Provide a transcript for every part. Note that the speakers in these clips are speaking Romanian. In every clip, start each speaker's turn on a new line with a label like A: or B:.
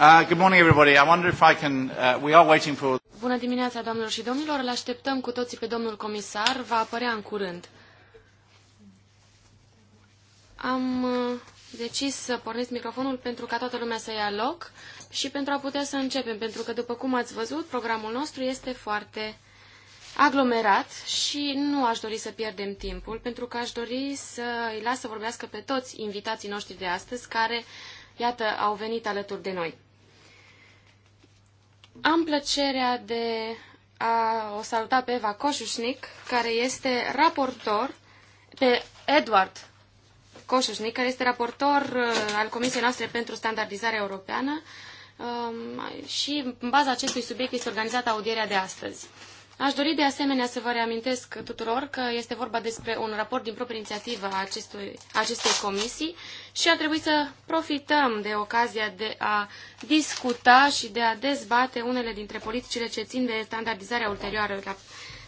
A: Uh, good morning, everybody. I wonder if I can. Uh, we are waiting for.
B: Bună dimineața, doamnelor și domnilor. Le așteptăm cu toții pe domnul comisar. Va apărea în curând. Am uh, decis să pornesc microfonul pentru ca toată lumea să ia loc și pentru a putea să începem, pentru că, după cum ați văzut, programul nostru este foarte aglomerat și nu aș dori să pierdem timpul, pentru că aș dori să îi las să vorbească pe toți invitații noștri de astăzi, care, iată, au venit alături de noi. Am plăcerea de a o saluta pe Eva Coșușnic, care este raportor, pe Edward Coșușnic, care este raportor uh, al Comisiei noastre pentru standardizarea europeană um, și în baza acestui subiect este organizată audierea de astăzi. Aș dori de asemenea să vă reamintesc tuturor că este vorba despre un raport din proprie inițiativă a acestui, acestei comisii și ar trebui să profităm de ocazia de a discuta și de a dezbate unele dintre politicile ce țin de standardizarea ulterioară la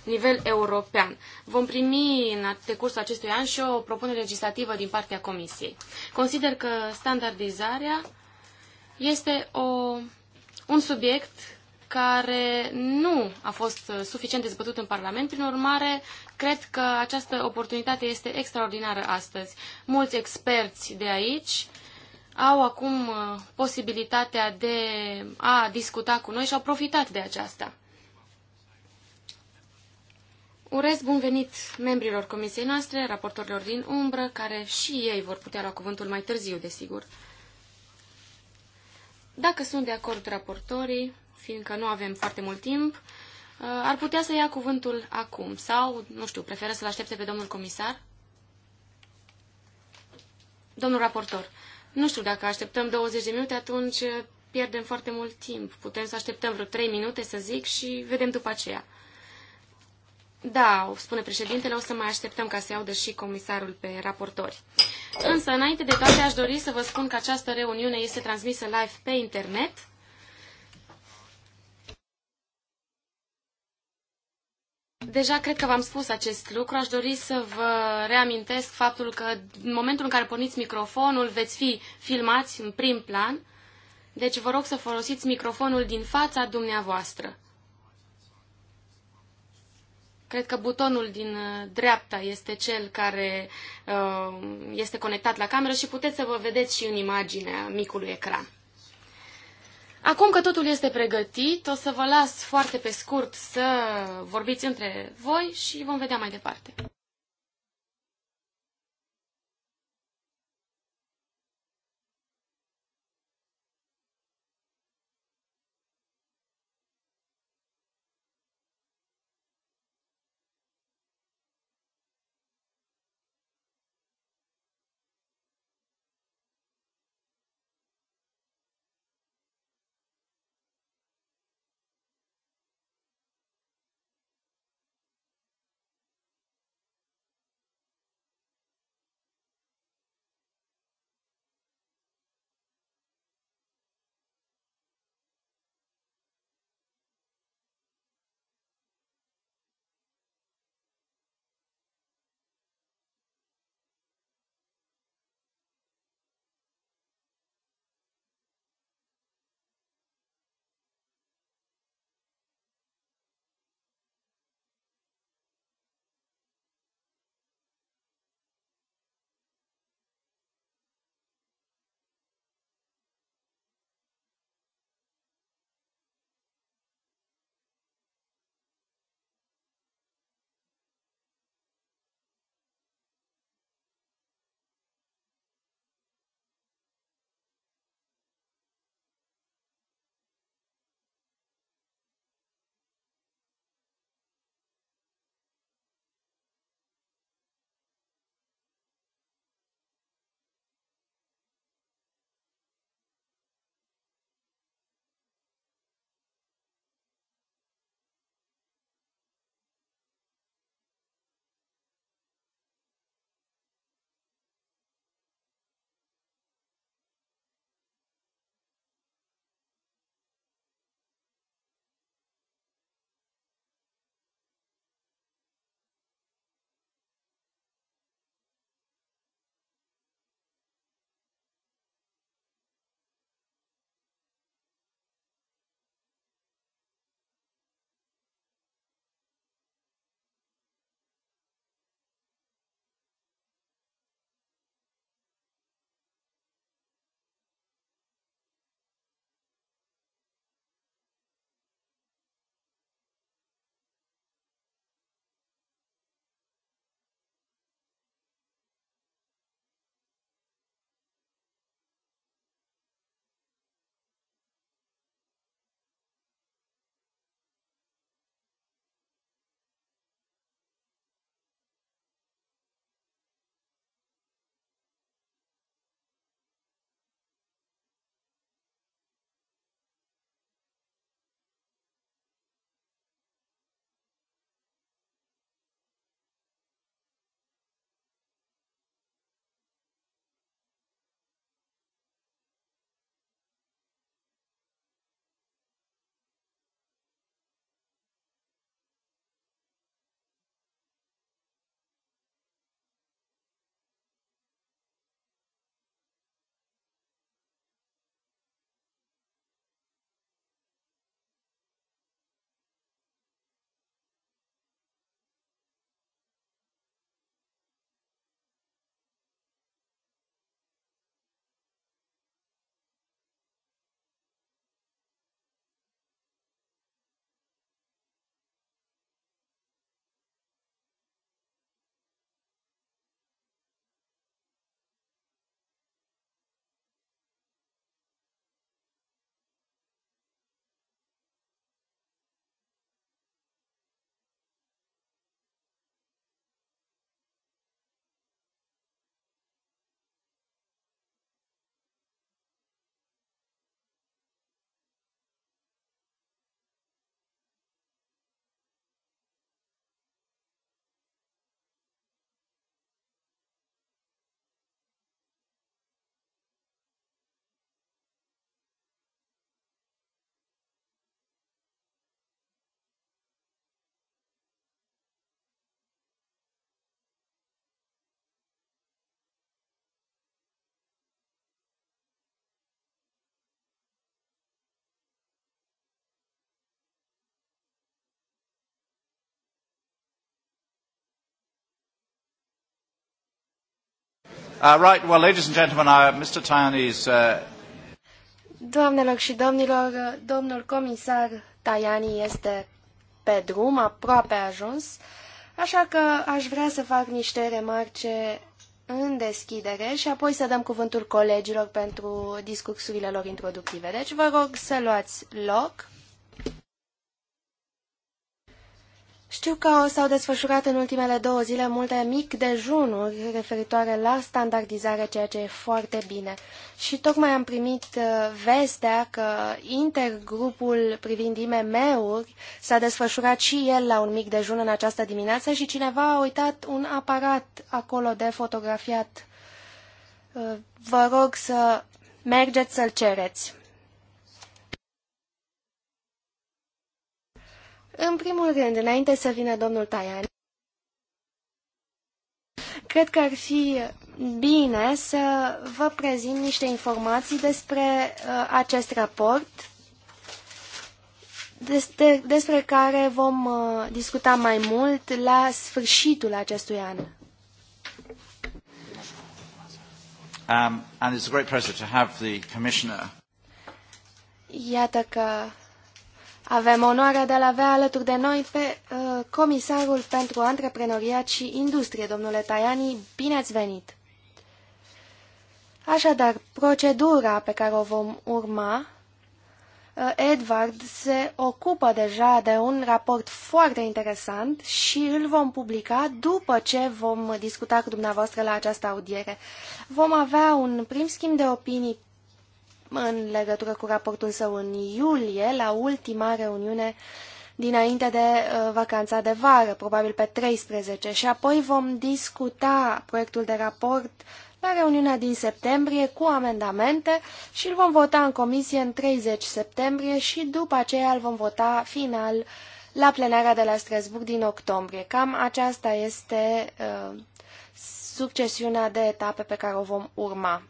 B: nivel european. Vom primi în decursul acestui an și o propunere legislativă din partea Comisiei. Consider că standardizarea este o, un subiect care nu a fost uh, suficient dezbătut în Parlament. Prin urmare, cred că această oportunitate este extraordinară astăzi. Mulți experți de aici au acum uh, posibilitatea de a discuta cu noi și au profitat de aceasta. Urez bun venit membrilor comisiei noastre, raportorilor din umbră, care și ei vor putea lua cuvântul mai târziu, desigur. Dacă sunt de acord raportorii, fiindcă nu avem foarte mult timp, uh, ar putea să ia cuvântul acum sau, nu știu, preferă să-l aștepte pe domnul comisar? Domnul raportor, nu știu, dacă așteptăm 20 de minute, atunci uh, pierdem foarte mult timp. Putem să așteptăm vreo 3 minute, să zic, și vedem după aceea. Da, spune președintele, o să mai așteptăm ca să iau și comisarul pe raportori. Însă, înainte de toate, aș dori să vă spun că această reuniune este transmisă live pe internet Deja cred că v-am spus acest lucru. Aș dori să vă reamintesc faptul că în momentul în care porniți microfonul veți fi filmați în prim plan. Deci vă rog să folosiți microfonul din fața dumneavoastră. Cred că butonul din uh, dreapta este cel care uh, este conectat la cameră și puteți să vă vedeți și în imaginea micului ecran. Acum că totul este pregătit, o să vă las foarte pe scurt să vorbiți între voi și vom vedea mai departe.
A: Uh, right, well, ladies and gentlemen, uh, Mr. Tajani's... Uh...
C: Doamnelor și domnilor, uh, domnul comisar Tajani este pe drum, aproape ajuns, așa că aș vrea să fac niște remarce în deschidere și apoi să dăm cuvântul colegilor pentru discursurile lor introductive. Deci vă rog să luați loc. Știu că s-au desfășurat în ultimele două zile multe mic dejunuri referitoare la standardizare, ceea ce e foarte bine. Și tocmai am primit uh, vestea că intergrupul privind IMM-uri s-a desfășurat și el la un mic dejun în această dimineață și cineva a uitat un aparat acolo de fotografiat. Uh, vă rog să mergeți să-l cereți. În primul rând, înainte să vină domnul Taian, cred că ar fi bine să vă prezint niște informații despre uh, acest raport, despre, despre care vom uh, discuta mai mult la sfârșitul acestui an.
A: Um, and it's a great pleasure to have the commissioner.
C: Iată că avem onoarea de a-l avea alături de noi pe uh, Comisarul pentru Antreprenoriat și Industrie, domnule Tajani. Bine ați venit! Așadar, procedura pe care o vom urma, uh, Edward se ocupă deja de un raport foarte interesant și îl vom publica după ce vom discuta cu dumneavoastră la această audiere. Vom avea un prim schimb de opinii în legătură cu raportul său în iulie, la ultima reuniune dinainte de uh, vacanța de vară, probabil pe 13, și apoi vom discuta proiectul de raport la reuniunea din septembrie cu amendamente și îl vom vota în comisie în 30 septembrie și după aceea îl vom vota final la plenarea de la Strasburg din octombrie. Cam aceasta este uh, succesiunea de etape pe care o vom urma.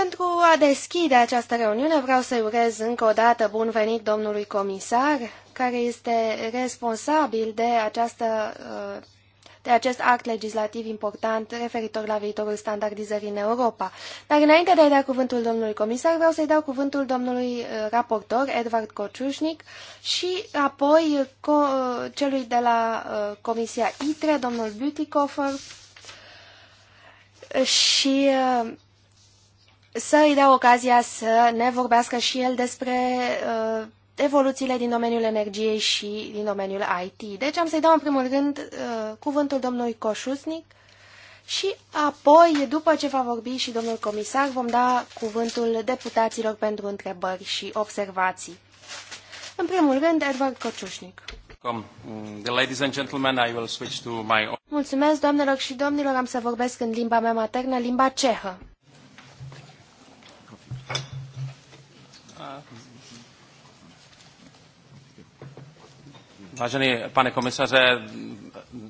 C: Pentru a deschide această reuniune vreau să-i urez încă o dată bun venit domnului comisar, care este responsabil de, această, uh, de acest act legislativ important referitor la viitorul standardizării în Europa. Dar înainte de a-i da cuvântul domnului comisar, vreau să-i dau cuvântul domnului uh, raportor, Edvard Kociușnic, și apoi uh, celui de la Comisia ITRE, domnul Butikofer, și să îi dea ocazia să ne vorbească și el despre uh, evoluțiile din domeniul energiei și din domeniul IT. Deci am să-i dau în primul rând uh, cuvântul domnului Coșusnic și apoi, după ce va vorbi și domnul comisar, vom da cuvântul deputaților pentru întrebări și observații. În primul rând, Edward Cociușnic. ladies and gentlemen, I will switch to my... Mulțumesc, doamnelor și domnilor, am să vorbesc în limba mea maternă, limba cehă.
A: Vážený pane komisaře,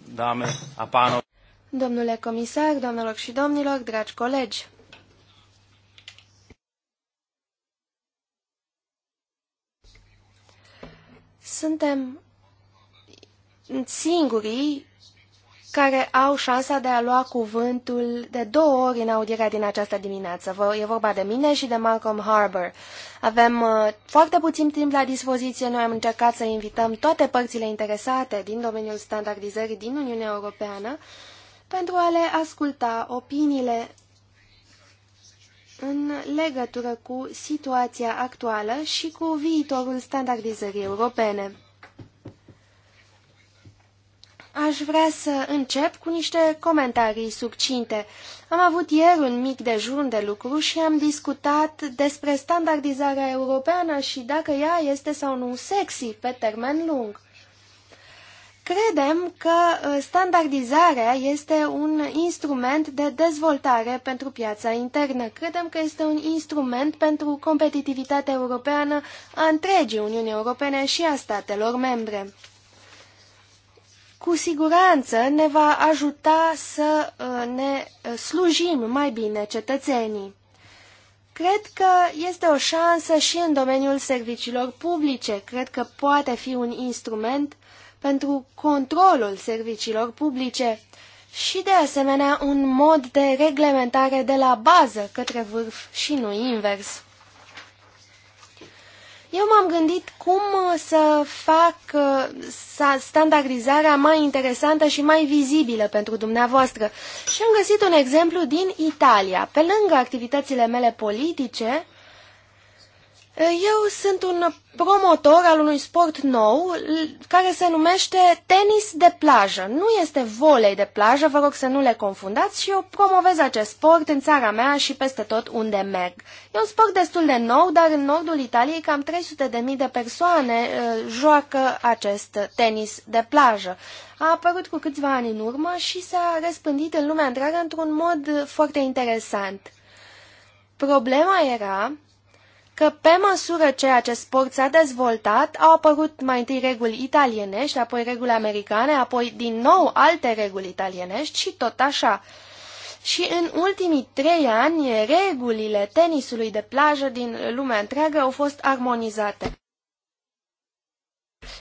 A: dámy a pánové.
C: Domnule comisar, domnilor și domnilor, dragi colegi, suntem singurii care au șansa de a lua cuvântul de două ori în audierea din această dimineață. E vorba de mine și de Malcolm Harbour. Avem uh, foarte puțin timp la dispoziție. Noi am încercat să invităm toate părțile interesate din domeniul standardizării din Uniunea Europeană pentru a le asculta opiniile în legătură cu situația actuală și cu viitorul standardizării europene. Aș vrea să încep cu niște comentarii succinte. Am avut ieri un mic dejun de lucru și am discutat despre standardizarea europeană și dacă ea este sau nu sexy pe termen lung. Credem că uh, standardizarea este un instrument de dezvoltare pentru piața internă. Credem că este un instrument pentru competitivitatea europeană a întregii Uniunii Europene și a statelor membre cu siguranță ne va ajuta să uh, ne uh, slujim mai bine cetățenii. Cred că este o șansă și în domeniul serviciilor publice. Cred că poate fi un instrument pentru controlul serviciilor publice și, de asemenea, un mod de reglementare de la bază către vârf și nu invers. Eu m-am gândit cum uh, să fac uh, standardizarea mai interesantă și mai vizibilă pentru dumneavoastră și am găsit un exemplu din Italia. Pe lângă activitățile mele politice, eu sunt un promotor al unui sport nou care se numește tenis de plajă. Nu este volei de plajă, vă rog să nu le confundați și eu promovez acest sport în țara mea și peste tot unde merg. E un sport destul de nou, dar în nordul Italiei cam 300.000 de, de persoane uh, joacă acest tenis de plajă. A apărut cu câțiva ani în urmă și s-a răspândit în lumea întreagă într-un mod foarte interesant. Problema era că pe măsură ce acest sport s-a dezvoltat, au apărut mai întâi reguli italienești, apoi reguli americane, apoi din nou alte reguli italienești și tot așa. Și în ultimii trei ani, regulile tenisului de plajă din lumea întreagă au fost armonizate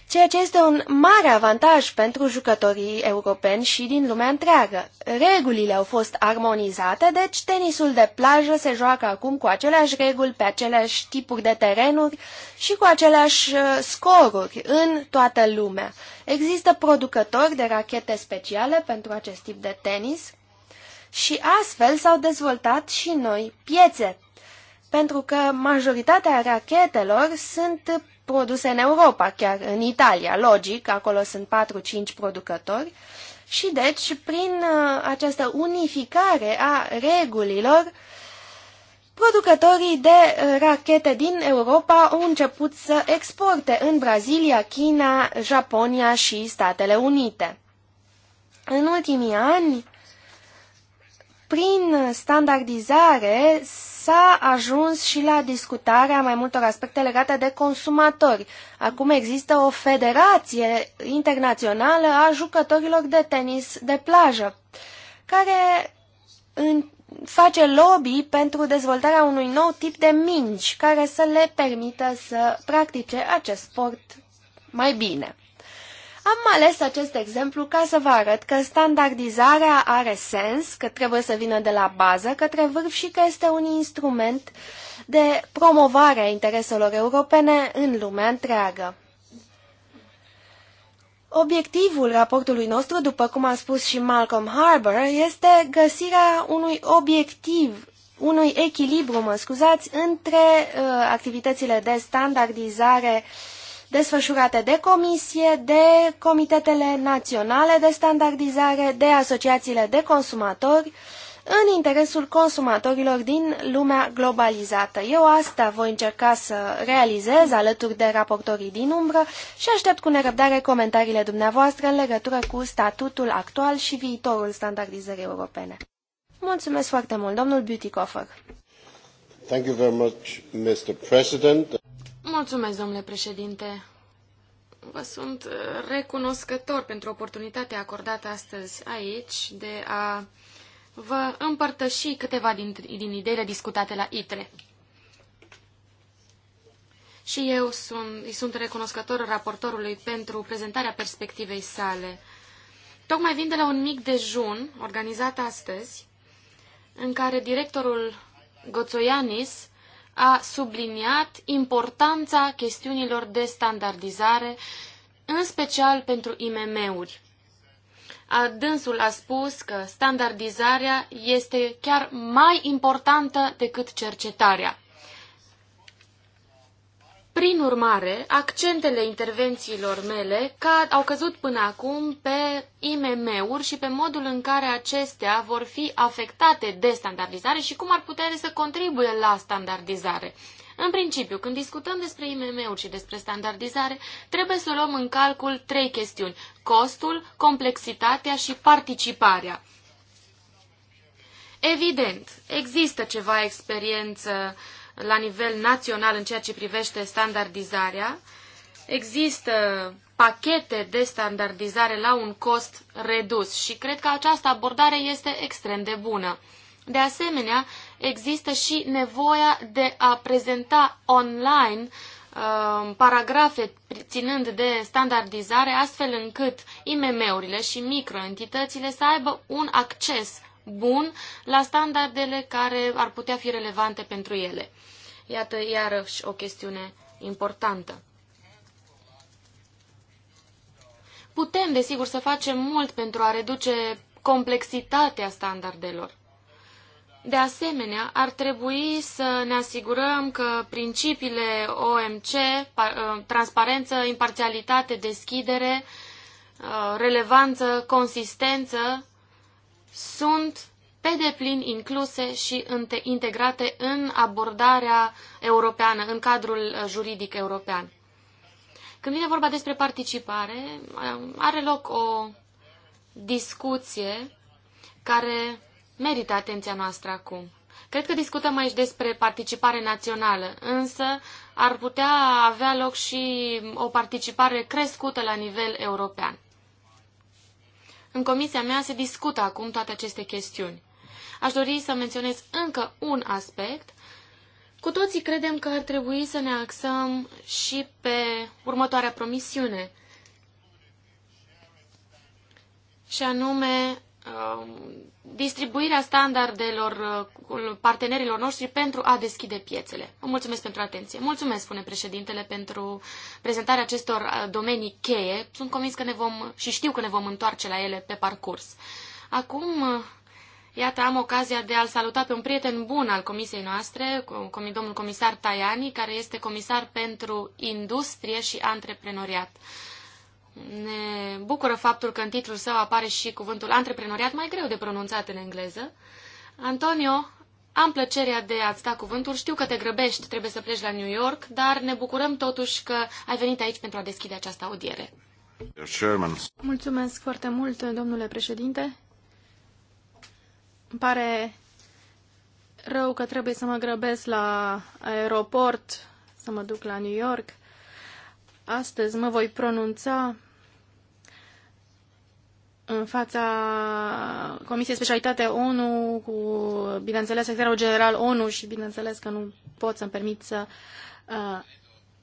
C: ceea ce este un mare avantaj pentru jucătorii europeni și din lumea întreagă. Regulile au fost armonizate, deci tenisul de plajă se joacă acum cu aceleași reguli, pe aceleași tipuri de terenuri și cu aceleași uh, scoruri în toată lumea. Există producători de rachete speciale pentru acest tip de tenis și astfel s-au dezvoltat și noi piețe, pentru că majoritatea rachetelor sunt produse în Europa, chiar în Italia, logic, acolo sunt 4-5 producători și deci prin uh, această unificare a regulilor Producătorii de uh, rachete din Europa au început să exporte în Brazilia, China, Japonia și Statele Unite. În ultimii ani, prin standardizare s-a ajuns și la discutarea mai multor aspecte legate de consumatori. Acum există o federație internațională a jucătorilor de tenis de plajă, care în, face lobby pentru dezvoltarea unui nou tip de mingi care să le permită să practice acest sport mai bine. Am ales acest exemplu ca să vă arăt că standardizarea are sens, că trebuie să vină de la bază către vârf și că este un instrument de promovare a intereselor europene în lumea întreagă. Obiectivul raportului nostru, după cum a spus și Malcolm Harbour, este găsirea unui obiectiv, unui echilibru, mă scuzați, între uh, activitățile de standardizare uh, desfășurate de comisie, de comitetele naționale de standardizare, de asociațiile de consumatori, în interesul consumatorilor din lumea globalizată. Eu asta voi încerca să realizez alături de raportorii din umbră și aștept cu nerăbdare comentariile dumneavoastră în legătură cu statutul actual și viitorul standardizării europene. Mulțumesc foarte mult, domnul Coffer.
A: Thank you very much, Mr. President.
C: Mulțumesc,
B: domnule președinte. Vă sunt uh, recunoscător pentru oportunitatea acordată astăzi aici de a vă împărtăși câteva din, din ideile discutate la ITRE. Și eu sunt, îi sunt recunoscător raportorului pentru prezentarea perspectivei sale. Tocmai vin de la un mic dejun organizat astăzi, în care directorul Goțoianis a subliniat importanța chestiunilor de standardizare, în special pentru IMM-uri. Dânsul a spus că standardizarea este chiar mai importantă decât cercetarea. Prin urmare, accentele intervențiilor mele ca au căzut până acum pe IMM-uri și pe modul în care acestea vor fi afectate de standardizare și cum ar putea să contribuie la standardizare. În principiu, când discutăm despre IMM-uri și despre standardizare, trebuie să luăm în calcul trei chestiuni. Costul, complexitatea și participarea. Evident, există ceva experiență uh, la nivel național în ceea ce privește standardizarea. Există pachete de standardizare la un cost redus și cred că această abordare este extrem de bună. De asemenea, există și nevoia de a prezenta online uh, paragrafe ținând de standardizare, astfel încât IMM-urile și microentitățile să aibă un acces bun la standardele care ar putea fi relevante pentru ele. Iată iarăși o chestiune importantă. Putem, desigur, să facem mult pentru a reduce complexitatea standardelor. De asemenea, ar trebui să ne asigurăm că principiile OMC, ă, transparență, imparțialitate, deschidere, ă, relevanță, consistență, sunt pe deplin incluse și integrate în abordarea europeană, în cadrul uh, juridic european. Când vine vorba despre participare, um, are loc o discuție care merită atenția noastră acum. Cred că discutăm aici despre participare națională, însă ar putea avea loc și o participare crescută la nivel european. În comisia mea se discută acum toate aceste chestiuni. Aș dori să menționez încă un aspect. Cu toții credem că ar trebui să ne axăm și pe următoarea promisiune, și anume Uh, distribuirea standardelor uh, partenerilor noștri pentru a deschide piețele. Vă mulțumesc pentru atenție. Mulțumesc, spune președintele, pentru prezentarea acestor uh, domenii cheie. Sunt convins că ne vom, și știu că ne vom întoarce la ele pe parcurs. Acum, iată, am ocazia de a-l saluta pe un prieten bun al comisiei noastre, domnul comisar Tajani, care este comisar pentru industrie și antreprenoriat. Ne bucură faptul că în titlul său apare și cuvântul antreprenoriat mai greu de pronunțat în engleză. Antonio, am plăcerea de a-ți da cuvântul. Știu că te grăbești, trebuie să pleci la New York, dar ne bucurăm totuși că ai venit aici pentru a deschide această audiere.
D: Mulțumesc foarte mult, domnule președinte. Îmi pare rău că trebuie să mă grăbesc la aeroport, să mă duc la New York. Astăzi mă voi pronunța în fața Comisiei Specialitate ONU cu, bineînțeles, secretarul general ONU și, bineînțeles, că nu pot să-mi permit să uh,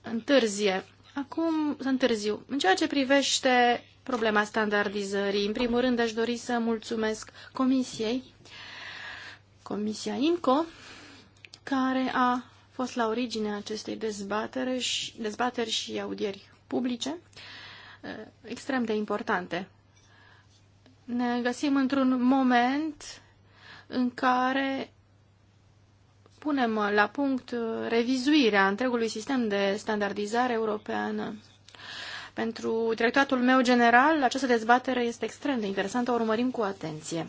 D: întârzie. Acum să întârziu. În ceea ce privește problema standardizării, în primul rând aș dori să mulțumesc Comisiei, Comisia INCO, care a fost la originea acestei dezbateri și, dezbateri și audieri publice uh, extrem de importante. Ne găsim într-un moment în care punem la punct uh, revizuirea întregului sistem de standardizare europeană. Pentru directoratul meu general, această dezbatere este extrem de interesantă, o urmărim cu atenție.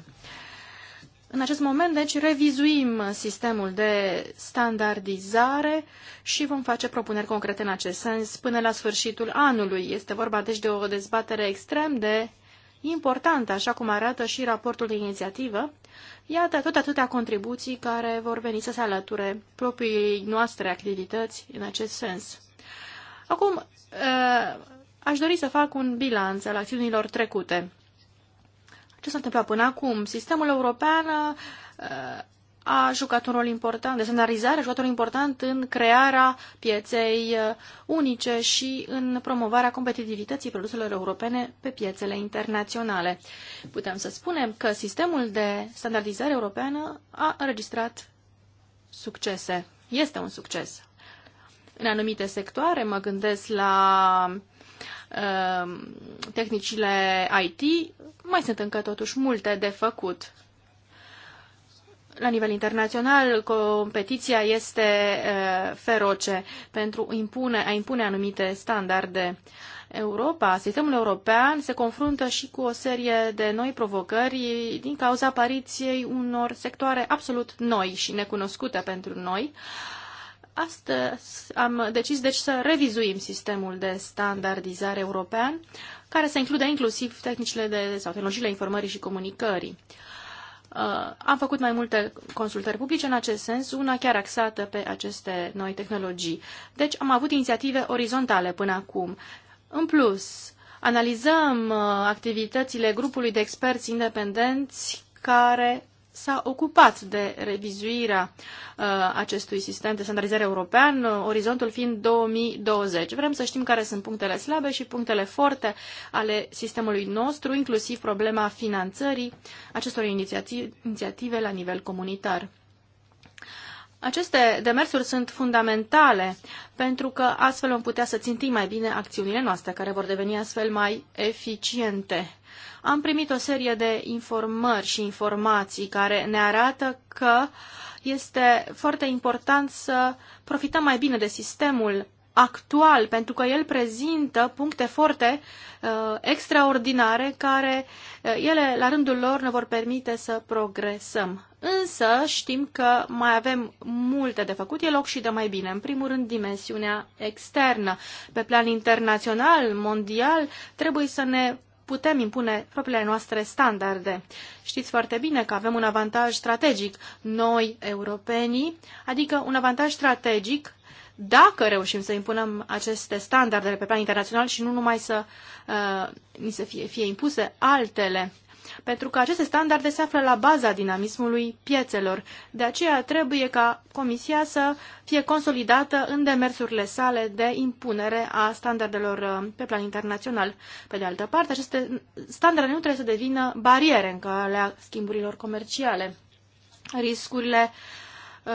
D: În acest moment, deci, revizuim sistemul de standardizare și vom face propuneri concrete în acest sens până la sfârșitul anului. Este vorba, deci, de o dezbatere extrem de Importantă, așa cum arată și raportul de inițiativă. Iată tot atâtea contribuții care vor veni să se alăture propriei noastre activități în acest sens. Acum, eh, aș dori să fac un bilanț al acțiunilor trecute. Ce s-a întâmplat până acum? Sistemul european eh, a jucat un rol important, desemnarizarea a jucat un rol important în crearea pieței uh, unice și în promovarea competitivității produselor europene pe piețele internaționale. Putem să spunem că sistemul de standardizare europeană a înregistrat succese. Este un succes. În anumite sectoare, mă gândesc la uh, tehnicile IT, mai sunt încă totuși multe de făcut la nivel internațional, competiția este feroce pentru impune, a impune anumite standarde. Europa, sistemul european se confruntă și cu o serie de noi provocări din cauza apariției unor sectoare absolut noi și necunoscute pentru noi. Astăzi am decis deci să revizuim sistemul de standardizare european, care să include inclusiv tehnicile de, sau tehnologiile informării și comunicării. Uh, Uh, am făcut mai multe consultări publice în acest sens, una chiar axată pe aceste noi tehnologii. Deci am avut inițiative orizontale până acum. În plus, analizăm uh, activitățile grupului de experți independenți care s-a ocupat de revizuirea uh, acestui sistem de standardizare european, uh, orizontul fiind 2020. Vrem să știm care sunt punctele slabe și punctele forte ale sistemului nostru, inclusiv problema finanțării acestor inițiative, inițiative la nivel comunitar. Aceste demersuri sunt fundamentale pentru că astfel vom putea să țintim mai bine acțiunile noastre, care vor deveni astfel mai eficiente am primit o serie de informări și informații care ne arată că este foarte important să profităm mai bine de sistemul actual, pentru că el prezintă puncte foarte uh, extraordinare care uh, ele, la rândul lor, ne vor permite să progresăm. Însă știm că mai avem multe de făcut, e loc și de mai bine. În primul rând, dimensiunea externă. Pe plan internațional, mondial, trebuie să ne putem impune propriile noastre standarde. Știți foarte bine că avem un avantaj strategic, noi, europenii, adică un avantaj strategic dacă reușim să impunem aceste standarde pe plan internațional și nu numai să uh, ni se fie, fie impuse altele pentru că aceste standarde se află la baza dinamismului piețelor. De aceea trebuie ca Comisia să fie consolidată în demersurile sale de impunere a standardelor uh, pe plan internațional. Pe de altă parte, aceste standarde nu trebuie să devină bariere în calea schimburilor comerciale. Riscurile uh, Uh,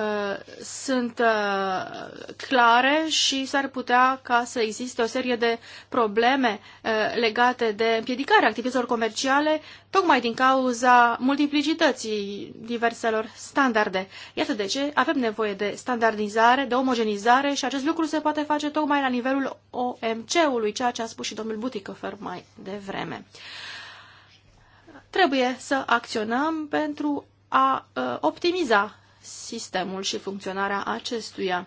D: sunt uh, clare și s-ar putea ca să existe o serie de probleme uh, legate de împiedicarea activităților comerciale, tocmai din cauza multiplicității diverselor standarde. Iată de ce avem nevoie de standardizare, de omogenizare și acest lucru se poate face tocmai la nivelul OMC-ului, ceea ce a spus și domnul Buticofer mai devreme. Trebuie să acționăm pentru a optimiza sistemul și funcționarea acestuia.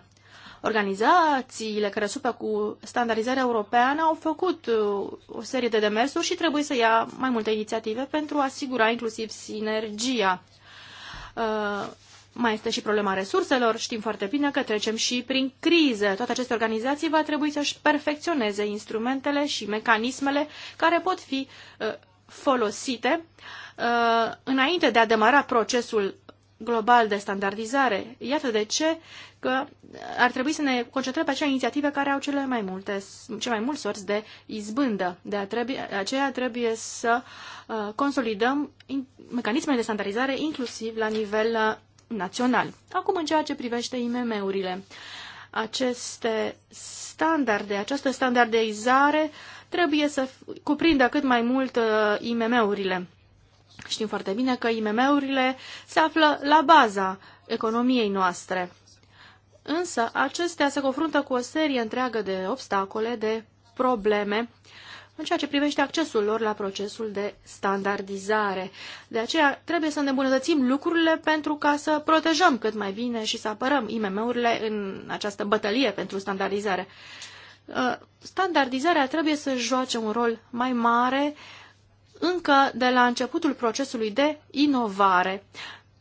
D: Organizațiile care supă cu standardizarea europeană au făcut uh, o serie de demersuri și trebuie să ia mai multe inițiative pentru a asigura inclusiv sinergia. Uh, mai este și problema resurselor. Știm foarte bine că trecem și prin crize. Toate aceste organizații va trebui să-și perfecționeze instrumentele și mecanismele care pot fi uh, folosite înainte de a demara procesul global de standardizare. Iată de ce că ar trebui să ne concentrăm pe acea inițiative care au cele mai multe, cele mai mulți sorți de izbândă. De a trebui, aceea trebuie să uh, consolidăm in, mecanismele de standardizare inclusiv la nivel uh, național. Acum, în ceea ce privește IMM-urile, aceste standarde, această standardizare trebuie să cuprindă cât mai mult uh, IMM-urile. Știm foarte bine că IMM-urile se află la baza economiei noastre. Însă, acestea se confruntă cu o serie întreagă de obstacole, de probleme, în ceea ce privește accesul lor la procesul de standardizare. De aceea, trebuie să ne îmbunătățim lucrurile pentru ca să protejăm cât mai bine și să apărăm IMM-urile în această bătălie pentru standardizare. Uh, standardizarea trebuie să joace un rol mai mare uh, încă de la începutul procesului de inovare,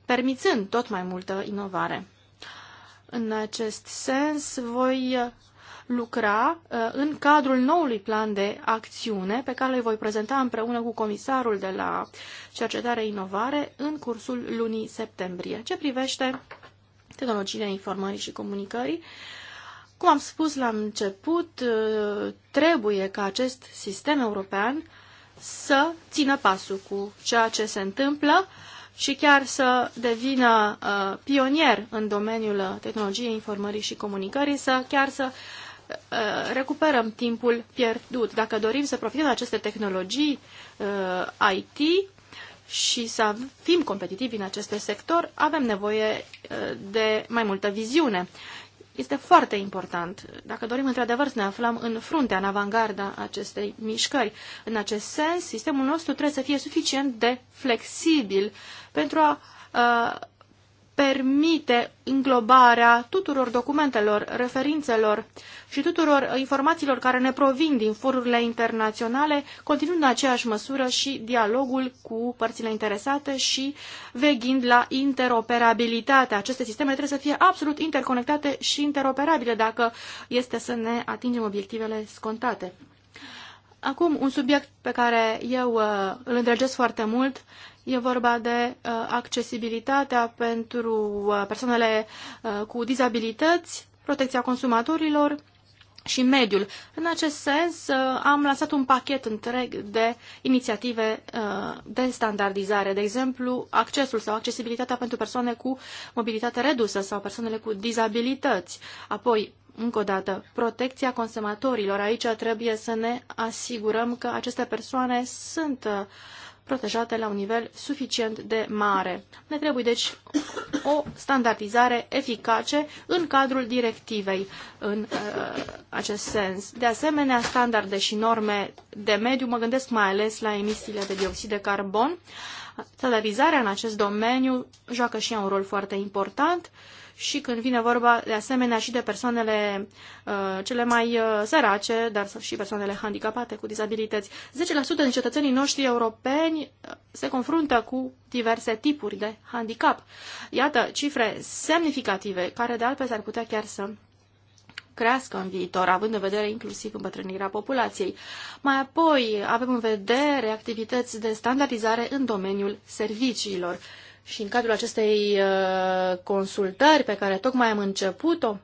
D: permițând tot mai multă inovare. În acest sens, voi uh, lucra uh, în cadrul noului plan de acțiune pe care îl voi prezenta împreună cu comisarul de la cercetare inovare în cursul lunii septembrie. Ce privește tehnologiile informării și comunicării, cum am spus la început, uh, trebuie ca acest sistem european să țină pasul cu ceea ce se întâmplă și chiar să devină uh, pionier în domeniul uh, tehnologiei informării și comunicării, să chiar să uh, recuperăm timpul pierdut. Dacă dorim să profităm de aceste tehnologii uh, IT și să fim competitivi în acest sector, avem nevoie uh, de mai multă viziune este foarte important. Dacă dorim într-adevăr să ne aflăm în fruntea, în avangarda acestei mișcări, în acest sens, sistemul nostru trebuie să fie suficient de flexibil pentru a uh, permite înglobarea tuturor documentelor, referințelor și tuturor informațiilor care ne provin din forurile internaționale, continuând în aceeași măsură și dialogul cu părțile interesate și veghind la interoperabilitate. Aceste sisteme trebuie să fie absolut interconectate și interoperabile dacă este să ne atingem obiectivele scontate. Acum, un subiect pe care eu uh, îl îndrăgesc foarte mult E vorba de uh, accesibilitatea pentru uh, persoanele uh, cu dizabilități, protecția consumatorilor și mediul. În acest sens, am lansat un pachet întreg de inițiative de standardizare, de exemplu, accesul sau accesibilitatea pentru persoane cu mobilitate redusă sau persoanele cu dizabilități. Apoi, încă o dată, protecția consumatorilor. Aici trebuie să ne asigurăm că aceste persoane sunt protejate la un nivel suficient de mare. Ne trebuie deci o standardizare eficace în cadrul directivei în uh, acest sens. De asemenea, standarde și norme de mediu, mă gândesc mai ales la emisiile de dioxid de carbon. Standardizarea în acest domeniu joacă și ea un rol foarte important. Uh, și când vine vorba de asemenea și de persoanele uh, cele mai uh, sărace, dar și persoanele handicapate cu dizabilități. 10% din cetățenii noștri europeni uh, se confruntă cu diverse tipuri de handicap. Iată cifre semnificative care de altfel s-ar putea chiar să crească în viitor, având în vedere inclusiv îmbătrânirea populației. Mai apoi avem în vedere activități de standardizare în domeniul serviciilor și în cadrul acestei uh, consultări pe care tocmai am început-o,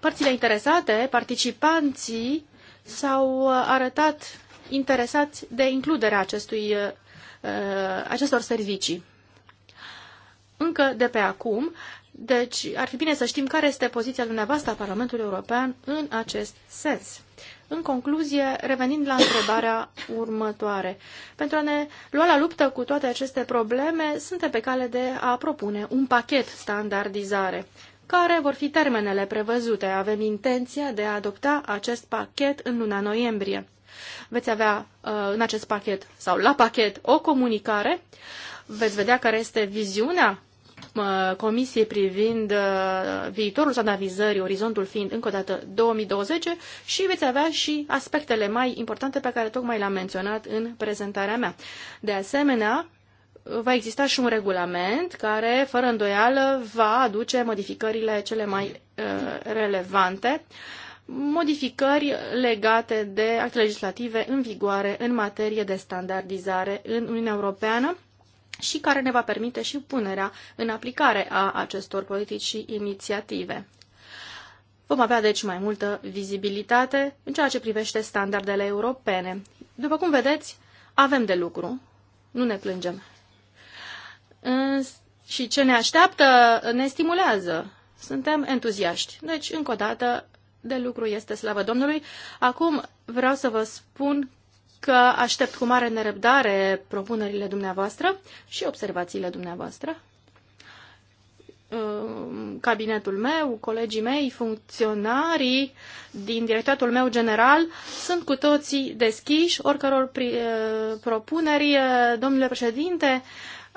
D: părțile interesate, participanții, s-au uh, arătat interesați de includerea acestui, uh, acestor servicii. Încă de pe acum, deci ar fi bine să știm care este poziția dumneavoastră a Parlamentului European în acest sens. În concluzie, revenind la întrebarea următoare, pentru a ne lua la luptă cu toate aceste probleme, suntem pe cale de a propune un pachet standardizare. Care vor fi termenele prevăzute? Avem intenția de a adopta acest pachet în luna noiembrie. Veți avea uh, în acest pachet sau la pachet o comunicare, veți vedea care este viziunea Comisiei privind uh, viitorul standardizării, orizontul fiind încă o dată 2020 și veți avea și aspectele mai importante pe care tocmai le-am menționat în prezentarea mea. De asemenea, va exista și un regulament care, fără îndoială, va aduce modificările cele mai uh, relevante modificări legate de acte legislative în vigoare în materie de standardizare în Uniunea Europeană și care ne va permite și punerea în aplicare a acestor politici și inițiative. Vom avea deci mai multă vizibilitate în ceea ce privește standardele europene. După cum vedeți, avem de lucru, nu ne plângem. Și ce ne așteaptă ne stimulează. Suntem entuziaști. Deci, încă o dată, de lucru este slavă Domnului. Acum vreau să vă spun că aștept cu mare nerăbdare propunerile dumneavoastră și observațiile dumneavoastră. Cabinetul meu, colegii mei, funcționarii din directoratul meu general sunt cu toții deschiși oricăror eh, propuneri. Eh, Domnule președinte,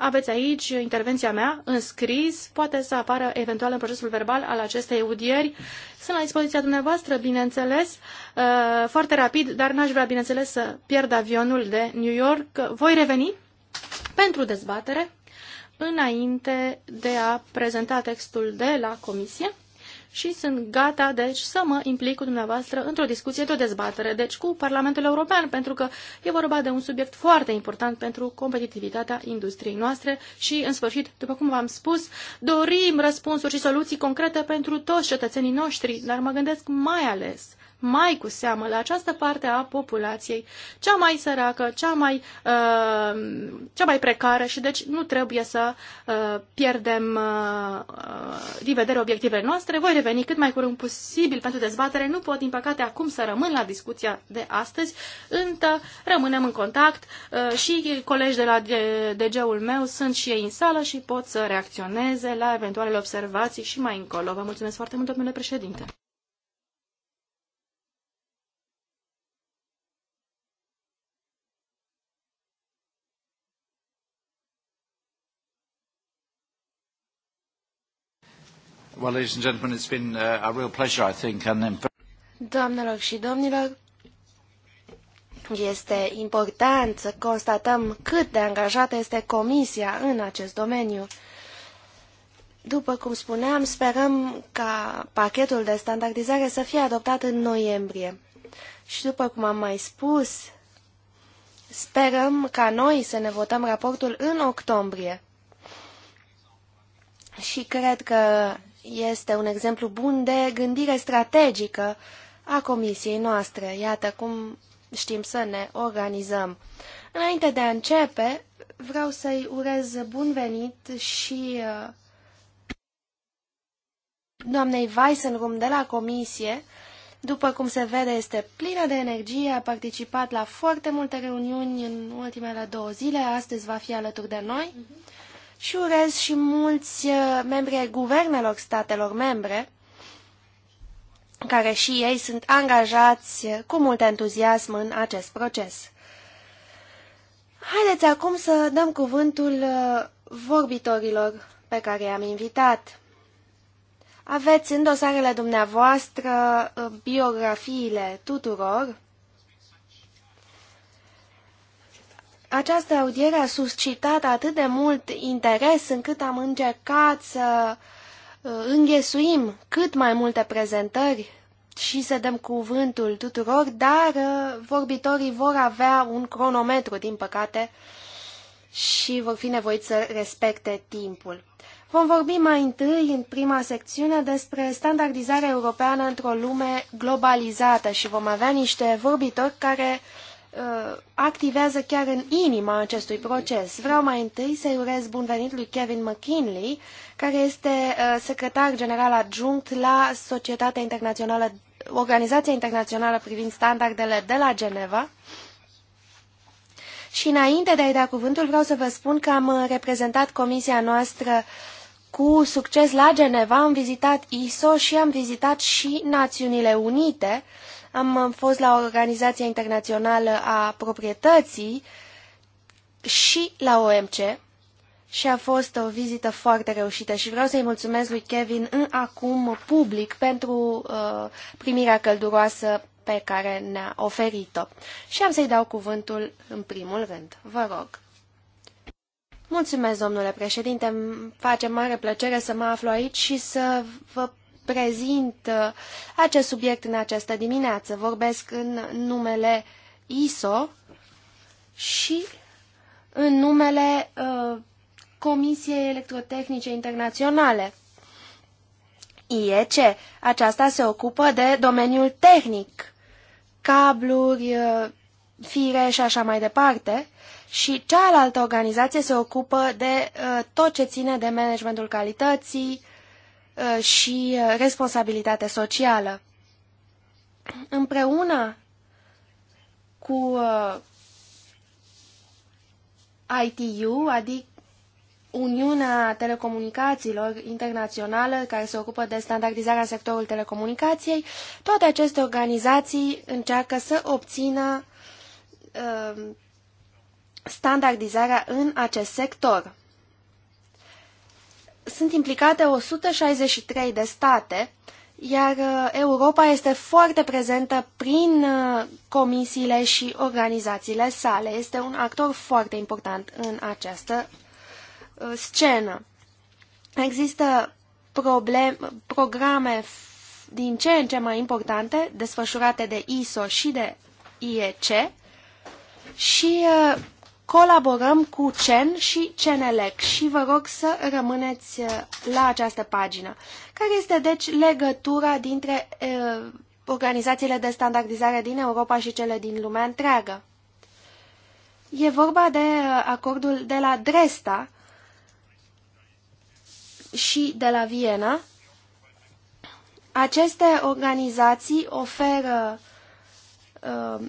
D: aveți aici intervenția mea în scris, poate să apară eventual în procesul verbal al acestei audieri. Sunt la dispoziția dumneavoastră, bineînțeles, uh, foarte rapid, dar n-aș vrea, bineînțeles, să pierd avionul de New York. Voi reveni pentru dezbatere înainte de a prezenta textul de la comisie și sunt gata, deci, să mă implic cu dumneavoastră într-o discuție, într o dezbatere, deci cu Parlamentul European, pentru că e vorba de un subiect foarte important pentru competitivitatea industriei noastre și, în sfârșit, după cum v-am spus, dorim răspunsuri și soluții concrete pentru toți cetățenii noștri, dar mă gândesc mai ales mai cu seamă la această parte a populației, cea mai săracă, cea mai, uh, cea mai precară și deci nu trebuie să uh, pierdem uh, uh din vedere obiectivele noastre. Voi reveni cât mai curând posibil pentru dezbatere. Nu pot, din păcate, acum să rămân la discuția de astăzi, întă rămânem în contact uh, și colegi de la DG-ul meu sunt și ei în sală și pot să reacționeze la eventualele observații și mai încolo. Vă mulțumesc foarte mult, domnule președinte.
A: Well, ladies and gentlemen, it's been uh, a real pleasure, I think, and
C: Doamnelor și domnilor, este important să constatăm cât de angajată este Comisia în acest domeniu. După cum spuneam, sperăm ca pachetul de standardizare să fie adoptat în noiembrie. Și după cum am mai spus, sperăm ca noi să ne votăm raportul în octombrie. Și cred că este un exemplu bun de gândire strategică a comisiei noastre. Iată cum știm să ne organizăm. Înainte de a începe, vreau să-i urez bun venit și uh, doamnei Weissenrum de la comisie. După cum se vede, este plină de energie, a participat la foarte multe reuniuni în ultimele două zile, astăzi va fi alături de noi. Uh mhm. -huh și urez și mulți uh, membri ai guvernelor statelor membre, care și ei sunt angajați uh, cu mult entuziasm în acest proces. Haideți acum să dăm cuvântul uh, vorbitorilor pe care i-am invitat. Aveți în dosarele dumneavoastră biografiile tuturor Această audiere a suscitat atât de mult interes încât am încercat să uh, înghesuim cât mai multe prezentări și să dăm cuvântul tuturor, dar uh, vorbitorii vor avea un cronometru, din păcate, și vor fi nevoiți să respecte timpul. Vom vorbi mai întâi, în prima secțiune, despre standardizarea europeană într-o lume globalizată și vom avea niște vorbitori care uh, Uh, activează chiar în inima acestui proces. Vreau mai întâi să-i urez bun venit lui Kevin McKinley, care este uh, secretar general adjunct la Societatea Internațională, Organizația Internațională privind standardele de la Geneva. Și înainte de a-i da cuvântul, vreau să vă spun că am uh, reprezentat comisia noastră cu succes la Geneva, am vizitat ISO și am vizitat și Națiunile Unite, uh, am uh, fost la Organizația Internațională a Proprietății și la OMC și a fost o vizită foarte reușită și vreau să-i mulțumesc lui Kevin în acum public pentru uh, primirea călduroasă pe care ne-a oferit-o. Și am să-i dau cuvântul în primul rând. Vă rog. Mulțumesc, domnule președinte. Îmi face mare plăcere să mă aflu aici și să vă prezint uh, acest subiect în această dimineață. Vorbesc în numele ISO și în numele uh, Comisiei Electrotehnice Internaționale. IEC. Aceasta se ocupă de domeniul tehnic, cabluri, uh, fire și așa mai departe. Și cealaltă organizație se ocupă de tot ce ține de managementul calității, Uh, și uh, responsabilitate socială. Împreună cu uh, ITU, adică Uniunea Telecomunicațiilor Internațională, care se ocupă de standardizarea sectorului telecomunicației, toate aceste organizații încearcă să obțină uh, standardizarea în acest sector sunt implicate 163 de state, iar uh, Europa este foarte prezentă prin uh, comisiile și organizațiile sale. Este un actor foarte important în această uh, scenă. Există problem, programe din ce în ce mai importante, desfășurate de ISO și de IEC și colaborăm cu CEN și CENELEC și vă rog să rămâneți uh, la această pagină. Care este, deci, legătura dintre uh, organizațiile de standardizare din Europa și cele din lumea întreagă? E vorba de uh, acordul de la Dresda și de la Viena. Aceste organizații oferă uh,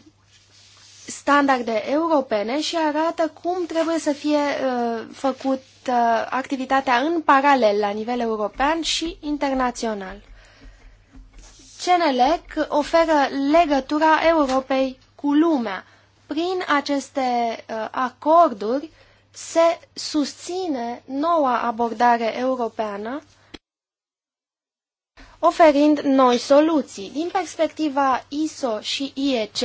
C: standarde europene și arată cum trebuie să fie uh, făcut uh, activitatea în paralel la nivel european și internațional. CNLEC oferă legătura Europei cu lumea. Prin aceste uh, acorduri se susține noua abordare europeană oferind noi soluții. Din perspectiva ISO și IEC,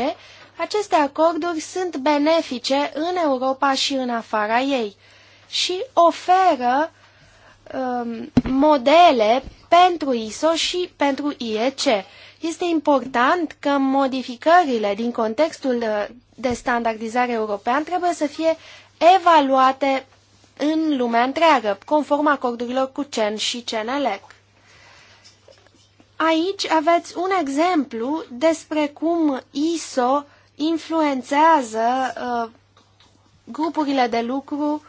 C: aceste acorduri sunt benefice în Europa și în afara ei și oferă um, modele pentru ISO și pentru IEC. Este important că modificările din contextul uh, de standardizare european trebuie să fie evaluate în lumea întreagă, conform acordurilor cu CEN și CENELEC. Aici aveți un exemplu despre cum ISO influențează uh, grupurile de lucru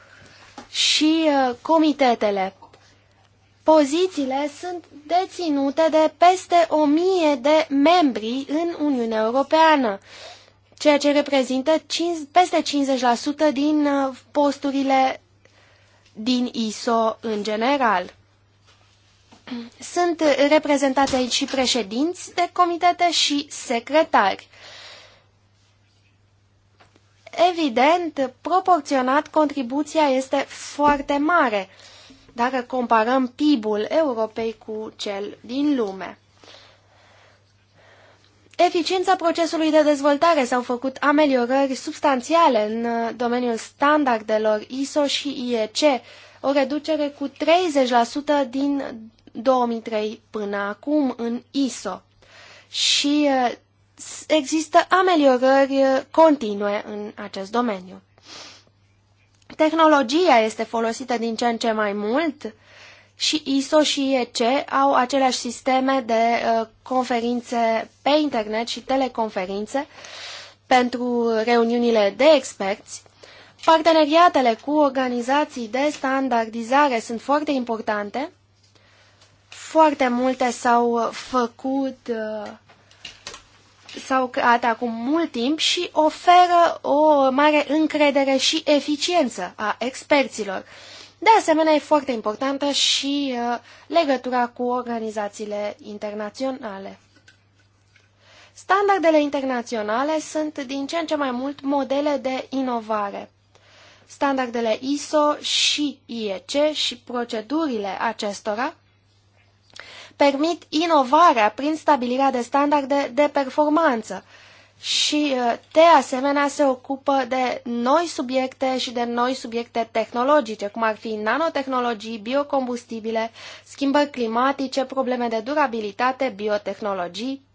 C: și uh, comitetele. Pozițiile sunt deținute de peste o mie de membri în Uniunea Europeană, ceea ce reprezintă 5, peste 50% din uh, posturile din ISO în general. Sunt reprezentate aici și președinți de comitete și secretari. Evident, proporționat, contribuția este foarte mare dacă comparăm PIB-ul Europei cu cel din lume. Eficiența procesului de dezvoltare s-au făcut ameliorări substanțiale în domeniul standardelor ISO și IEC, o reducere cu 30% din 2003 până acum în ISO. Și există ameliorări uh, continue în acest domeniu. Tehnologia este folosită din ce în ce mai mult și ISO și IEC au aceleași sisteme de uh, conferințe pe internet și teleconferințe pentru reuniunile de experți. Parteneriatele cu organizații de standardizare sunt foarte importante. Foarte multe s-au făcut uh, s-au creat acum mult timp și oferă o mare încredere și eficiență a experților. De asemenea, e foarte importantă și uh, legătura cu organizațiile internaționale. Standardele internaționale sunt din ce în ce mai mult modele de inovare. Standardele ISO și IEC și procedurile acestora permit inovarea prin stabilirea de standarde de performanță și, uh, de asemenea, se ocupă de noi subiecte și de noi subiecte tehnologice, cum ar fi nanotehnologii, biocombustibile, schimbări climatice, probleme de durabilitate, biotehnologii.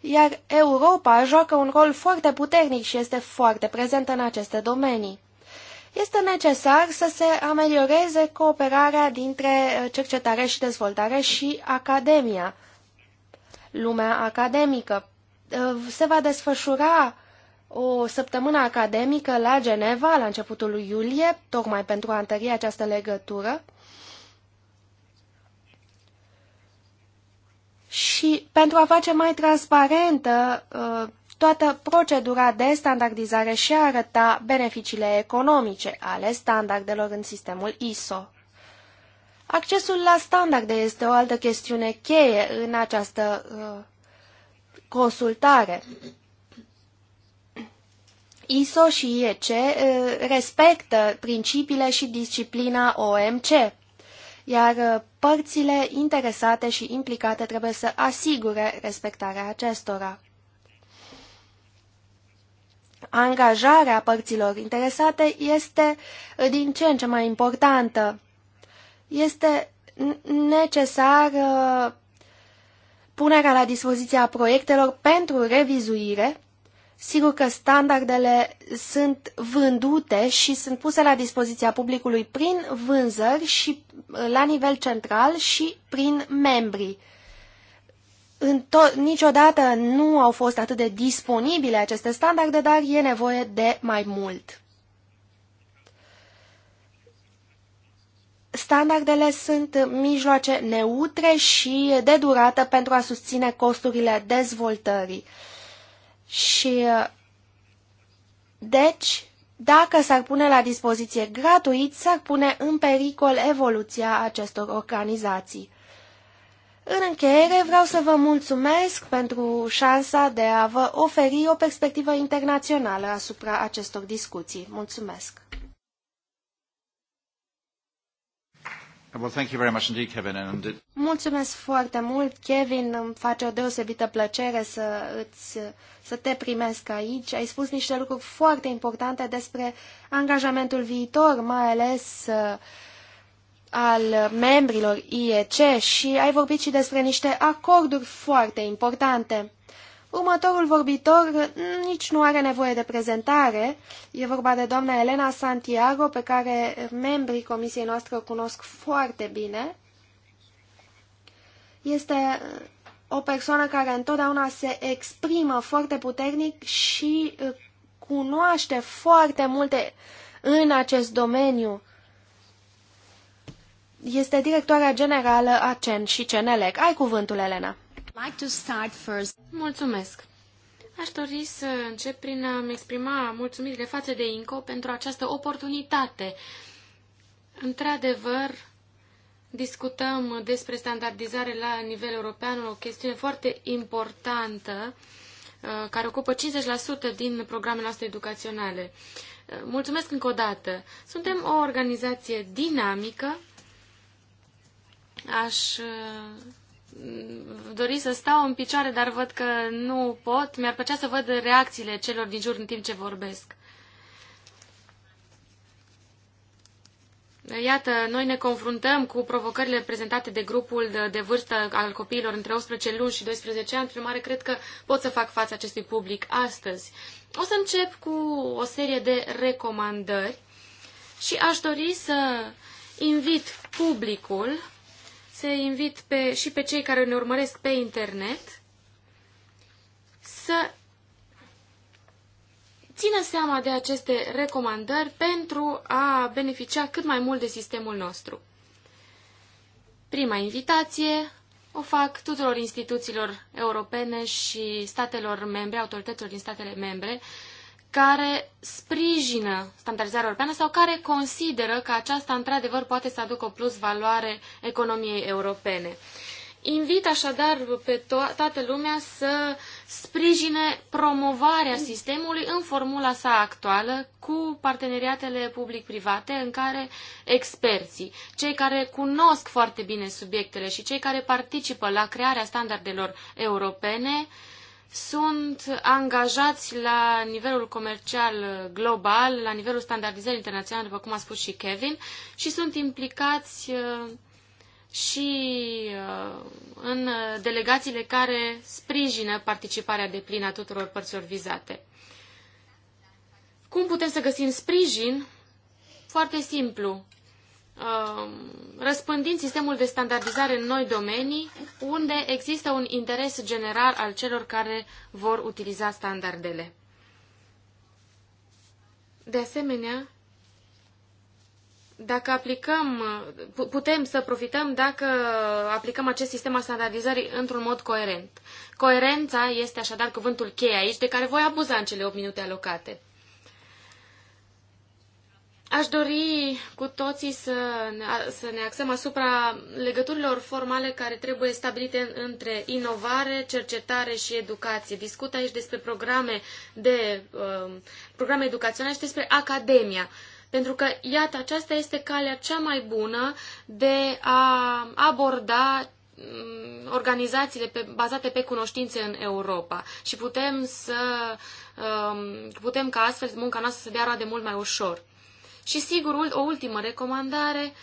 C: Iar Europa joacă un rol foarte puternic și este foarte prezentă în aceste domenii este necesar să se amelioreze cooperarea dintre uh, cercetare și dezvoltare și academia, lumea academică. Uh, se va desfășura o săptămână academică la Geneva la începutul lui iulie, tocmai pentru a întări această legătură. Și pentru a face mai transparentă uh, toată procedura de standardizare și a arăta beneficiile economice ale standardelor în sistemul ISO. Accesul la standarde este o altă chestiune cheie în această uh, consultare. ISO și IEC uh, respectă principiile și disciplina OMC, iar uh, părțile interesate și implicate trebuie să asigure respectarea acestora angajarea părților interesate este din ce în ce mai importantă. Este necesar uh, punerea la dispoziția proiectelor pentru revizuire. Sigur că standardele sunt vândute și sunt puse la dispoziția publicului prin vânzări și uh, la nivel central și prin membrii niciodată nu au fost atât de disponibile aceste standarde, dar e nevoie de mai mult. Standardele sunt mijloace neutre și de durată pentru a susține costurile dezvoltării. Și deci, dacă s-ar pune la dispoziție gratuit, s-ar pune în pericol evoluția acestor organizații. În încheiere, vreau să vă mulțumesc pentru șansa de a vă oferi o perspectivă internațională asupra acestor discuții. Mulțumesc! Mulțumesc foarte mult, Kevin. Îmi face o deosebită plăcere să, îți, să te primesc aici. Ai spus niște lucruri foarte importante despre angajamentul viitor, mai ales uh, al membrilor IEC și ai vorbit și despre niște acorduri foarte importante. Următorul vorbitor nici nu are nevoie de prezentare. E vorba de doamna Elena Santiago, pe care membrii comisiei noastre o cunosc foarte bine. Este o persoană care întotdeauna se exprimă foarte puternic și cunoaște foarte multe în acest domeniu este directoarea generală a CEN și CENELEC. Ai cuvântul, Elena. Like to start first. Mulțumesc.
B: Aș dori să încep prin a-mi exprima mulțumirile față de INCO pentru această oportunitate. Într-adevăr, discutăm despre standardizare la nivel european, o chestiune foarte importantă uh, care ocupă 50% din programele noastre educaționale. Uh, mulțumesc încă o dată. Suntem o organizație dinamică Aș uh, dori să stau în picioare, dar văd că nu pot. Mi-ar plăcea să văd reacțiile celor din jur în timp ce vorbesc. Iată, noi ne confruntăm cu provocările prezentate de grupul de, de vârstă al copiilor între 18 luni și 12 ani, prin urmare cred că pot să fac față acestui public astăzi. O să încep cu o serie de recomandări și aș dori să invit publicul se invit pe, și pe cei care ne urmăresc pe internet să țină seama de aceste recomandări pentru a beneficia cât mai mult de sistemul nostru. Prima invitație o fac tuturor instituțiilor europene și statelor membre, autorităților din statele membre, care sprijină standardizarea europeană sau care consideră că aceasta într-adevăr poate să aducă o plus valoare economiei europene. Invit așadar pe to- toată lumea să sprijine promovarea sistemului în formula sa actuală cu parteneriatele public-private în care experții, cei care cunosc foarte bine subiectele și cei care participă la crearea standardelor europene, uh, sunt angajați la nivelul comercial global, la nivelul standardizării internaționale, după cum a spus și Kevin, și sunt implicați uh, și uh, în delegațiile care sprijină participarea de plină a tuturor părților vizate. Cum putem să găsim sprijin? Foarte simplu. Um, răspândind sistemul de standardizare în noi domenii unde există un interes general al celor care vor utiliza standardele. De asemenea, dacă aplicăm, putem să profităm dacă aplicăm acest sistem al standardizării într-un mod coerent. Coerența este așadar cuvântul cheie aici, de care voi abuza în cele 8 minute alocate. Aș dori cu toții să ne, să ne axăm asupra legăturilor formale care trebuie stabilite între inovare, cercetare și educație. Discut aici despre programe, de, uh, programe educaționale și despre academia. Pentru că, iată, aceasta este calea cea mai bună de a aborda um, organizațiile pe, bazate pe cunoștințe în Europa și putem să um, putem ca astfel munca noastră să dea roade mult mai ușor. Și sigur, o ultimă recomandare,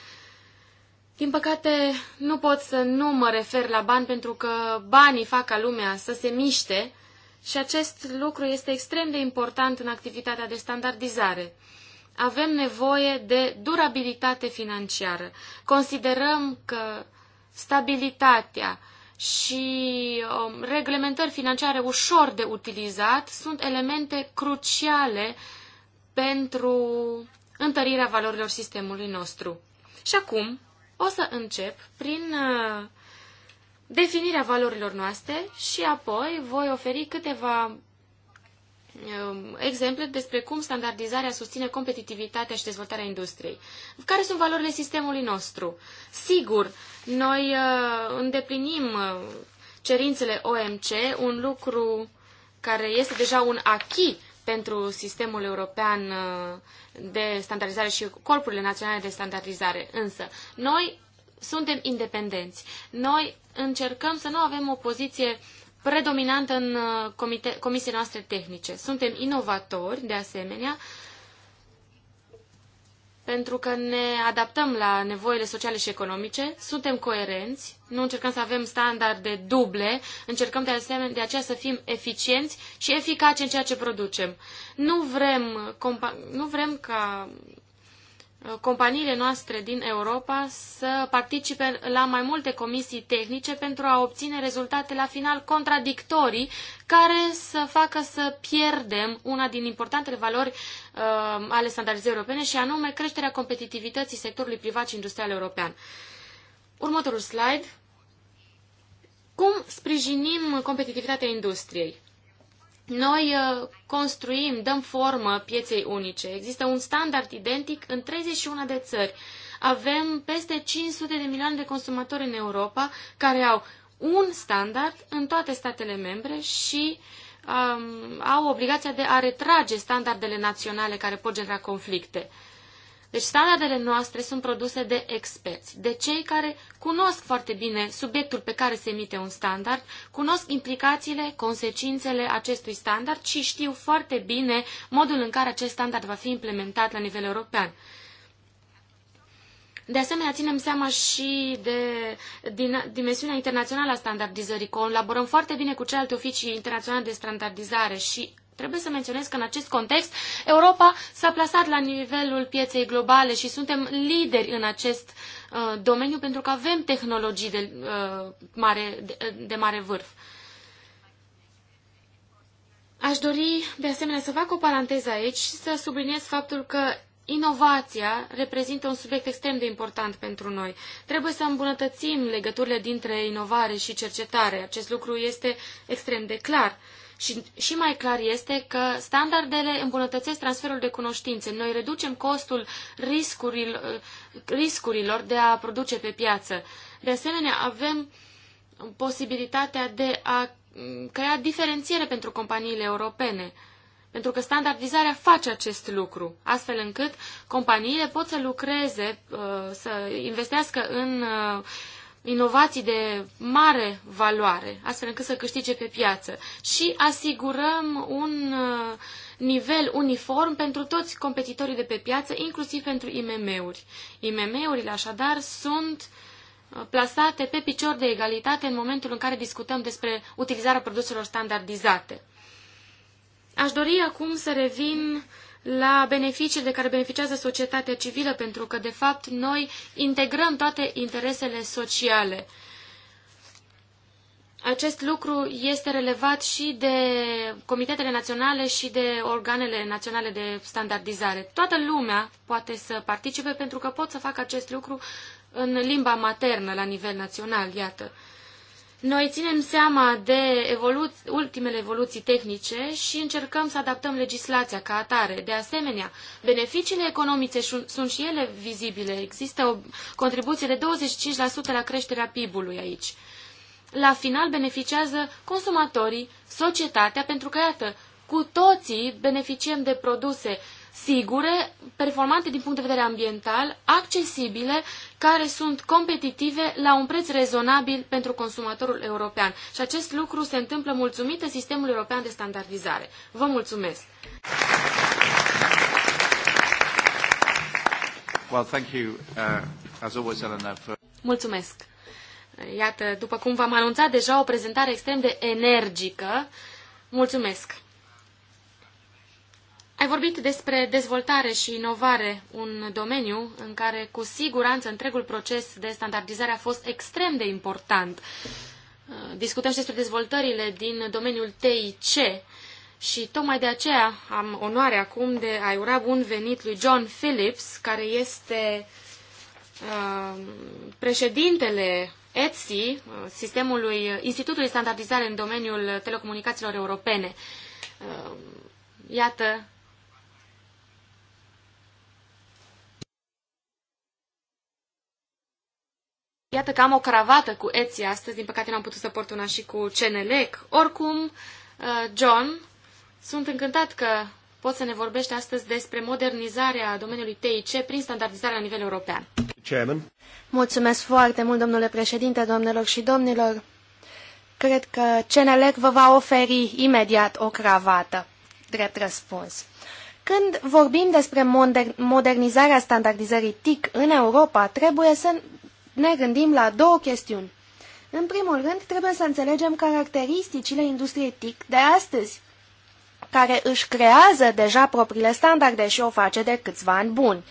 B: din păcate, nu pot să nu mă refer la bani pentru că banii fac ca lumea să se miște și acest lucru este extrem de important în activitatea de standardizare. Avem nevoie de durabilitate financiară. Considerăm că stabilitatea și um, reglementări financiare ușor de utilizat sunt elemente cruciale pentru întărirea valorilor sistemului nostru. Și acum o să încep prin uh, definirea valorilor noastre și apoi voi oferi câteva um, exemple despre cum standardizarea susține competitivitatea și dezvoltarea industriei. Care sunt valorile sistemului nostru? Sigur, noi uh, îndeplinim uh, cerințele OMC, un lucru care este deja un achi pentru sistemul european uh, de standardizare și corpurile naționale de standardizare. Însă, noi suntem independenți. Noi încercăm să nu avem o poziție predominantă în uh, comite- comisiile noastre tehnice. Suntem inovatori, de asemenea, pentru că ne adaptăm la nevoile sociale și economice, suntem coerenți, nu încercăm să avem standarde duble, încercăm de, asemenea, de aceea să fim eficienți și eficaci în ceea ce producem. Nu vrem, nu vrem ca companiile noastre din Europa să participe la mai multe comisii tehnice pentru a obține rezultate la final contradictorii care să facă să pierdem una din importantele valori uh, ale standardizării europene și anume creșterea competitivității sectorului privat și industrial european. Următorul slide. Cum sprijinim competitivitatea industriei? Noi uh, construim, dăm formă pieței unice. Există un standard identic în 31 de țări. Avem peste 500 de milioane de consumatori în Europa care au un standard în toate statele membre și um, au obligația de a retrage standardele naționale care pot genera conflicte. Uh, deci standardele noastre sunt produse de experți, de cei care cunosc foarte bine subiectul pe care se emite un standard, cunosc implicațiile, consecințele acestui standard și știu foarte bine modul în care acest standard va fi implementat la nivel european. De asemenea, ținem seama și de din, dimensiunea internațională a standardizării. Colaborăm foarte bine cu celelalte oficii internaționale de standardizare și Trebuie să menționez că în acest context Europa s-a plasat la nivelul pieței globale și suntem lideri în acest uh, domeniu pentru că avem tehnologii de, uh, mare, de, uh, de mare vârf. Aș dori, de asemenea, să fac o paranteză aici și să subliniez faptul că inovația reprezintă un subiect extrem de important pentru noi. Trebuie să îmbunătățim legăturile dintre inovare și cercetare. Acest lucru este extrem de clar. Uh, și, și mai clar este că standardele îmbunătățesc transferul de cunoștințe. Noi reducem costul riscurilor, riscurilor de a produce pe piață. De asemenea, avem posibilitatea de a crea diferențiere pentru companiile europene, pentru că standardizarea face acest lucru, astfel încât companiile pot să lucreze, uh, să investească în uh, inovații de mare valoare, astfel încât să câștige pe piață și asigurăm un uh, nivel uniform pentru toți competitorii de pe piață, inclusiv pentru IMM-uri. IMM-urile, așadar, sunt uh, plasate pe picior de egalitate în momentul în care discutăm despre utilizarea produselor standardizate. Aș dori acum să revin la beneficiile de care beneficiază societatea civilă, pentru că, de fapt, noi integrăm toate interesele sociale. Acest lucru este relevat și de comitetele naționale și de organele naționale de standardizare. Toată lumea poate să participe pentru că pot să facă acest lucru în limba maternă la nivel național, iată. Noi ținem seama de evolu- ultimele evoluții tehnice și încercăm să adaptăm legislația ca atare. De asemenea, beneficiile economice sunt și ele vizibile. Există o contribuție de 25% la creșterea PIB-ului aici. La final beneficiază consumatorii, societatea, pentru că, iată, cu toții beneficiem de produse sigure, performante din punct de vedere ambiental, accesibile, care sunt competitive la un preț rezonabil pentru consumatorul european. Și acest lucru se întâmplă mulțumită sistemului european de standardizare. Vă mulțumesc!
A: Well, thank you, uh, as always, Elena, for...
B: Mulțumesc! Iată, după cum v-am anunțat deja, o prezentare extrem de energică. Mulțumesc! Ai vorbit despre dezvoltare și inovare, un domeniu în care cu siguranță întregul proces de standardizare a fost extrem de important. Uh, discutăm și despre dezvoltările din domeniul TIC și tocmai de aceea am onoare acum de a ura bun venit lui John Phillips, care este uh, președintele ETSI, uh, sistemului Institutului Standardizare în domeniul telecomunicațiilor europene. iată Iată că am o cravată cu Etsy astăzi, din păcate n-am putut să port una și cu Cenelec. Oricum, uh, John, sunt încântat că poți să ne vorbești astăzi despre modernizarea domeniului TIC prin standardizarea la nivel european.
C: Chairman. Mulțumesc foarte mult, domnule președinte, domnilor și domnilor. Cred că Cenelec vă va oferi imediat o cravată. Drept răspuns. Când vorbim despre modernizarea standardizării TIC în Europa, trebuie să ne gândim la două chestiuni. În primul rând, trebuie să înțelegem caracteristicile industriei TIC de astăzi, care își creează deja propriile standarde și o face de câțiva ani buni.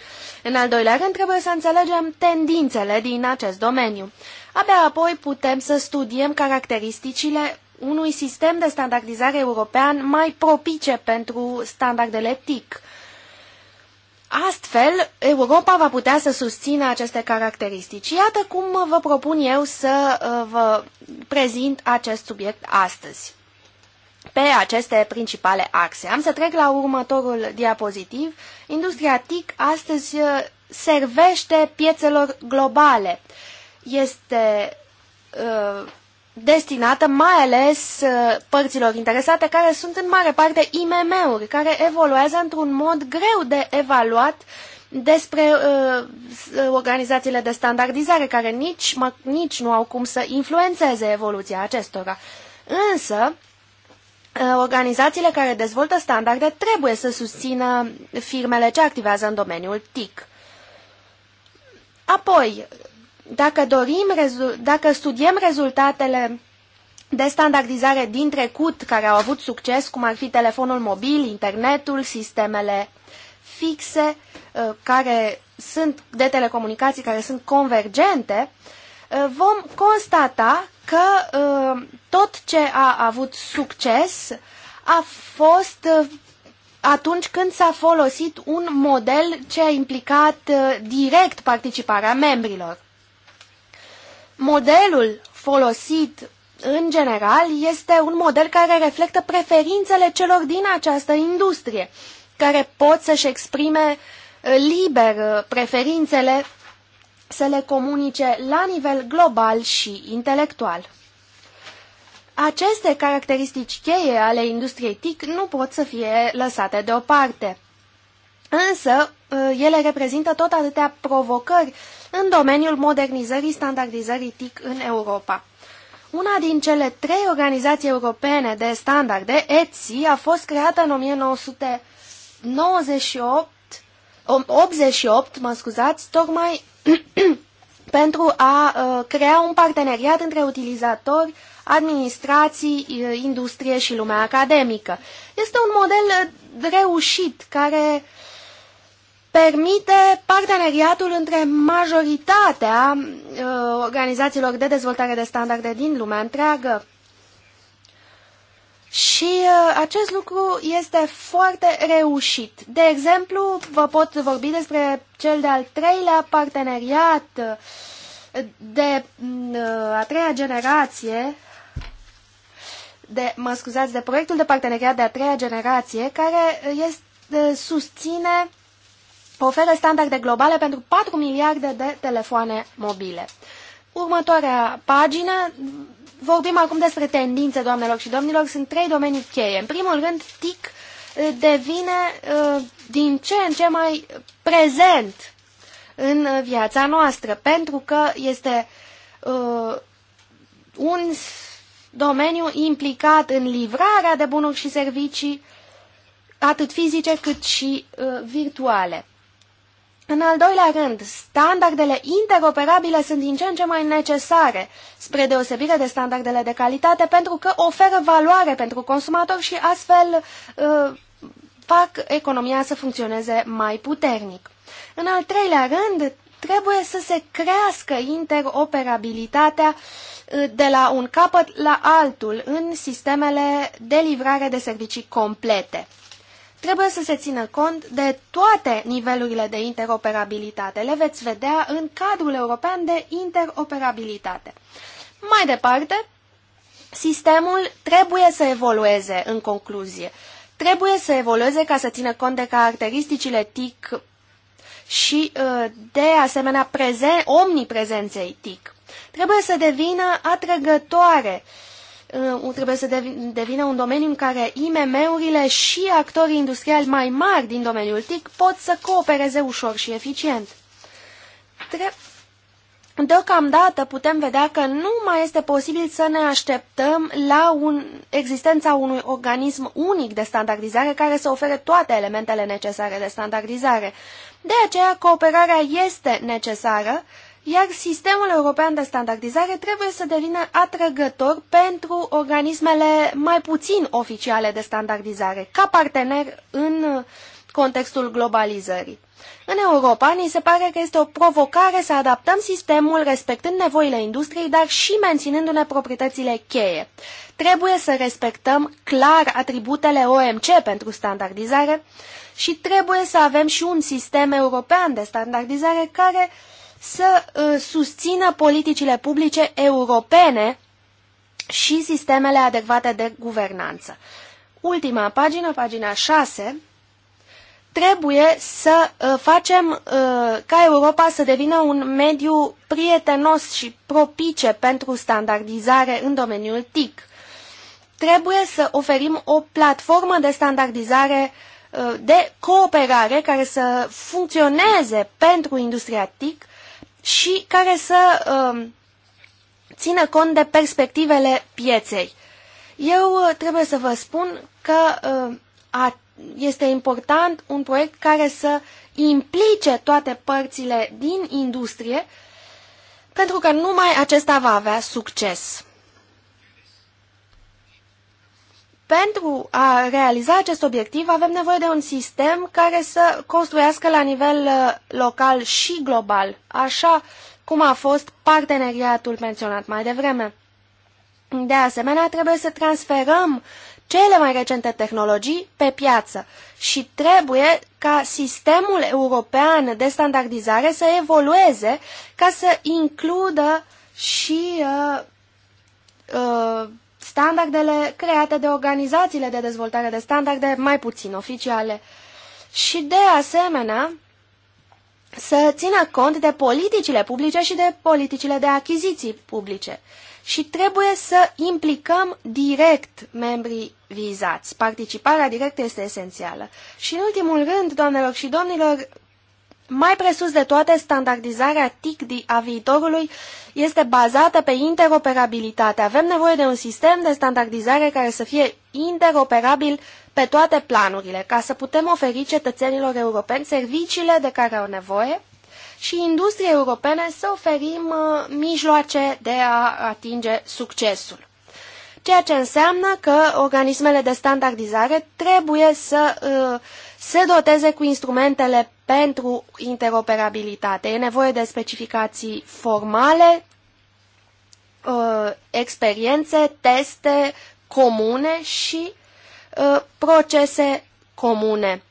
C: În al doilea rând, trebuie să înțelegem tendințele din acest domeniu. Abia apoi putem să studiem caracteristicile unui sistem de standardizare european mai propice pentru standardele TIC Astfel, Europa va putea să susțină aceste caracteristici. Iată cum vă propun eu să uh, vă prezint acest subiect astăzi pe aceste principale axe. Am să trec la următorul diapozitiv. Industria TIC astăzi uh, servește piețelor globale. Este uh, destinată mai ales uh, părților interesate care sunt în mare parte IMM-uri, care evoluează într-un mod greu de evaluat despre uh, organizațiile de standardizare, care nici, mă, nici nu au cum să influențeze evoluția acestora. Însă, uh, organizațiile care dezvoltă standarde trebuie să susțină firmele ce activează în domeniul TIC. Apoi, dacă, dorim, dacă studiem rezultatele de standardizare din trecut care au avut succes, cum ar fi telefonul mobil, internetul, sistemele fixe uh, care sunt de telecomunicații care sunt convergente, uh, vom constata că uh, tot ce a avut succes a fost atunci când s-a folosit un model ce a implicat direct participarea membrilor modelul folosit în general este un model care reflectă preferințele celor din această industrie, care pot să-și exprime ă, liber ă, preferințele, să le comunice la nivel global și intelectual. Aceste caracteristici cheie ale industriei TIC nu pot să fie lăsate deoparte. Însă, ă, ele reprezintă tot atâtea provocări în domeniul modernizării standardizării TIC în Europa. Una din cele trei organizații europene de standarde, ETSI, a fost creată în 1998, 88, mă scuzați, tocmai pentru a uh, crea un parteneriat între utilizatori, administrații, uh, industrie și lumea academică. Este un model uh, reușit care permite parteneriatul între majoritatea uh, organizațiilor de dezvoltare de standarde din lumea întreagă. Și uh, acest lucru este foarte reușit. De exemplu, vă pot vorbi despre cel de-al treilea parteneriat uh, de mm, uh, a treia generație, de, mă scuzați, de proiectul de parteneriat de a treia generație, care uh, este, uh, susține uh, oferă standarde globale pentru 4 miliarde de telefoane mobile. Următoarea pagină, vorbim acum despre tendințe, doamnelor și domnilor, sunt trei domenii cheie. În primul rând, TIC eh, devine eh, din ce în ce mai prezent în viața noastră, pentru că este eh, un domeniu implicat în livrarea de bunuri și servicii, atât fizice cât și virtuale. În al doilea rând, standardele interoperabile sunt din ce în ce mai necesare, spre deosebire de standardele de calitate, pentru că oferă valoare pentru consumator și astfel uh, fac economia să funcționeze mai puternic. În al treilea rând, trebuie să se crească interoperabilitatea uh, de la un capăt la altul în sistemele de livrare de servicii complete. Trebuie să se țină cont de toate nivelurile de interoperabilitate. Le veți vedea în cadrul european de interoperabilitate. Mai departe, sistemul trebuie să evolueze în concluzie. Trebuie să evolueze ca să țină cont de caracteristicile TIC și uh, de asemenea prezen, omniprezenței TIC. Trebuie să devină atrăgătoare uh, Uh, trebuie să devină un domeniu în care IMM-urile și actorii industriali mai mari din domeniul TIC pot să coopereze ușor și eficient. Tre Deocamdată putem vedea că nu mai este posibil să ne așteptăm la un, existența unui organism unic de standardizare care să ofere toate elementele necesare de standardizare. De aceea, cooperarea este necesară iar sistemul european de standardizare trebuie să devină atrăgător pentru organismele mai puțin oficiale de standardizare, ca partener în contextul globalizării. În Europa, ni se pare că este o provocare să adaptăm sistemul respectând nevoile industriei, dar și menținându-ne proprietățile cheie. Trebuie să respectăm clar atributele OMC pentru standardizare și trebuie să avem și un sistem european de standardizare care uh, să uh, susțină politicile publice europene și sistemele adecvate de guvernanță. Ultima pagină, pagina 6, trebuie să uh, facem uh, ca Europa să devină un mediu prietenos și propice pentru standardizare în domeniul TIC. Trebuie să oferim o platformă de standardizare uh, de cooperare care să funcționeze pentru industria TIC și care să um, țină cont de perspectivele pieței. Eu uh, trebuie să vă spun că uh, a, este important un proiect care să implice toate părțile din industrie, pentru că numai acesta va avea succes. Pentru a realiza acest obiectiv avem nevoie de un sistem care să construiască la nivel uh, local și global, așa cum a fost parteneriatul menționat mai devreme. De asemenea, trebuie să transferăm cele mai recente tehnologii pe piață și trebuie ca sistemul european de standardizare să evolueze ca să includă și uh, uh, standardele create de organizațiile de dezvoltare de standarde mai puțin oficiale și, de asemenea, să țină cont de politicile publice și de politicile de achiziții publice. Și trebuie să implicăm direct membrii vizați. Participarea directă este esențială. Și, în ultimul rând, doamnelor și domnilor, mai presus de toate, standardizarea TICDI a viitorului este bazată pe interoperabilitate. Avem nevoie de un sistem de standardizare care să fie interoperabil pe toate planurile, ca să putem oferi cetățenilor europeni serviciile de care au nevoie și industriei europene să oferim uh, mijloace de a atinge succesul. Ceea ce înseamnă că organismele de standardizare trebuie să uh, se doteze cu instrumentele pentru interoperabilitate. E nevoie de specificații formale, uh, experiențe, teste comune și uh, procese comune.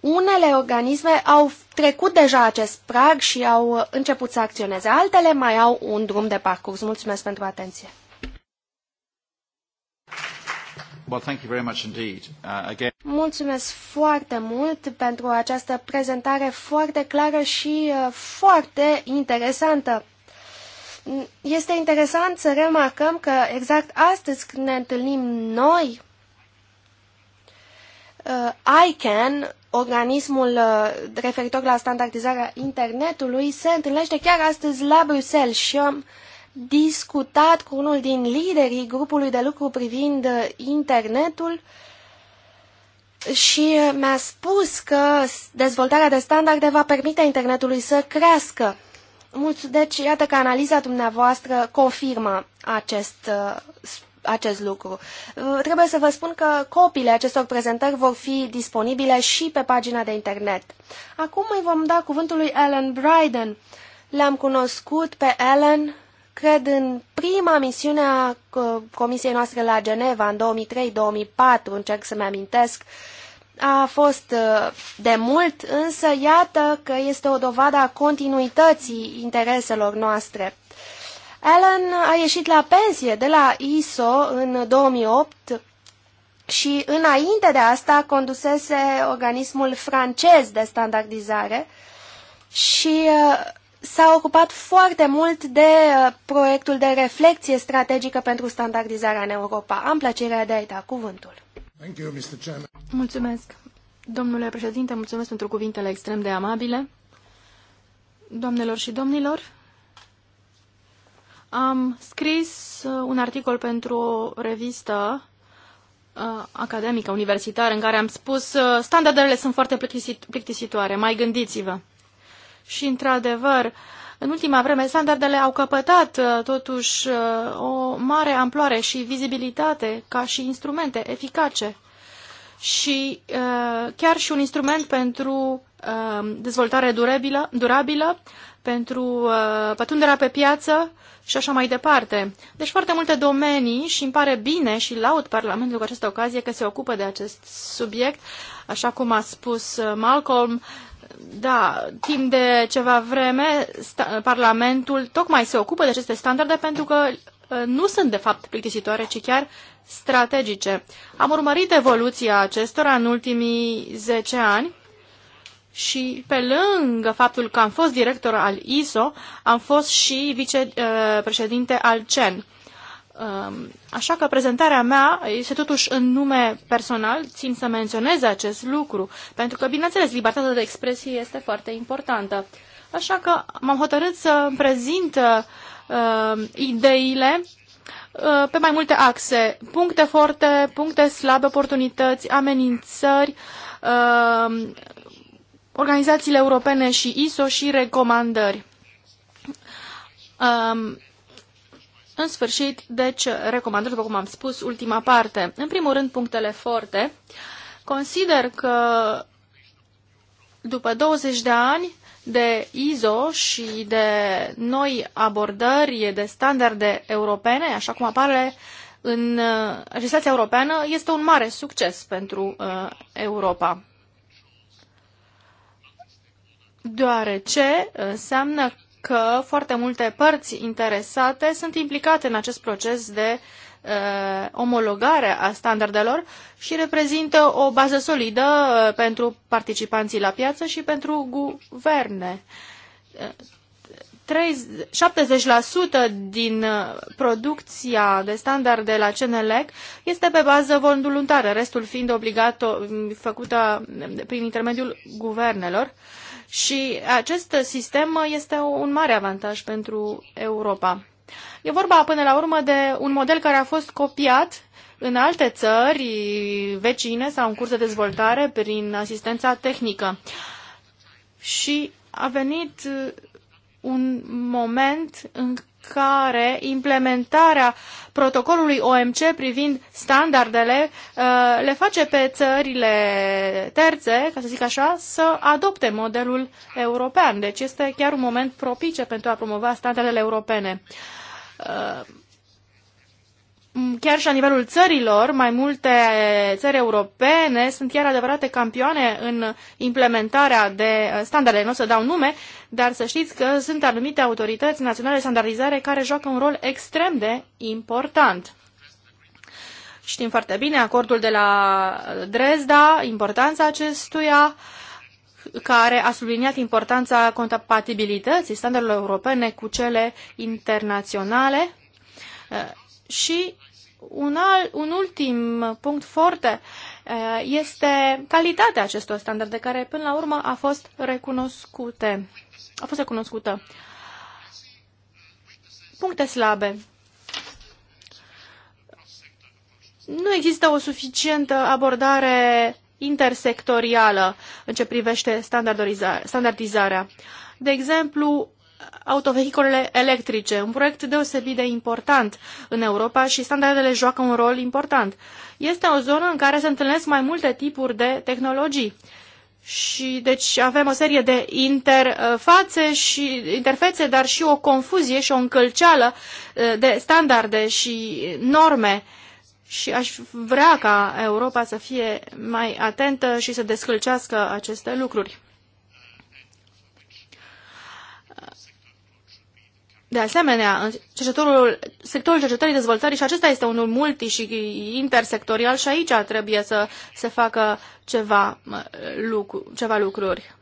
C: Unele organisme au trecut deja acest prag și au început să acționeze, altele mai au un drum de parcurs. Mulțumesc pentru atenție!
A: Well, thank you very much indeed. Uh, again...
C: Mulțumesc foarte mult pentru această prezentare foarte clară și uh, foarte interesantă. Este interesant să remarcăm că exact astăzi când ne întâlnim noi, uh, ICANN, organismul uh, referitor la standardizarea internetului, se întâlnește chiar astăzi la Bruxelles și discutat cu unul din liderii grupului de lucru privind internetul și mi-a spus că dezvoltarea de standarde va permite internetului să crească. Deci, iată că analiza dumneavoastră confirmă acest, uh, acest lucru. Uh, trebuie să vă spun că copiile acestor prezentări vor fi disponibile și pe pagina de internet. Acum îi vom da cuvântul lui Alan Bryden. L-am cunoscut pe Alan cred, în prima misiune a uh, comisiei noastre la Geneva, în 2003-2004, încerc să-mi amintesc, a fost uh, de mult, însă iată că este o dovadă a continuității intereselor noastre. Alan a ieșit la pensie de la ISO în 2008 și înainte de asta condusese organismul francez de standardizare și uh, s-a ocupat foarte mult de uh, proiectul de reflexie strategică pentru standardizarea în Europa. Am plăcerea de a-i da cuvântul. Mulțumesc. Domnule președinte, mulțumesc pentru cuvintele extrem
D: de amabile. Doamnelor și domnilor, am scris uh, un articol pentru o revistă uh, academică, universitară, în care am spus standardele sunt foarte plictisitoare, mai gândiți-vă. Și, într-adevăr, în ultima vreme, standardele au căpătat uh, totuși uh, o mare amploare și vizibilitate ca și instrumente eficace. Și uh, chiar și un instrument pentru dezvoltare durabilă, durabilă pentru pătunderea pe piață și așa mai departe. Deci foarte multe domenii și îmi pare bine și laud Parlamentul cu această ocazie că se ocupă de acest subiect. Așa cum a spus Malcolm, da, timp de ceva vreme, Parlamentul tocmai se ocupă de aceste standarde pentru că uh, nu sunt de fapt plictisitoare, ci chiar strategice. Am urmărit evoluția acestora în ultimii 10 ani și pe lângă faptul că am fost director al ISO, am fost și vicepreședinte uh, al CEN. Um, așa că prezentarea mea este totuși în nume personal, țin să menționez acest lucru, pentru că, bineînțeles, libertatea de expresie este foarte importantă. Așa că m-am hotărât să prezint uh, ideile uh, pe mai multe axe, puncte forte, puncte slabe, oportunități, amenințări, uh, organizațiile europene și ISO și recomandări. Uh, în sfârșit, deci, recomand, după cum am spus, ultima parte. În primul rând, punctele forte. Consider că după 20 de ani de ISO și de noi abordări de standarde europene, așa cum apare în uh, legislația europeană, este un mare succes pentru uh, Europa. Deoarece înseamnă că foarte multe părți interesate sunt implicate în acest proces de uh, omologare a standardelor și reprezintă o bază solidă uh, pentru participanții la piață și pentru guverne. Uh, 30, 70% din producția de standard de la CNLEC este pe bază voluntară, restul fiind obligat făcută uh, prin intermediul guvernelor. Uh, și acest sistem este un mare avantaj pentru Europa. E vorba până la urmă de un model care a fost copiat în alte țări vecine sau în curs de dezvoltare prin asistența tehnică. Și a venit un moment în care implementarea protocolului OMC privind standardele uh, le face pe țările terțe, ca să zic așa, să adopte modelul european. Deci este chiar un moment propice pentru a promova standardele europene uh, chiar și la nivelul țărilor, mai multe eh, țări europene sunt chiar adevărate campioane în implementarea de eh, standarde. Nu o să dau nume, dar să știți că sunt anumite autorități naționale de standardizare care joacă un rol extrem de important. Știm foarte bine acordul de la Dresda, importanța acestuia, care a subliniat importanța compatibilității standardelor europene cu cele internaționale eh, și un, al, un ultim punct foarte uh, este calitatea acestor standarde, care până la urmă a fost recunoscute. A fost recunoscută. Puncte slabe. Nu există o suficientă abordare intersectorială în ce privește standardizarea. De exemplu, autovehicolele electrice, un proiect deosebit de important în Europa și standardele joacă un rol important. Este o zonă în care se întâlnesc mai multe tipuri de tehnologii. Și deci avem o serie de interfațe și interfețe, dar și o confuzie și o încălceală eh, de standarde și norme. Și aș vrea ca Europa să fie mai atentă și să descălcească aceste lucruri. De asemenea, cercetătorul, sectorul cercetării dezvoltării, și acesta este unul multi și intersectorial și aici trebuie să se facă ceva, lucru, ceva lucruri.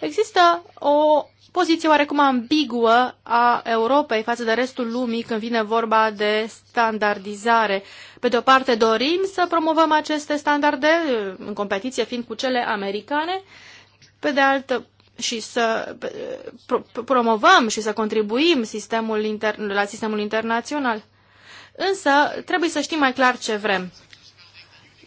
D: Există o poziție oarecum ambiguă a Europei față de restul lumii când vine vorba de standardizare. Pe de o parte dorim să promovăm aceste standarde, în competiție fiind cu cele americane, pe de altă și să promovăm și să contribuim sistemul inter- la sistemul internațional. Însă trebuie să știm mai clar ce vrem.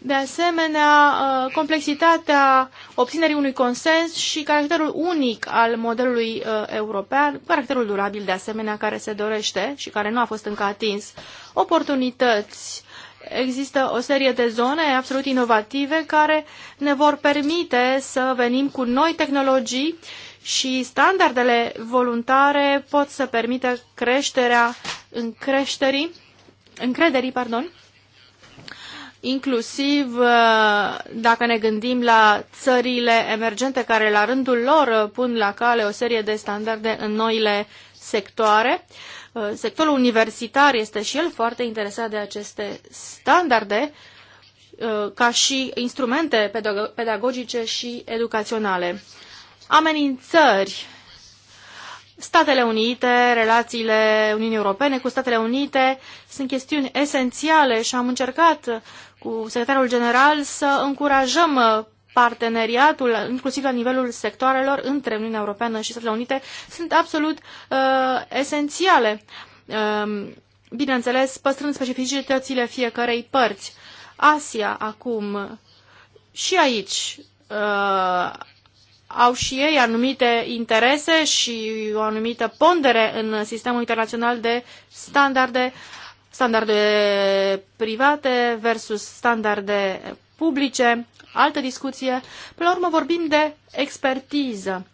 D: De asemenea, uh, complexitatea obținerii unui consens și caracterul unic al modelului uh, european, caracterul durabil de asemenea care se dorește și care nu a fost încă atins, oportunități există o serie de zone absolut inovative care ne vor permite să venim cu noi tehnologii și standardele voluntare pot să permită creșterea în creșterii, încrederii, pardon, inclusiv uh, dacă ne gândim la țările emergente care la rândul lor pun la cale o serie de standarde în noile sectoare. Uh, sectorul universitar este și el foarte interesat de aceste standarde uh, ca și instrumente pedagogice și educaționale. Amenințări. Statele Unite, relațiile Uniunii Europene cu Statele Unite sunt chestiuni esențiale și am încercat cu secretarul general să încurajăm parteneriatul, inclusiv la nivelul sectoarelor, între Uniunea Europeană și Statele Unite, sunt absolut uh, esențiale, uh, bineînțeles, păstrând specificitățile fiecarei părți. Asia, acum, și aici, uh, au și ei anumite interese și o anumită pondere în sistemul internațional de standarde, standarde private versus standarde publice, altă discuție. Pe la urmă vorbim de expertiză.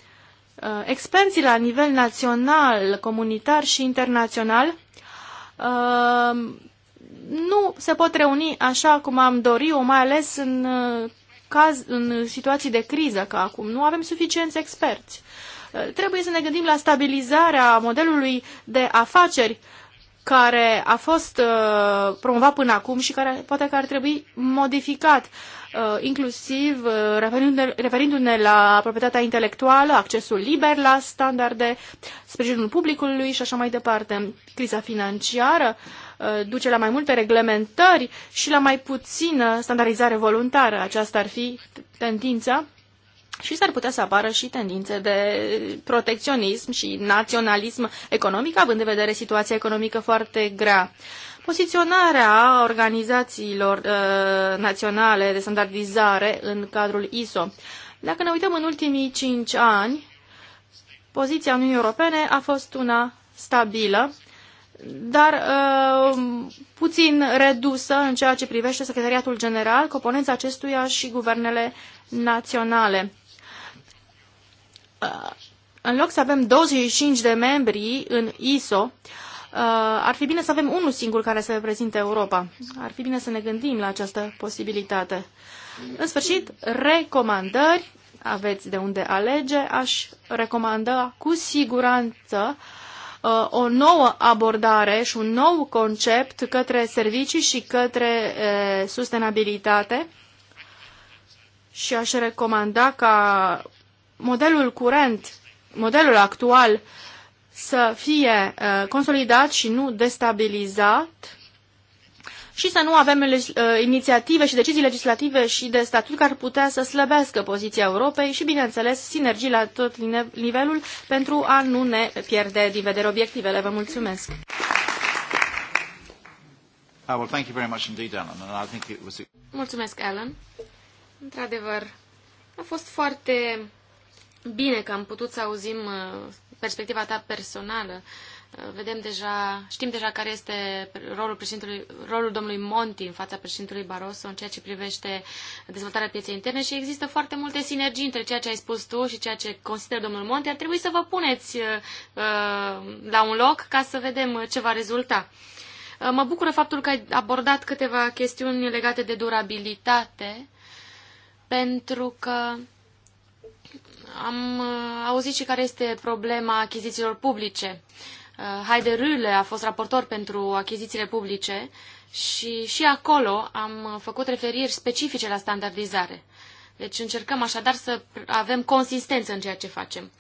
D: Uh, experții la nivel național, comunitar și internațional uh, nu se pot reuni așa cum am dorit, o mai ales în, uh, caz, în situații de criză ca acum. Nu avem suficienți experți. Trebuie să ne gândim la stabilizarea modelului de afaceri care a fost uh, promovat până acum și care poate că ar trebui modificat, uh, inclusiv uh, referindu-ne, referindu-ne la proprietatea intelectuală, accesul liber la standarde, sprijinul publicului și așa mai departe. Criza financiară uh, duce la mai multe reglementări și la mai puțină standardizare voluntară. Aceasta ar fi tendința și s-ar putea să apară și tendințe de protecționism și naționalism economic, având în vedere situația economică foarte grea. Poziționarea organizațiilor uh, naționale de standardizare în cadrul ISO. Dacă ne uităm în ultimii cinci ani, poziția Uniunii Europene a fost una stabilă, dar uh, puțin redusă în ceea ce privește Secretariatul General, componența acestuia și guvernele naționale. Uh, în loc să avem 25 de membri în ISO, uh, ar fi bine să avem unul singur care să reprezinte Europa. Ar fi bine să ne gândim la această posibilitate. În sfârșit, recomandări, aveți de unde alege, aș recomanda cu siguranță uh, o nouă abordare și un nou concept către servicii și către sustenabilitate și aș recomanda ca modelul curent, modelul actual, să fie uh, consolidat și nu destabilizat și să nu avem uh, inițiative și decizii legislative și de statut care putea să slăbească poziția Europei și, bineînțeles, sinergii la tot nivelul pentru a nu ne pierde din vedere obiectivele. Vă mulțumesc!
A: Ah,
B: mulțumesc, Alan. Într-adevăr, a fost foarte bine că am putut să auzim uh, perspectiva ta personală. Uh, vedem deja, știm deja care este rolul, președintelui, rolul domnului Monti în fața președintelui Barroso în ceea ce privește dezvoltarea pieței interne și există foarte multe sinergii între ceea ce ai spus tu și ceea ce consideră domnul Monti. Ar trebui să vă puneți uh, uh la un loc ca să vedem ce va rezulta. mă bucură faptul că ai abordat câteva chestiuni legate de durabilitate, pentru că am uh, auzit și care este problema achizițiilor publice. Uh, Haide Rühle a fost raportor pentru achizițiile publice și și acolo am făcut referiri specifice la standardizare. Deci încercăm așadar să avem consistență în ceea ce facem.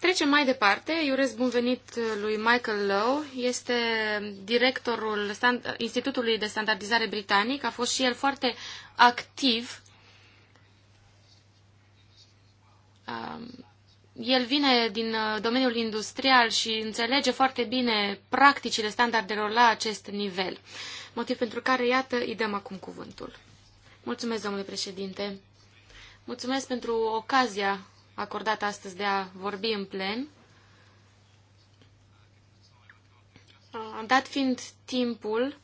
B: Trecem mai departe. Eu urez bun venit lui Michael Lowe. Este directorul Institutului de Standardizare Britanic. A fost și el foarte activ Um, el vine din uh, domeniul industrial și înțelege foarte bine practicile standardelor la acest nivel. Motiv pentru care, iată, îi dăm acum cuvântul. Mulțumesc, domnule președinte. Mulțumesc pentru ocazia acordată astăzi de a vorbi în plen. Uh, dat fiind timpul,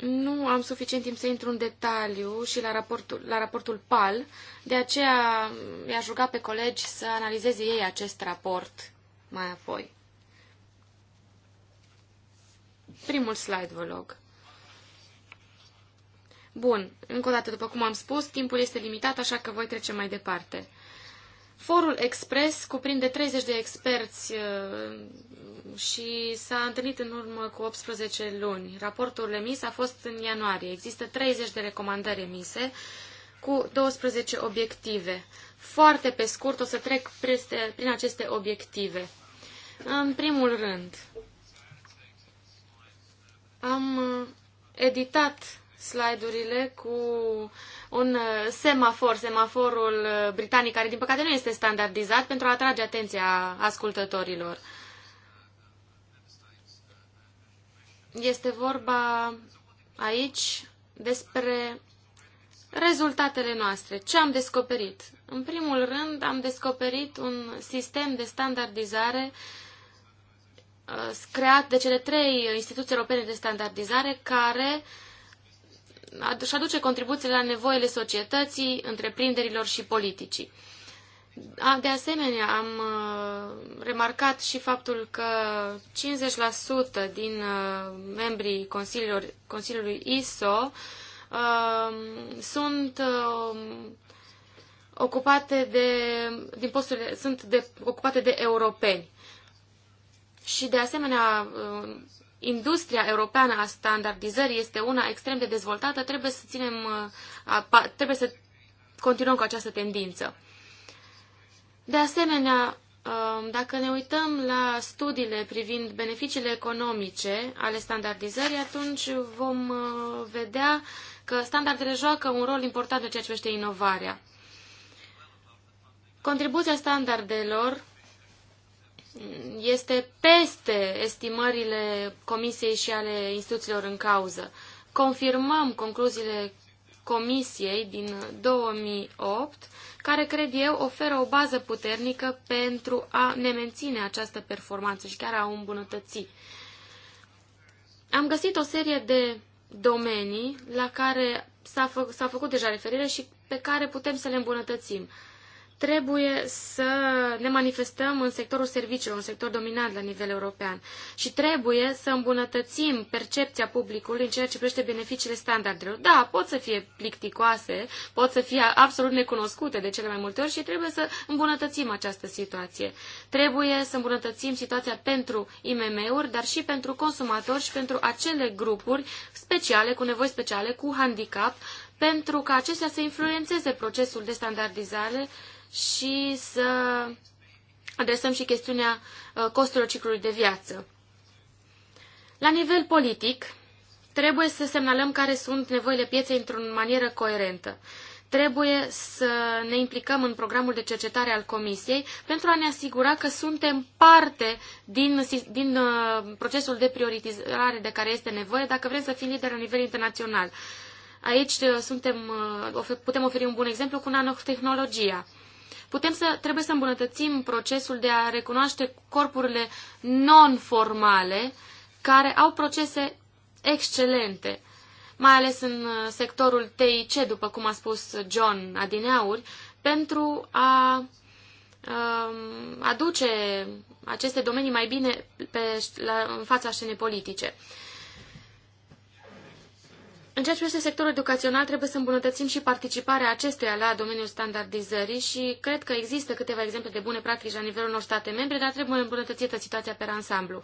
B: nu am suficient timp să intru în detaliu și la raportul, la raportul PAL, de aceea i-aș ruga pe colegi să analizeze ei acest raport mai apoi. Primul slide, vă rog. Bun, încă o dată, după cum am spus, timpul este limitat, așa că voi trece mai departe. Forul Express cuprinde 30 de experți și s-a întâlnit în urmă cu 18 luni. Raportul emis a fost în ianuarie. Există 30 de recomandări emise cu 12 obiective. Foarte pe scurt o să trec preste, prin aceste obiective. În primul rând, am editat slide-urile cu un semafor, semaforul britanic, care din păcate nu este standardizat, pentru a atrage atenția ascultătorilor. Este vorba aici despre rezultatele noastre. Ce am descoperit? În primul rând, am descoperit un sistem de standardizare uh, creat de cele trei instituții europene de standardizare care își aduce contribuții la nevoile societății, întreprinderilor și politicii. De asemenea, am uh, remarcat și faptul că 50% din uh, membrii Consiliului, Consiliului ISO uh, sunt ocupate de, din posturile, sunt de, ocupate de europeni. Și de asemenea, industria europeană a standardizării este una extrem de dezvoltată, trebuie să ținem, trebuie să continuăm cu această tendință. De asemenea, um, dacă ne uităm la studiile privind beneficiile economice ale standardizării, atunci vom uh, vedea că standardele joacă un rol important în ceea ce privește inovarea. Contribuția standardelor este peste estimările Comisiei și ale instituțiilor în cauză. Confirmăm concluziile Comisiei din 2008 care, cred eu, oferă o bază puternică pentru a ne menține această performanță și chiar a o îmbunătăți. Am găsit o serie de domenii la care s-a, fă, făcut deja referire și pe care putem să le îmbunătățim trebuie să ne manifestăm în sectorul serviciilor, un sector dominant la nivel european. Și trebuie să îmbunătățim percepția publicului în ceea ce privește beneficiile standardelor. Da, pot să fie plicticoase, pot să fie absolut necunoscute de cele mai multe ori și trebuie să îmbunătățim această situație. Trebuie să îmbunătățim situația pentru IMM-uri, dar și pentru consumatori și pentru acele grupuri speciale, cu nevoi speciale, cu handicap, pentru ca acestea să influențeze procesul de standardizare și să adresăm și chestiunea uh, costurilor ciclului de viață. La nivel politic, trebuie să semnalăm care sunt nevoile pieței într-o manieră coerentă. Trebuie să ne implicăm în programul de cercetare al Comisiei pentru a ne asigura că suntem parte din, din uh, procesul de prioritizare de care este nevoie dacă vrem să fim lideri la nivel internațional. Aici uh, suntem, putem oferi un bun exemplu cu nanotehnologia. Putem să, trebuie să îmbunătățim procesul de a recunoaște corpurile non-formale care au procese excelente, mai ales în uh, sectorul TIC, după cum a spus John Adineauri, pentru a um, aduce aceste domenii mai bine pe, la, în fața scenei politice. Uh, în ceea ce privește sectorul educațional, trebuie să îmbunătățim și participarea acestuia la domeniul standardizării și cred că există câteva exemple de bune practici la nivelul unor state membre, dar trebuie îmbunătățită situația pe ansamblu.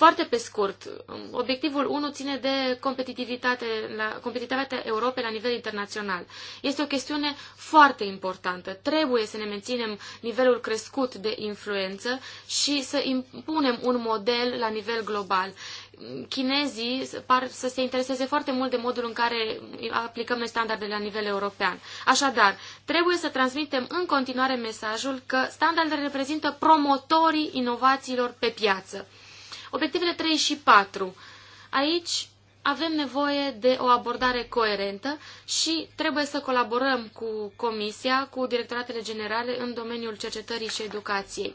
B: Foarte pe scurt, obiectivul 1 ține de competitivitate, la, competitivitatea Europei la nivel internațional. Este o chestiune foarte importantă. Trebuie să ne menținem nivelul crescut de influență și să impunem un model la nivel global chinezii par să se intereseze foarte mult de modul în care aplicăm noi standardele la nivel european. Așadar, trebuie să transmitem în continuare mesajul că standardele reprezintă promotorii inovațiilor pe piață. Obiectivele 3 și 4. Aici avem nevoie de o abordare coerentă și trebuie să colaborăm cu Comisia, cu directoratele generale în domeniul cercetării și educației.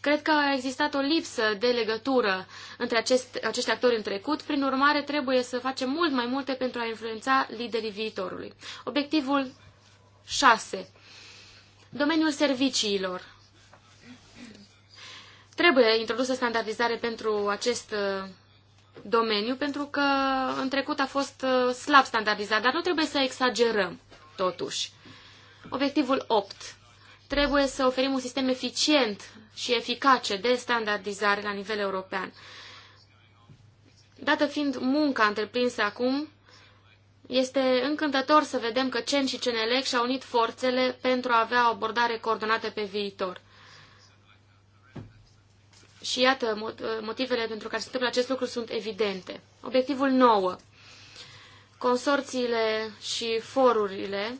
B: Cred că a existat o lipsă de legătură între acest, acești actori în trecut, prin urmare trebuie să facem mult mai multe pentru a influența liderii viitorului. Obiectivul 6. Domeniul serviciilor. Trebuie introdusă standardizare pentru acest uh, domeniu, pentru că în trecut a fost uh, slab standardizat, dar nu trebuie să exagerăm, totuși. Obiectivul 8. Trebuie să oferim un sistem eficient și eficace de standardizare la nivel european. Dată fiind munca întreprinsă acum, este încântător să vedem că CEN și CNLEC și-au unit forțele pentru a avea o abordare coordonată pe viitor. Și iată, ă, motivele pentru care se întâmplă acest lucru sunt evidente. Obiectivul 9. Consorțiile și forurile.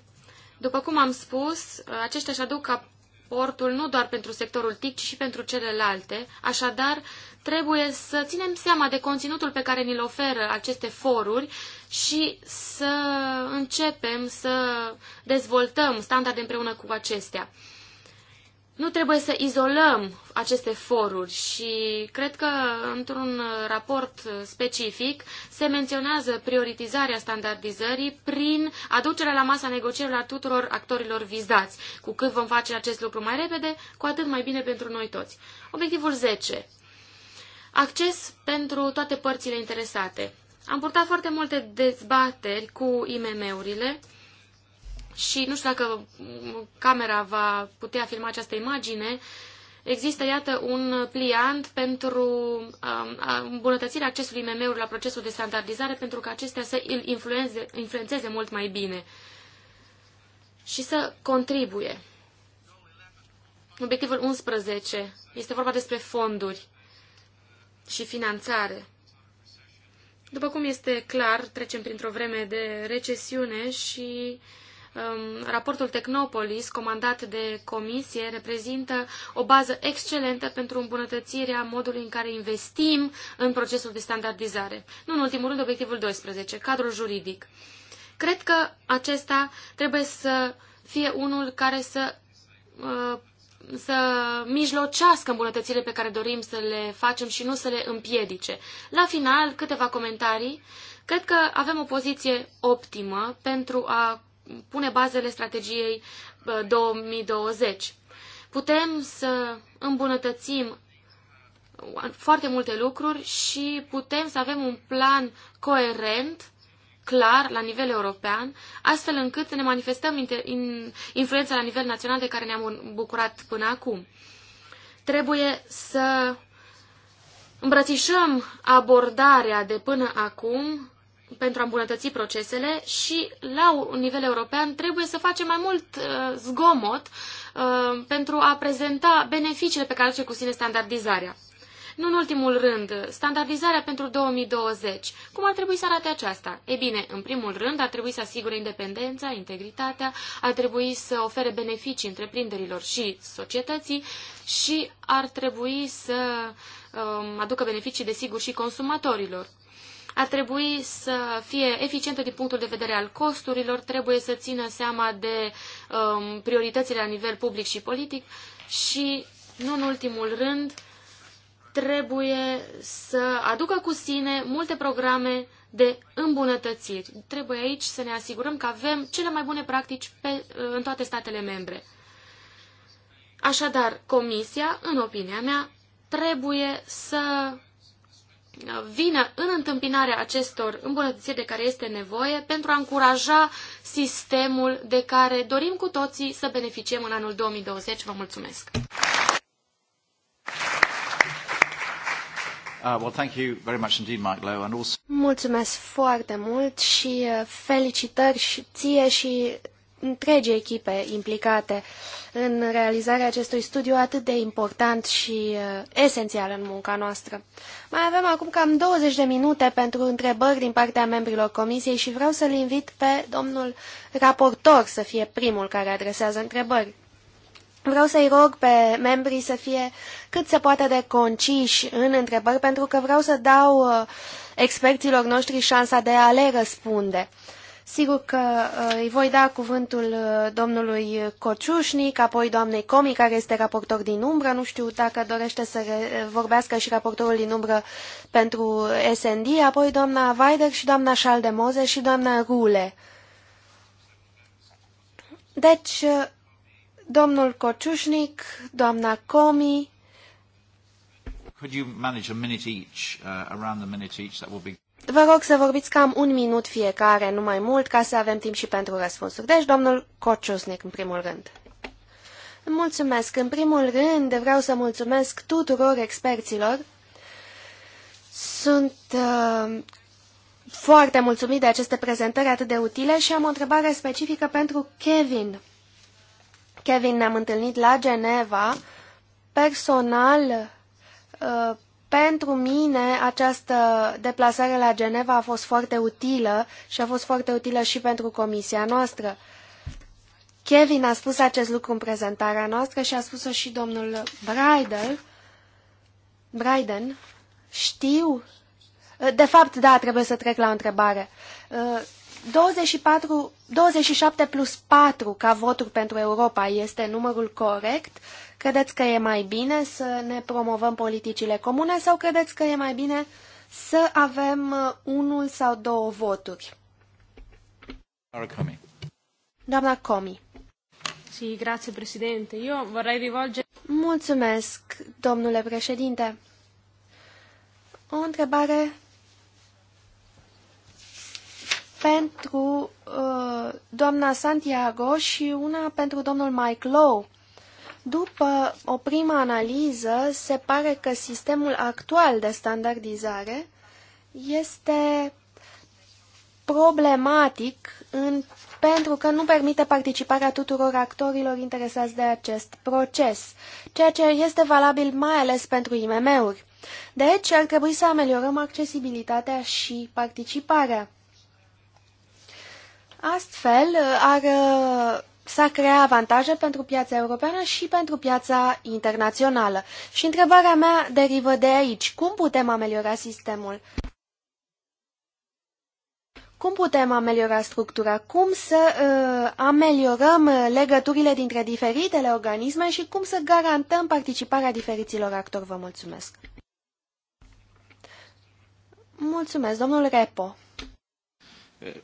B: După cum am spus, ă, aceștia își aduc aportul nu doar pentru sectorul TIC, ci și pentru celelalte. Așadar, trebuie să ținem seama de conținutul pe care ni-l oferă aceste foruri și să începem să dezvoltăm standarde împreună cu acestea nu trebuie să izolăm aceste foruri și cred că într-un raport specific se menționează prioritizarea standardizării prin aducerea la masa negocierilor a tuturor actorilor vizați. Cu cât vom face acest lucru mai repede, cu atât mai bine pentru noi toți. Obiectivul 10. Acces pentru toate părțile interesate. Am purtat foarte multe dezbateri cu IMM-urile și nu știu dacă camera va putea filma această imagine, există, iată, un pliant pentru um, îmbunătățirea accesului mm la procesul de standardizare pentru că acestea să îl influențeze mult mai bine și să contribuie. Obiectivul 11 este vorba despre fonduri și finanțare. După cum este clar, trecem printr-o vreme de recesiune și uh, Um, raportul Technopolis, comandat de comisie, reprezintă o bază excelentă pentru îmbunătățirea modului în care investim în procesul de standardizare. Nu în ultimul rând, obiectivul 12, cadrul juridic. Cred că acesta trebuie să fie unul care să uh, să mijlocească îmbunătățirile pe care dorim să le facem și nu să le împiedice. La final, câteva comentarii. Cred că avem o poziție optimă pentru a pune bazele strategiei 2020. Uh, putem să îmbunătățim foarte multe lucruri și putem să avem un plan coerent, clar, la nivel european, astfel încât să ne manifestăm influența la nivel național de care ne-am bucurat până acum. Trebuie să îmbrățișăm abordarea de până acum pentru a îmbunătăți procesele și la un nivel european trebuie să facem mai mult uh, zgomot uh, pentru a prezenta beneficiile pe care aduce cu sine standardizarea. Nu în ultimul rând, standardizarea pentru 2020. Cum ar trebui să arate aceasta? Ei bine, în primul rând, ar trebui să asigure independența, integritatea, ar trebui să ofere beneficii întreprinderilor și societății și ar trebui să uh, aducă beneficii, desigur, și consumatorilor ar trebui să fie eficientă din punctul de vedere al costurilor, trebuie să țină seama de um, prioritățile la nivel public și politic și, nu în ultimul rând, trebuie să aducă cu sine multe programe de îmbunătățiri. Trebuie aici să ne asigurăm că avem cele mai bune practici pe, în toate statele membre. Așadar, Comisia, în opinia mea, trebuie să vină în întâmpinarea acestor îmbunătățiri de care este nevoie pentru a încuraja sistemul de care dorim cu toții să beneficiem în anul 2020. Vă mulțumesc!
A: Uh,
C: mulțumesc foarte mult și uh, felicitări și ție și întregi echipe implicate în realizarea acestui studiu atât de important și uh, esențial în munca noastră. Mai avem acum cam 20 de minute pentru întrebări din partea membrilor comisiei și vreau să-l invit pe domnul raportor să fie primul care adresează întrebări. Vreau să-i rog pe membrii să fie cât se poate de conciși în întrebări, pentru că vreau să dau uh, experților noștri șansa de a le răspunde. Sigur că uh, îi voi da cuvântul uh, domnului Cociușnic, apoi doamnei Comi, care este raportor din umbră. Nu știu dacă dorește să uh, vorbească și raportorul din umbră pentru SND, apoi doamna Weider și doamna Șaldemoze și doamna Rule. Deci, domnul Cociușnic, doamna Comi...
A: Could you manage a minute each, uh, around the minute each? That will be...
C: Vă rog să vorbiți cam un minut fiecare, nu mai mult, ca să avem timp și pentru răspunsuri. Deci, domnul Cociusnic, în primul rând. Mulțumesc. În primul rând, vreau să mulțumesc tuturor experților. Sunt uh, foarte mulțumit de aceste prezentări atât de utile și am o întrebare specifică pentru Kevin. Kevin, ne-am întâlnit la Geneva. Personal, uh, pentru mine, această deplasare la Geneva a fost foarte utilă și a fost foarte utilă și pentru comisia noastră. Kevin a spus acest lucru în prezentarea noastră și a spus-o și domnul Bridel. Bryden, știu... De fapt, da, trebuie să trec la o întrebare. 24, 27 plus 4 ca voturi pentru Europa este numărul corect? Credeți că e mai bine să ne promovăm politicile comune sau credeți că e mai bine să avem uh, unul sau două voturi? Doamna Comi. Si, grazie, Presidente. Eu
B: vorrei rivolge...
C: Mulțumesc, domnule președinte. O întrebare pentru uh, doamna Santiago și una pentru domnul Mike Lowe. După o primă analiză, se pare că sistemul actual de standardizare este problematic în, pentru că nu permite participarea tuturor actorilor interesați de acest proces, ceea ce este valabil mai ales pentru IMM-uri. Deci, ar trebui să ameliorăm accesibilitatea și participarea. Astfel, uh, ar, uh, s-ar crea avantaje pentru piața europeană și pentru piața internațională. Și întrebarea mea derivă de aici. Cum putem ameliora sistemul? Cum putem ameliora structura? Cum să uh, ameliorăm legăturile dintre diferitele organisme și cum să garantăm participarea diferiților actori? Vă mulțumesc! Mulțumesc, domnul Repo.
A: Eh,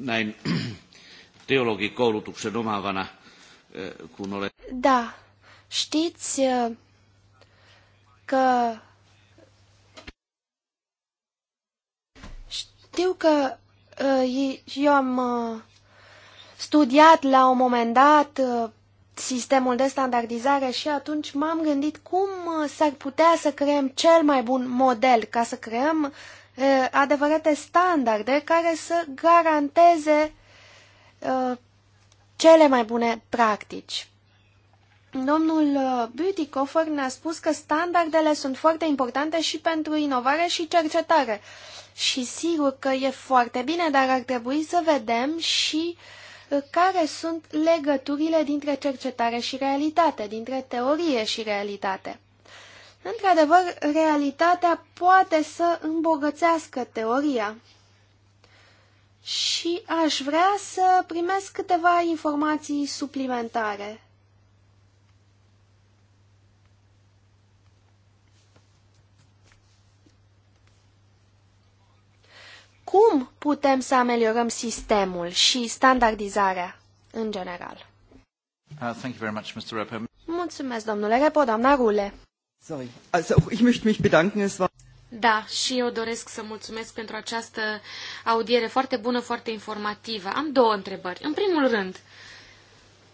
A: näin teologikoulutuksen omaavana, kun olen...
C: Da, știți că... Știu că eu am studiat la un moment dat sistemul de standardizare și atunci m-am gândit cum s-ar putea să creăm cel mai bun model ca să creăm adevărate standarde care să garanteze cele mai bune practici. Domnul Butikofer ne-a spus că standardele sunt foarte importante și pentru inovare și cercetare. Și sigur că e foarte bine, dar ar trebui să vedem și care sunt legăturile dintre cercetare și realitate, dintre teorie și realitate. Într-adevăr, realitatea poate să îmbogățească teoria. Și aș vrea să primesc câteva informații suplimentare. Cum putem să ameliorăm sistemul și standardizarea în general? Uh,
A: thank you very much, Mr.
C: Mulțumesc, domnule Repo, doamna Rule.
A: Sorry. Also, ich möchte mich bedanken. Es war...
B: Da, și eu doresc să mulțumesc pentru această audiere foarte bună, foarte informativă. Am două întrebări. În primul rând,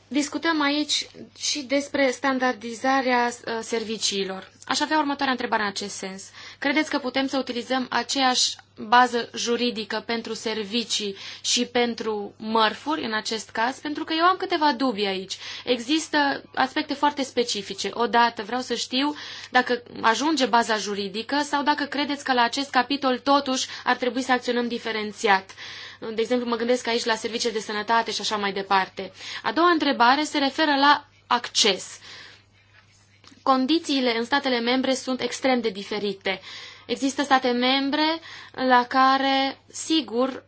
B: discutăm aici și despre standardizarea ă, serviciilor. Aș avea următoarea întrebare în acest sens. Credeți că putem să utilizăm aceeași bază juridică pentru servicii și pentru mărfuri, în acest caz, pentru că eu am câteva dubii aici. Există aspecte foarte specifice. Odată vreau să știu dacă ajunge baza juridică sau dacă credeți că la acest capitol totuși ar trebui să acționăm diferențiat. De exemplu, mă gândesc aici la servicii de sănătate și așa mai departe. A doua întrebare se referă la acces. Condițiile în statele membre sunt extrem de diferite. Uh, Există state membre la care, sigur,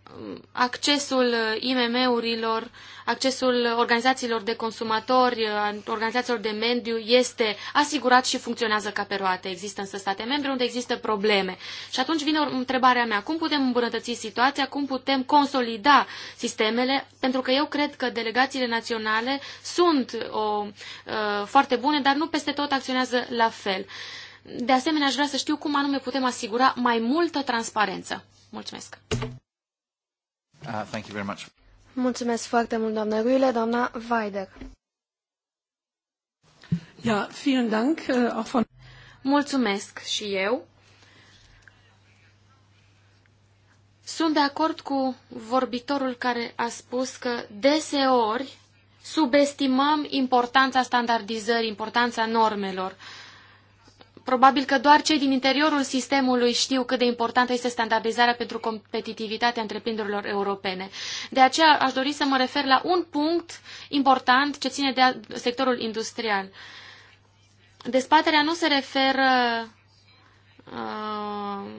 B: accesul IMM-urilor, accesul organizațiilor de consumatori, organizațiilor de mediu este asigurat și funcționează ca pe roate. Există însă state membre unde există probleme. Și atunci vine întrebarea mea, cum putem îmbunătăți situația, cum putem consolida sistemele, pentru că eu cred că delegațiile naționale sunt o, uh, foarte bune, dar nu peste tot acționează la fel. Uh, de asemenea, aș vrea să știu cum anume putem asigura mai multă transparență. Mulțumesc! Uh,
A: thank you very much.
C: Mulțumesc foarte mult, doamnă Ruile, doamna Weider.
B: Ja, vielen Dank, äh, auch von...
C: Mulțumesc
B: și eu. Sunt de acord cu vorbitorul care a spus că deseori subestimăm importanța standardizării, importanța normelor. Uh, Probabil că doar cei din interiorul sistemului știu cât de importantă este standardizarea pentru competitivitatea întreprinderilor europene. De aceea aș dori să mă refer la un punct important ce ține de sectorul industrial. Dezbaterea nu se referă uh,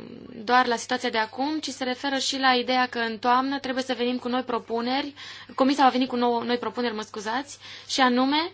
B: doar la situația de acum, ci se referă și la ideea că în toamnă trebuie să venim cu noi propuneri, Comisia va veni cu noi propuneri, mă scuzați, și anume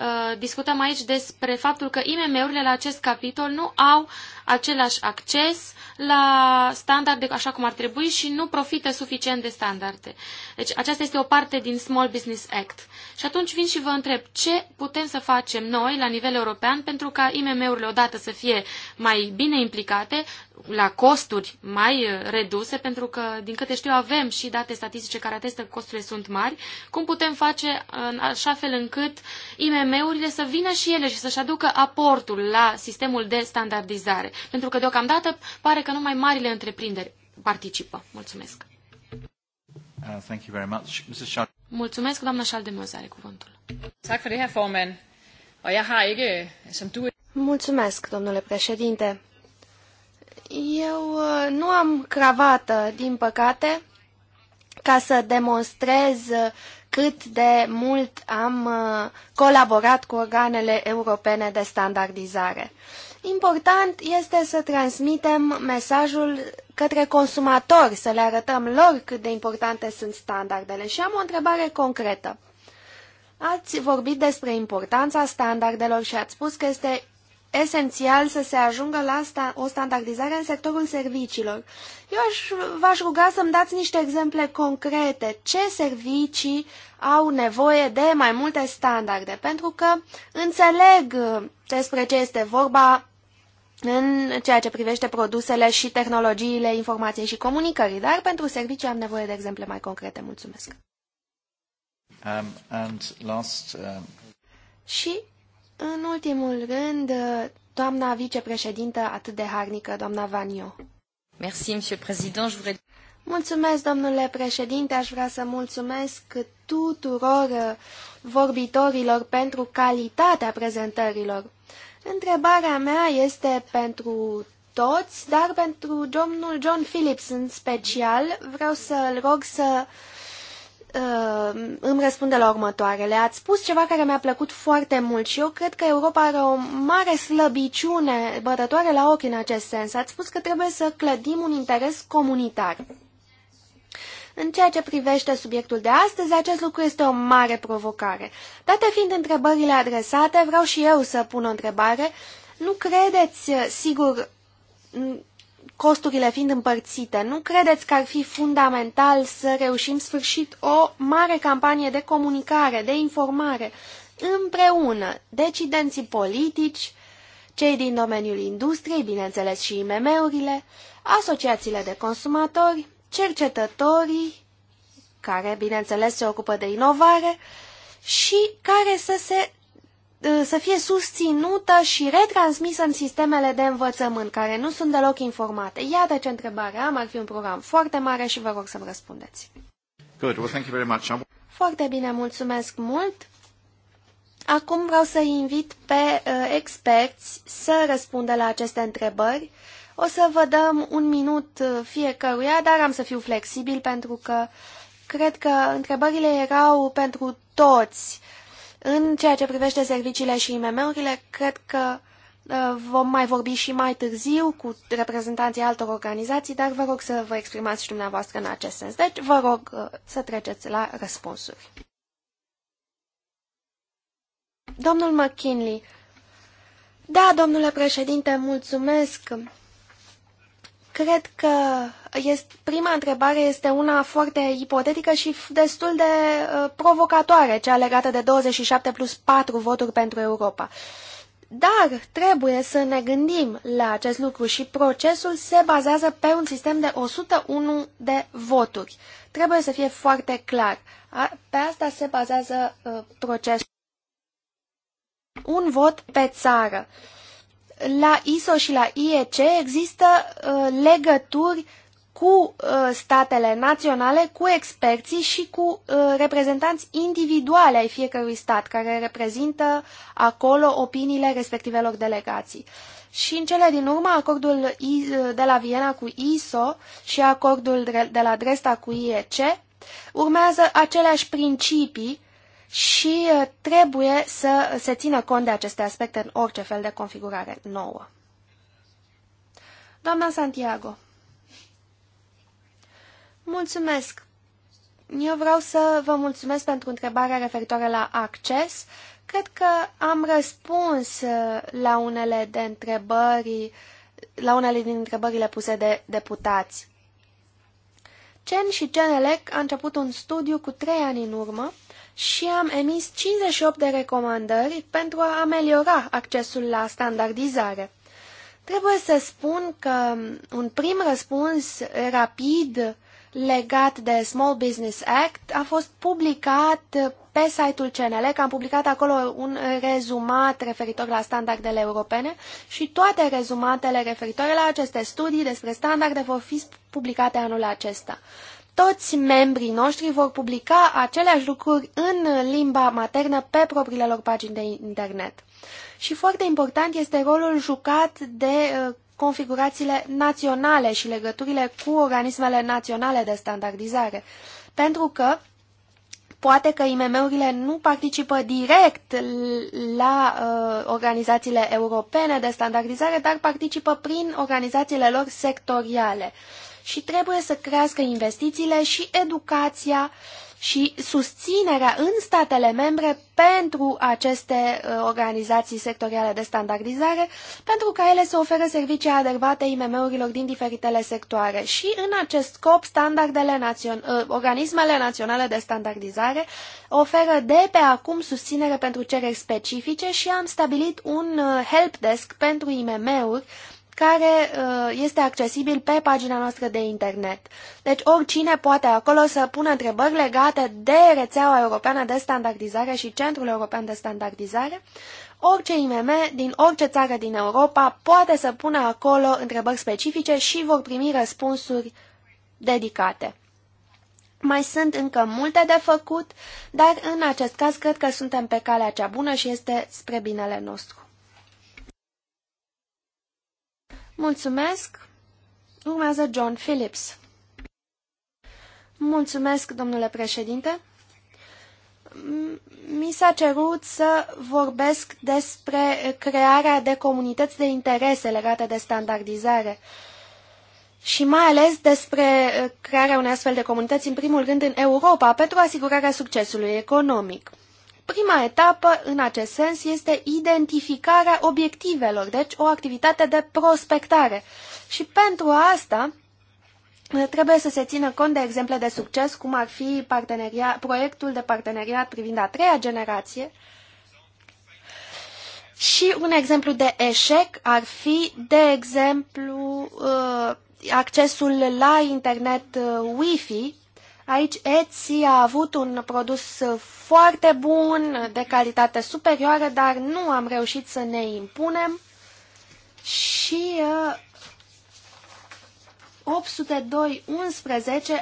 B: Uh, discutăm aici despre faptul că IMM-urile la acest capitol nu au același acces la standarde așa cum ar trebui și nu profită suficient de standarde. Deci aceasta este o parte din Small Business Act. Și atunci vin și vă întreb ce putem să facem noi la nivel european pentru ca IMM-urile odată să fie mai bine implicate, la costuri mai uh, reduse, pentru că, din câte știu, avem și date statistice care atestă că costurile sunt mari, cum putem face uh, în așa fel încât IMM-urile să vină și ele și să-și aducă aportul la sistemul de standardizare pentru că deocamdată pare că numai marile întreprinderi participă. Mulțumesc!
A: Uh, thank you very much. Mrs. Schal-
B: Mulțumesc, doamna Șaldemuz are cuvântul. Øh,
C: Mulțumesc, domnule președinte. Eu uh, nu am cravată, din păcate, ca să demonstrez uh, cât de mult am uh, colaborat cu organele europene de standardizare. Important este să transmitem mesajul către consumatori, să le arătăm lor cât de importante sunt standardele. Și am o întrebare concretă. Ați vorbit despre importanța standardelor și ați spus că este esențial să se ajungă la sta o standardizare în sectorul serviciilor. Eu aș, v-aș ruga să-mi dați niște exemple concrete. Ce servicii au nevoie de mai multe standarde? Pentru că înțeleg despre ce este vorba în ceea ce privește produsele și tehnologiile informației și comunicării, dar pentru servicii am nevoie de exemple mai concrete. Mulțumesc.
A: Um, and last,
B: um...
C: Și, în ultimul rând, doamna vicepreședintă atât de harnică, doamna Vanio.
B: Merci, monsieur président. Je voudrais...
C: Mulțumesc, domnule președinte. Aș vrea să mulțumesc tuturor vorbitorilor pentru calitatea prezentărilor. Întrebarea mea este pentru toți, dar pentru domnul John Phillips în special, vreau să-l rog să uh, îmi răspundă la următoarele. Ați spus ceva care mi-a plăcut foarte mult și eu cred că Europa are o mare slăbiciune bătătoare la ochi în acest sens. Ați spus că trebuie să clădim un interes comunitar. În ceea ce privește subiectul de astăzi, acest lucru este o mare provocare. Date fiind întrebările adresate, vreau și eu să pun o întrebare. Nu credeți, sigur, costurile fiind împărțite, nu credeți că ar fi fundamental să reușim sfârșit o mare campanie de comunicare, de informare, împreună, decidenții politici, cei din domeniul industriei, bineînțeles și IMM-urile, asociațiile de consumatori, cercetătorii care, bineînțeles, se ocupă de inovare și care să, se, ă, să fie susținută și retransmisă în sistemele de învățământ, care nu sunt deloc informate. Iată ce întrebare am, ar fi un program foarte mare și vă rog să-mi răspundeți.
A: Good. Well, thank you very much.
C: Foarte bine, mulțumesc mult. Acum vreau să invit pe uh, experți să răspundă la aceste întrebări o să vă dăm un minut uh, fiecăruia, dar am să fiu flexibil pentru că cred că întrebările erau pentru toți. În ceea ce privește serviciile și IMM-urile, cred că uh, vom mai vorbi și mai târziu cu reprezentanții altor organizații, dar vă rog să vă exprimați și dumneavoastră în acest sens. Deci vă rog uh, să treceți la răspunsuri. Domnul McKinley, da, domnule președinte, mulțumesc. Cred că este, prima întrebare este una foarte ipotetică și destul de uh, provocatoare, cea legată de 27 plus 4 voturi pentru Europa. Dar trebuie să ne gândim la acest lucru și procesul se bazează pe un sistem de 101 de voturi. Trebuie să fie foarte clar. A, pe asta se bazează uh, procesul. Un vot pe țară. Uh, la ISO și la IEC există uh, legături cu uh, statele naționale, cu experții și cu uh, reprezentanți individuale ai fiecărui stat care reprezintă acolo opiniile respectivelor delegații. Și în cele din urmă, acordul uh, de la Viena cu ISO și acordul de la Dresda cu IEC urmează aceleași principii și uh, trebuie să se țină cont de aceste aspecte în orice fel de configurare nouă. Doamna Santiago, mulțumesc! Eu vreau să vă mulțumesc pentru întrebarea referitoare la acces. Cred că am răspuns uh, la unele, de întrebări, la unele din întrebările puse de deputați. CEN și CENELEC a început un studiu cu trei ani în urmă și am emis 58 de recomandări pentru a ameliora accesul la standardizare. Trebuie să spun că un prim răspuns rapid legat de Small Business Act a fost publicat pe site-ul CNL, că am publicat acolo un rezumat referitor la standardele europene și toate rezumatele referitoare la aceste studii despre standarde vor fi publicate anul acesta toți membrii noștri vor publica aceleași lucruri în limba maternă pe propriile lor pagini de internet. Și foarte important este rolul jucat de uh, configurațiile naționale și legăturile cu organismele naționale de standardizare. Pentru că poate că IMM-urile nu participă direct la uh, organizațiile europene de standardizare, dar participă prin organizațiile lor sectoriale. Uh, și trebuie să crească investițiile și educația și susținerea în statele membre pentru aceste uh, organizații sectoriale de standardizare, pentru ca ele să ofere servicii adecvate IMM-urilor din diferitele sectoare. Și în acest scop, standardele națion- uh, organismele naționale de standardizare oferă de pe acum susținere pentru cereri specifice și am stabilit un uh, helpdesk pentru IMM-uri care uh, este accesibil pe pagina noastră de internet. Deci oricine poate acolo să pună întrebări legate de rețeaua europeană de standardizare și Centrul European de Standardizare. Orice IMM din orice țară din Europa poate să pună acolo întrebări specifice și vor primi răspunsuri dedicate. Mai sunt încă multe de făcut, dar în acest caz cred că suntem pe calea cea bună și este spre binele nostru. Mulțumesc! Urmează John Phillips. Mulțumesc, domnule președinte. Mi s-a cerut să vorbesc despre crearea de comunități de interese legate de standardizare și mai ales despre uh, crearea unei astfel de comunități, în primul rând, în Europa, pentru asigurarea succesului economic. Prima etapă în acest sens este identificarea obiectivelor, deci o activitate de prospectare. Și pentru asta trebuie să se țină cont de exemple de succes, cum ar fi proiectul de parteneriat privind a treia generație, și un exemplu de eșec ar fi, de exemplu, uh, accesul la internet uh, Wi-Fi, Aici Etsy a avut un produs foarte bun, de calitate superioară, dar nu am reușit să ne impunem și 802.11 uh,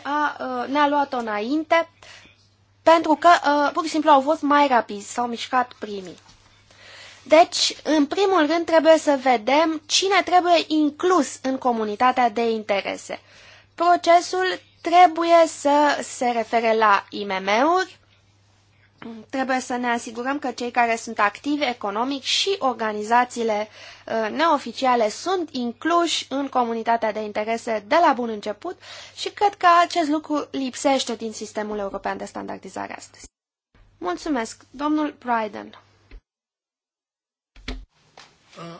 C: a, uh, ne-a luat-o înainte pentru că uh, pur și simplu au fost mai rapizi, s-au mișcat primii. Deci, în primul rând, trebuie să vedem cine trebuie inclus în comunitatea de interese. Procesul Trebuie să se refere la IMM-uri, trebuie să ne asigurăm că cei care sunt activi economic și organizațiile uh, neoficiale sunt incluși în comunitatea de interese de la bun început și cred că acest lucru lipsește din sistemul european de standardizare astăzi. Mulțumesc, domnul Bryden. Uh.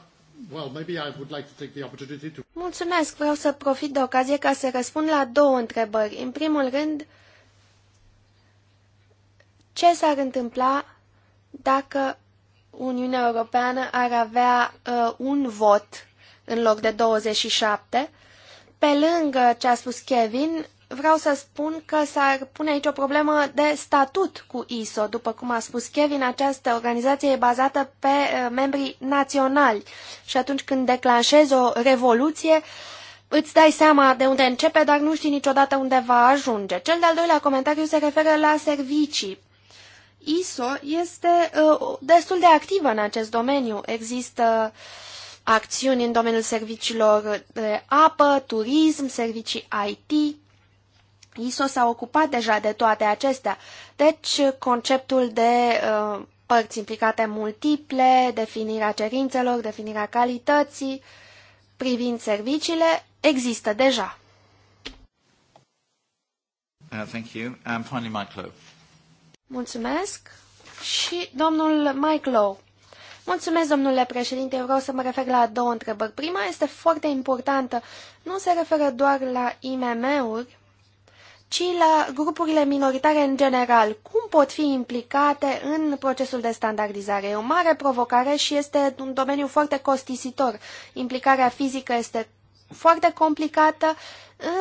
C: Mulțumesc, vreau să profit de ocazie ca să răspund la două întrebări. În primul rând, ce s-ar întâmpla dacă Uniunea Europeană ar avea uh, un vot în loc de 27? Pe lângă ce a spus Kevin, vreau să spun că s-ar pune aici o problemă de statut cu ISO. După cum a spus Kevin, această organizație e bazată pe eh, membrii naționali și atunci când declanșezi o revoluție, îți dai seama de unde începe, dar nu știi niciodată unde va ajunge. Cel de-al doilea comentariu se referă la servicii. ISO este uh, destul de activă în acest domeniu. Există eh, acțiuni în domeniul serviciilor de apă, turism, servicii IT ISO s-a ocupat deja de toate acestea, deci conceptul de uh, părți implicate multiple, definirea cerințelor, definirea calității privind serviciile există deja.
A: Uh, thank you. And finally, Mike Lowe.
C: Mulțumesc. Și domnul Mike Lowe. Mulțumesc, domnule președinte. Eu vreau să mă refer la două întrebări. Prima este foarte importantă. Nu se referă doar la IMM-uri, ci la grupurile minoritare în general. Cum pot fi implicate în procesul de standardizare? E o mare provocare și este un domeniu foarte costisitor. Implicarea fizică este foarte complicată,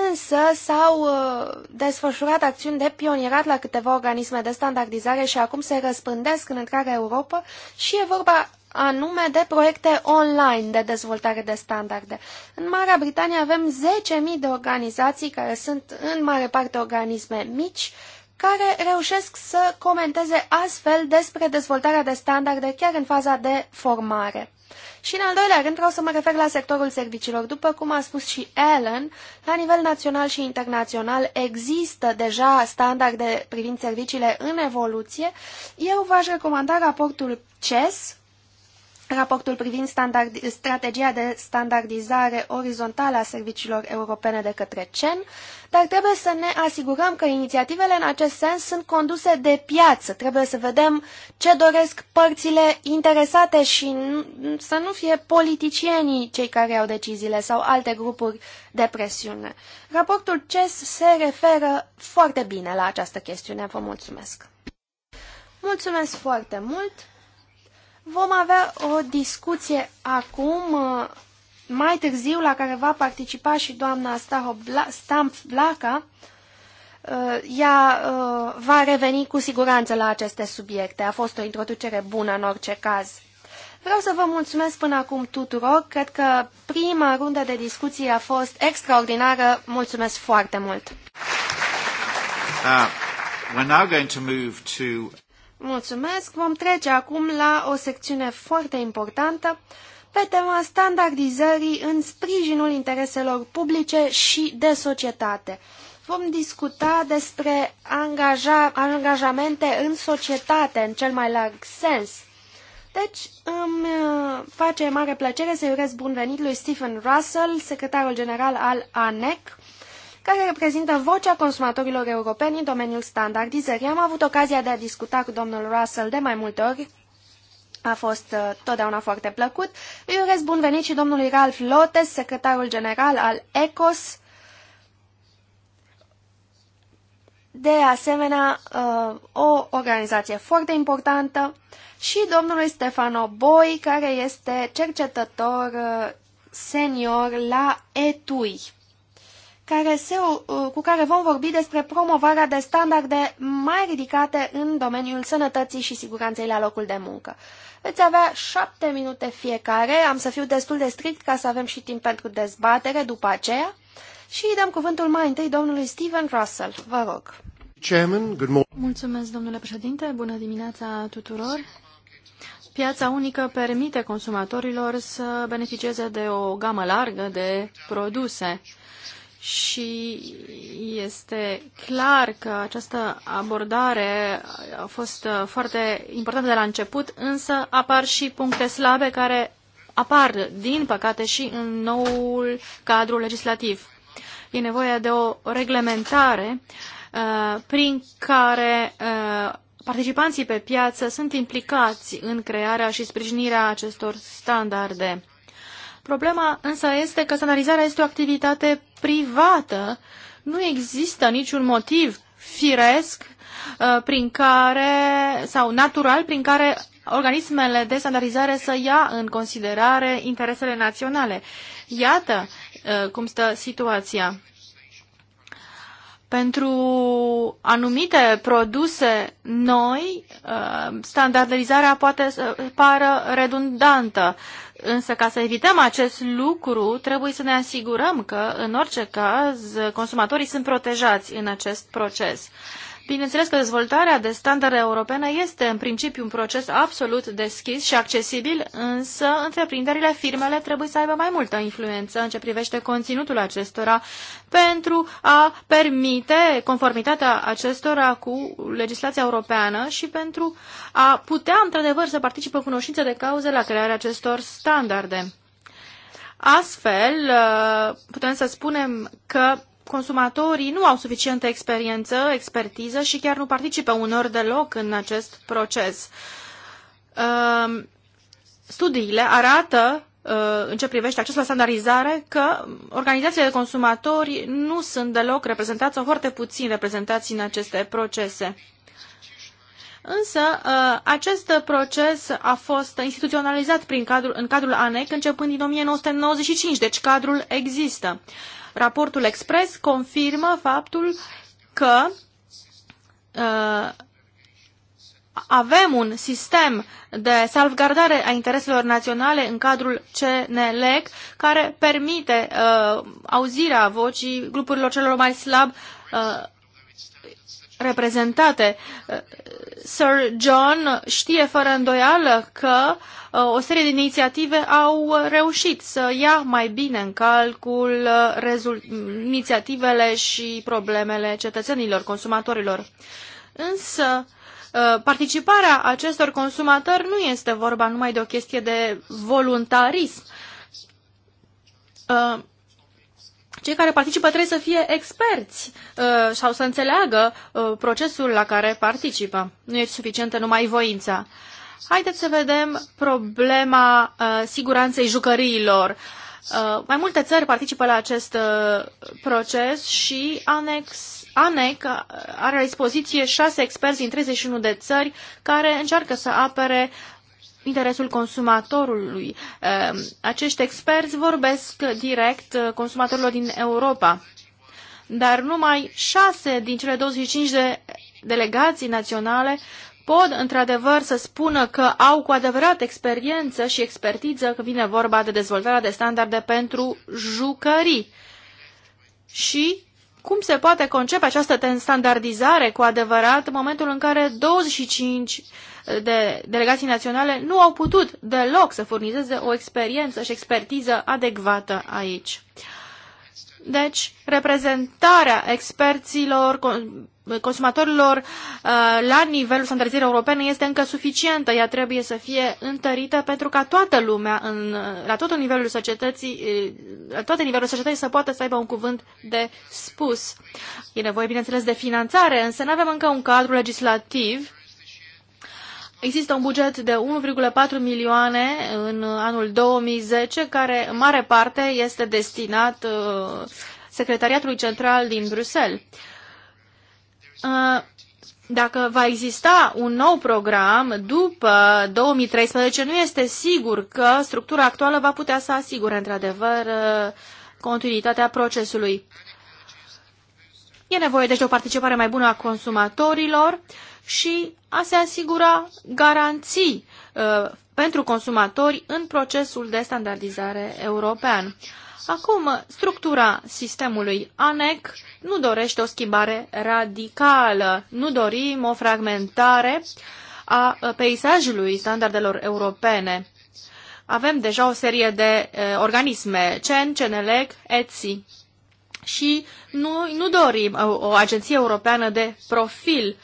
C: însă s-au uh, desfășurat acțiuni de pionierat la câteva organisme de standardizare și acum se răspândesc în întreaga Europa și e vorba anume de proiecte online de dezvoltare de standarde. În Marea Britanie avem 10.000 de organizații care sunt în mare parte organisme mici, care reușesc să comenteze astfel despre dezvoltarea de standarde chiar în faza de formare. Și în al doilea rând vreau să mă refer la sectorul serviciilor. După cum a spus și Ellen, la nivel național și internațional există deja standarde privind serviciile în evoluție. Eu v-aș recomanda raportul CES, raportul privind standard, strategia de standardizare orizontală a serviciilor europene de către CEN, dar trebuie să ne asigurăm că inițiativele în acest sens sunt conduse de piață. Trebuie să vedem ce doresc părțile interesate și să nu fie politicienii cei care au deciziile sau alte grupuri de presiune. Raportul CES se referă foarte bine la această chestiune. Vă mulțumesc! Mulțumesc foarte mult! Vom avea o discuție acum, uh, mai târziu, la care va participa și doamna Stamp Blaca. Uh, ea uh, va reveni cu siguranță la aceste subiecte. A fost o introducere bună în orice caz. Vreau să vă mulțumesc până acum tuturor. Cred că prima rundă de discuții a fost extraordinară. Mulțumesc foarte mult!
A: Uh, we're now going to move to...
C: Mulțumesc! Vom trece acum la o secțiune foarte importantă pe tema standardizării în sprijinul intereselor publice și de societate. Vom discuta despre angaja, angajamente în societate, în cel mai larg sens. Deci, îmi uh, face mare plăcere să-i urez bun venit lui Stephen Russell, secretarul general al ANEC, care reprezintă vocea consumatorilor europeni în domeniul standardizării. Am avut ocazia de a discuta cu domnul Russell de mai multe ori. A fost uh, totdeauna foarte plăcut. Îi urez bun venit și domnului Ralph Lotes, secretarul general al ECOS. De asemenea, uh, o organizație foarte importantă și domnului Stefano Boi, care este cercetător uh, senior la ETUI care se, uh, cu care vom vorbi despre promovarea de standarde mai ridicate în domeniul sănătății și siguranței la locul de muncă. Veți avea șapte minute fiecare, am să fiu destul de strict ca să avem și timp pentru dezbatere după aceea și îi dăm cuvântul mai întâi domnului Steven Russell. Vă rog.
A: Chairman, good morning.
C: Mulțumesc, domnule președinte. Bună dimineața tuturor.
D: Piața unică permite consumatorilor să beneficieze de o gamă largă de produse și este clar că această abordare a fost uh, foarte importantă de la început, însă apar și puncte slabe care apar, din păcate, și în noul cadru legislativ. E nevoie de o reglementare uh, prin care uh, participanții pe piață sunt implicați în crearea și sprijinirea acestor standarde. Problema însă este că sanalizarea este o activitate privată. Nu există niciun motiv firesc uh, prin care, sau natural prin care organismele de standardizare să ia în considerare interesele naționale. Iată uh, cum stă situația. Pentru anumite produse noi, uh, standardizarea poate să pară redundantă. Însă, ca să evităm acest lucru, trebuie să ne asigurăm că, în orice caz, consumatorii sunt protejați în acest proces. Bineînțeles că dezvoltarea de standarde europene este în principiu un proces absolut deschis și accesibil, însă întreprinderile, firmele trebuie să aibă mai multă influență în ce privește conținutul acestora pentru a permite conformitatea acestora cu legislația europeană și pentru a putea într-adevăr să participe cu cunoștință de cauză la crearea acestor standarde. Astfel, putem să spunem că consumatorii nu au suficientă experiență, expertiză și chiar nu participă unor deloc în acest proces. Ehm, studiile arată uh, în ce privește accesul la standardizare, că organizațiile de consumatori nu sunt deloc reprezentați sau foarte puțin reprezentați în aceste procese. Însă, uh, acest proces a fost instituționalizat prin cadrul, în cadrul ANEC începând din 1995, deci cadrul există. Raportul expres confirmă faptul că uh, avem un sistem de salvgardare a intereselor naționale în cadrul CNLEC care permite uh, auzirea vocii grupurilor celor mai slab uh, reprezentate. Uh, Sir John știe fără îndoială că uh, o serie de inițiative au uh, reușit să ia mai bine în calcul inițiativele și problemele cetățenilor, consumatorilor. Însă, participarea acestor consumatori nu este vorba numai de o chestie de voluntarism cei care participă trebuie să fie experți uh, sau să înțeleagă uh, procesul la care participă. Nu e suficientă numai voința. Haideți să vedem problema uh, siguranței jucăriilor. Uh, mai multe țări participă la acest uh, proces și Anex, ANEC are la dispoziție șase experți din 31 de țări care încearcă să apere interesul consumatorului. Ehm, acești experți vorbesc direct eh, consumatorilor din Europa, dar numai șase din cele 25 de delegații naționale pot într-adevăr să spună că au cu adevărat experiență și expertiză când vine vorba de dezvoltarea de standarde pentru jucării. Și cum se poate concepe această standardizare cu adevărat în momentul în care 25 de delegații naționale nu au putut deloc să furnizeze o experiență și expertiză adecvată aici. Deci, reprezentarea experților, consumatorilor uh, la nivelul standardizării europene este încă suficientă. Ea trebuie să fie întărită pentru ca toată lumea, în, uh, la, tot nivelul societății, uh, la toate nivelul societății să poată să aibă un cuvânt de spus. E nevoie, bineînțeles, de finanțare, însă nu avem încă un cadru legislativ Există un buget de 1,4 milioane în anul 2010, care în mare parte este destinat Secretariatului Central din Bruxelles. Uh, dacă va exista un nou program după 2013, nu este sigur că structura actuală va putea să asigure, într-adevăr, uh, continuitatea procesului. E nevoie, deci, de o participare mai bună a consumatorilor și a se asigura garanții uh, pentru consumatori în procesul de standardizare european. Uh, Acum, structura sistemului ANEC nu dorește o schimbare radicală, nu dorim o fragmentare a peisajului standardelor europene. Avem deja o serie de uh, organisme, CEN, CENELEC, ETSI și nu, nu dorim o, o agenție europeană de profil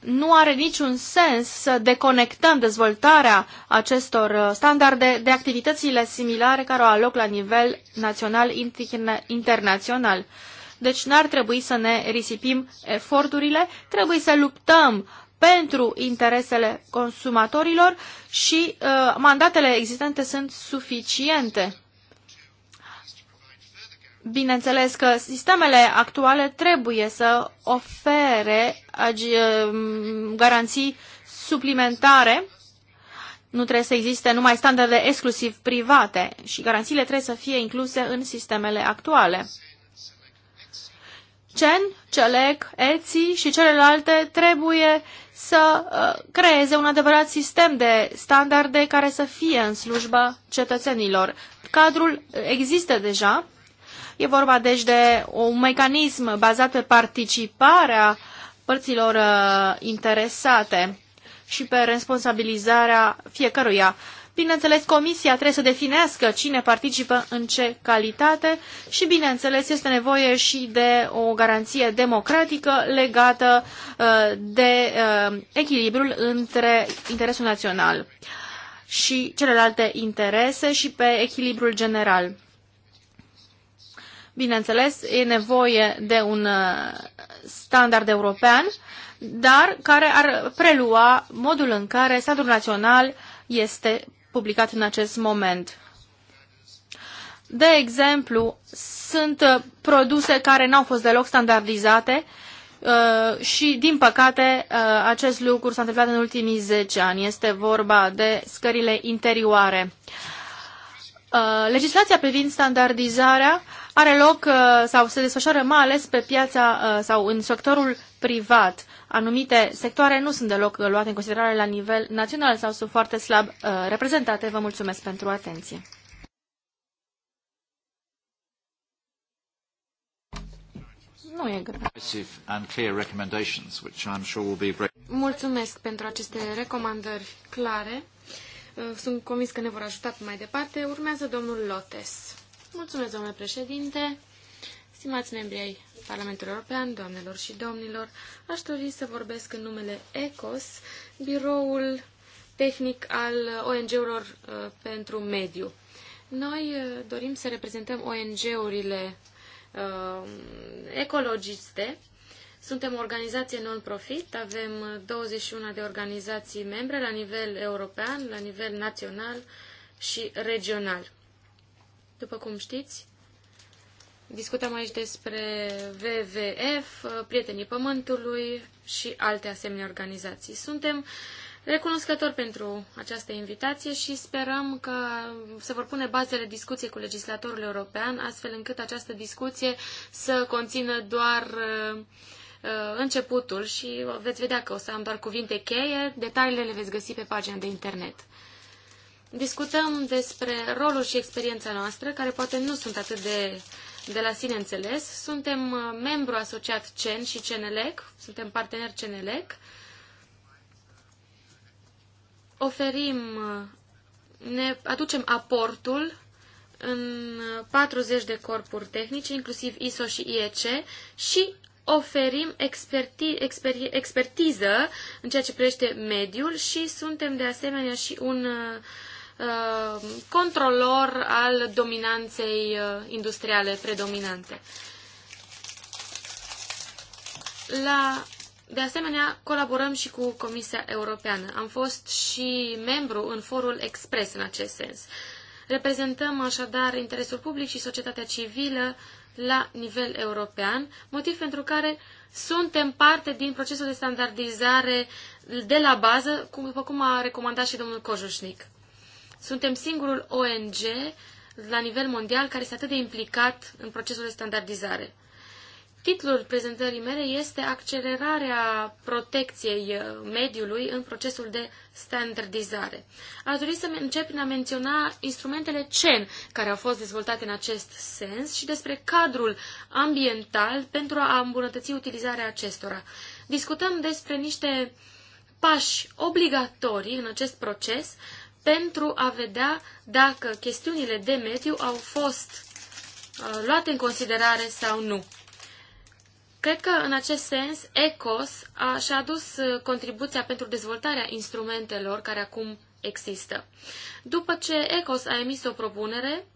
D: nu are niciun sens să deconectăm dezvoltarea acestor uh, standarde de activitățile similare care au loc la nivel național internațional. Deci n-ar trebui să ne risipim eforturile, trebuie să luptăm pentru interesele consumatorilor și uh, mandatele existente sunt suficiente. Bineînțeles că sistemele actuale trebuie să ofere um, garanții suplimentare. Nu trebuie să existe numai standarde exclusiv private și garanțiile trebuie să fie incluse în sistemele actuale. CEN, CELEC, ETSI și celelalte trebuie să uh, creeze un adevărat sistem de standarde care să fie în slujba cetățenilor. Cadrul există deja E vorba deci de un mecanism bazat pe participarea părților uh, interesate și pe responsabilizarea fiecăruia. Bineînțeles, comisia trebuie să definească cine participă în ce calitate și, bineînțeles, este nevoie și de o garanție democratică legată uh, de uh, echilibrul între interesul național și celelalte interese și pe echilibrul general. Bineînțeles, e nevoie de un uh, standard european, dar care ar prelua modul în care standardul național este publicat în acest moment. De exemplu, sunt uh, produse care n-au fost deloc standardizate uh, și, din păcate, acest lucru s-a întâmplat în ultimii 10 ani. Este vorba de scările interioare. Legislația privind standardizarea are loc uh, sau se desfășoară mai ales pe piața uh, sau în sectorul privat. Anumite sectoare nu sunt deloc uh, luate în considerare la nivel național sau sunt foarte slab reprezentate. Vă mulțumesc pentru atenție.
B: nu e greu. Mulțumesc pentru aceste recomandări clare. Sunt convins că ne vor ajuta mai departe. Urmează domnul Lotes. Mulțumesc, domnule președinte. Stimați membri ai Parlamentului European, doamnelor și domnilor, aș dori să vorbesc în numele ECOS, biroul tehnic al ONG-urilor uh, pentru mediu. Noi uh, dorim să reprezentăm ONG-urile uh, ecologiste. Suntem o organizație non-profit, avem 21 de organizații membre la nivel european, la nivel național și regional. După cum știți, discutăm aici despre WWF, Prietenii Pământului și alte asemenea organizații. Suntem recunoscători pentru această invitație și sperăm că se vor pune bazele discuției cu legislatorul european, astfel încât această discuție să conțină doar uh, începutul și veți vedea că o să am doar cuvinte cheie, detaliile le veți găsi pe pagina de internet. Discutăm despre rolul și experiența noastră, care poate nu sunt atât de, de la sine înțeles. Suntem uh, membru asociat CEN și CENELEC, suntem parteneri CENELEC. Oferim, uh, ne aducem aportul în 40 de corpuri tehnice, inclusiv ISO și IEC, și oferim experti, exper, expertiză în ceea ce privește mediul și suntem de asemenea și un uh, Uh, controlor al dominanței uh, industriale predominante. La, de asemenea, colaborăm și cu Comisia Europeană. Am fost și membru în forul Expres în acest sens. Reprezentăm așadar interesul public și societatea civilă la nivel european, motiv pentru care suntem parte din procesul de standardizare de la bază, după cum a recomandat și domnul Cojușnic. Suntem singurul ONG la nivel mondial care este atât de implicat în procesul de standardizare. Titlul prezentării mele este Accelerarea protecției uh, mediului în procesul de standardizare. Aș dori să încep prin a menționa instrumentele CEN care au fost dezvoltate în acest sens și despre cadrul ambiental pentru a îmbunătăți utilizarea acestora. Discutăm despre niște pași obligatorii în acest proces pentru a vedea dacă chestiunile de mediu au fost uh, luate în considerare sau nu. Cred că, în acest sens, ECOS a, și-a adus uh, contribuția pentru dezvoltarea instrumentelor care acum există. După ce ECOS a emis o propunere,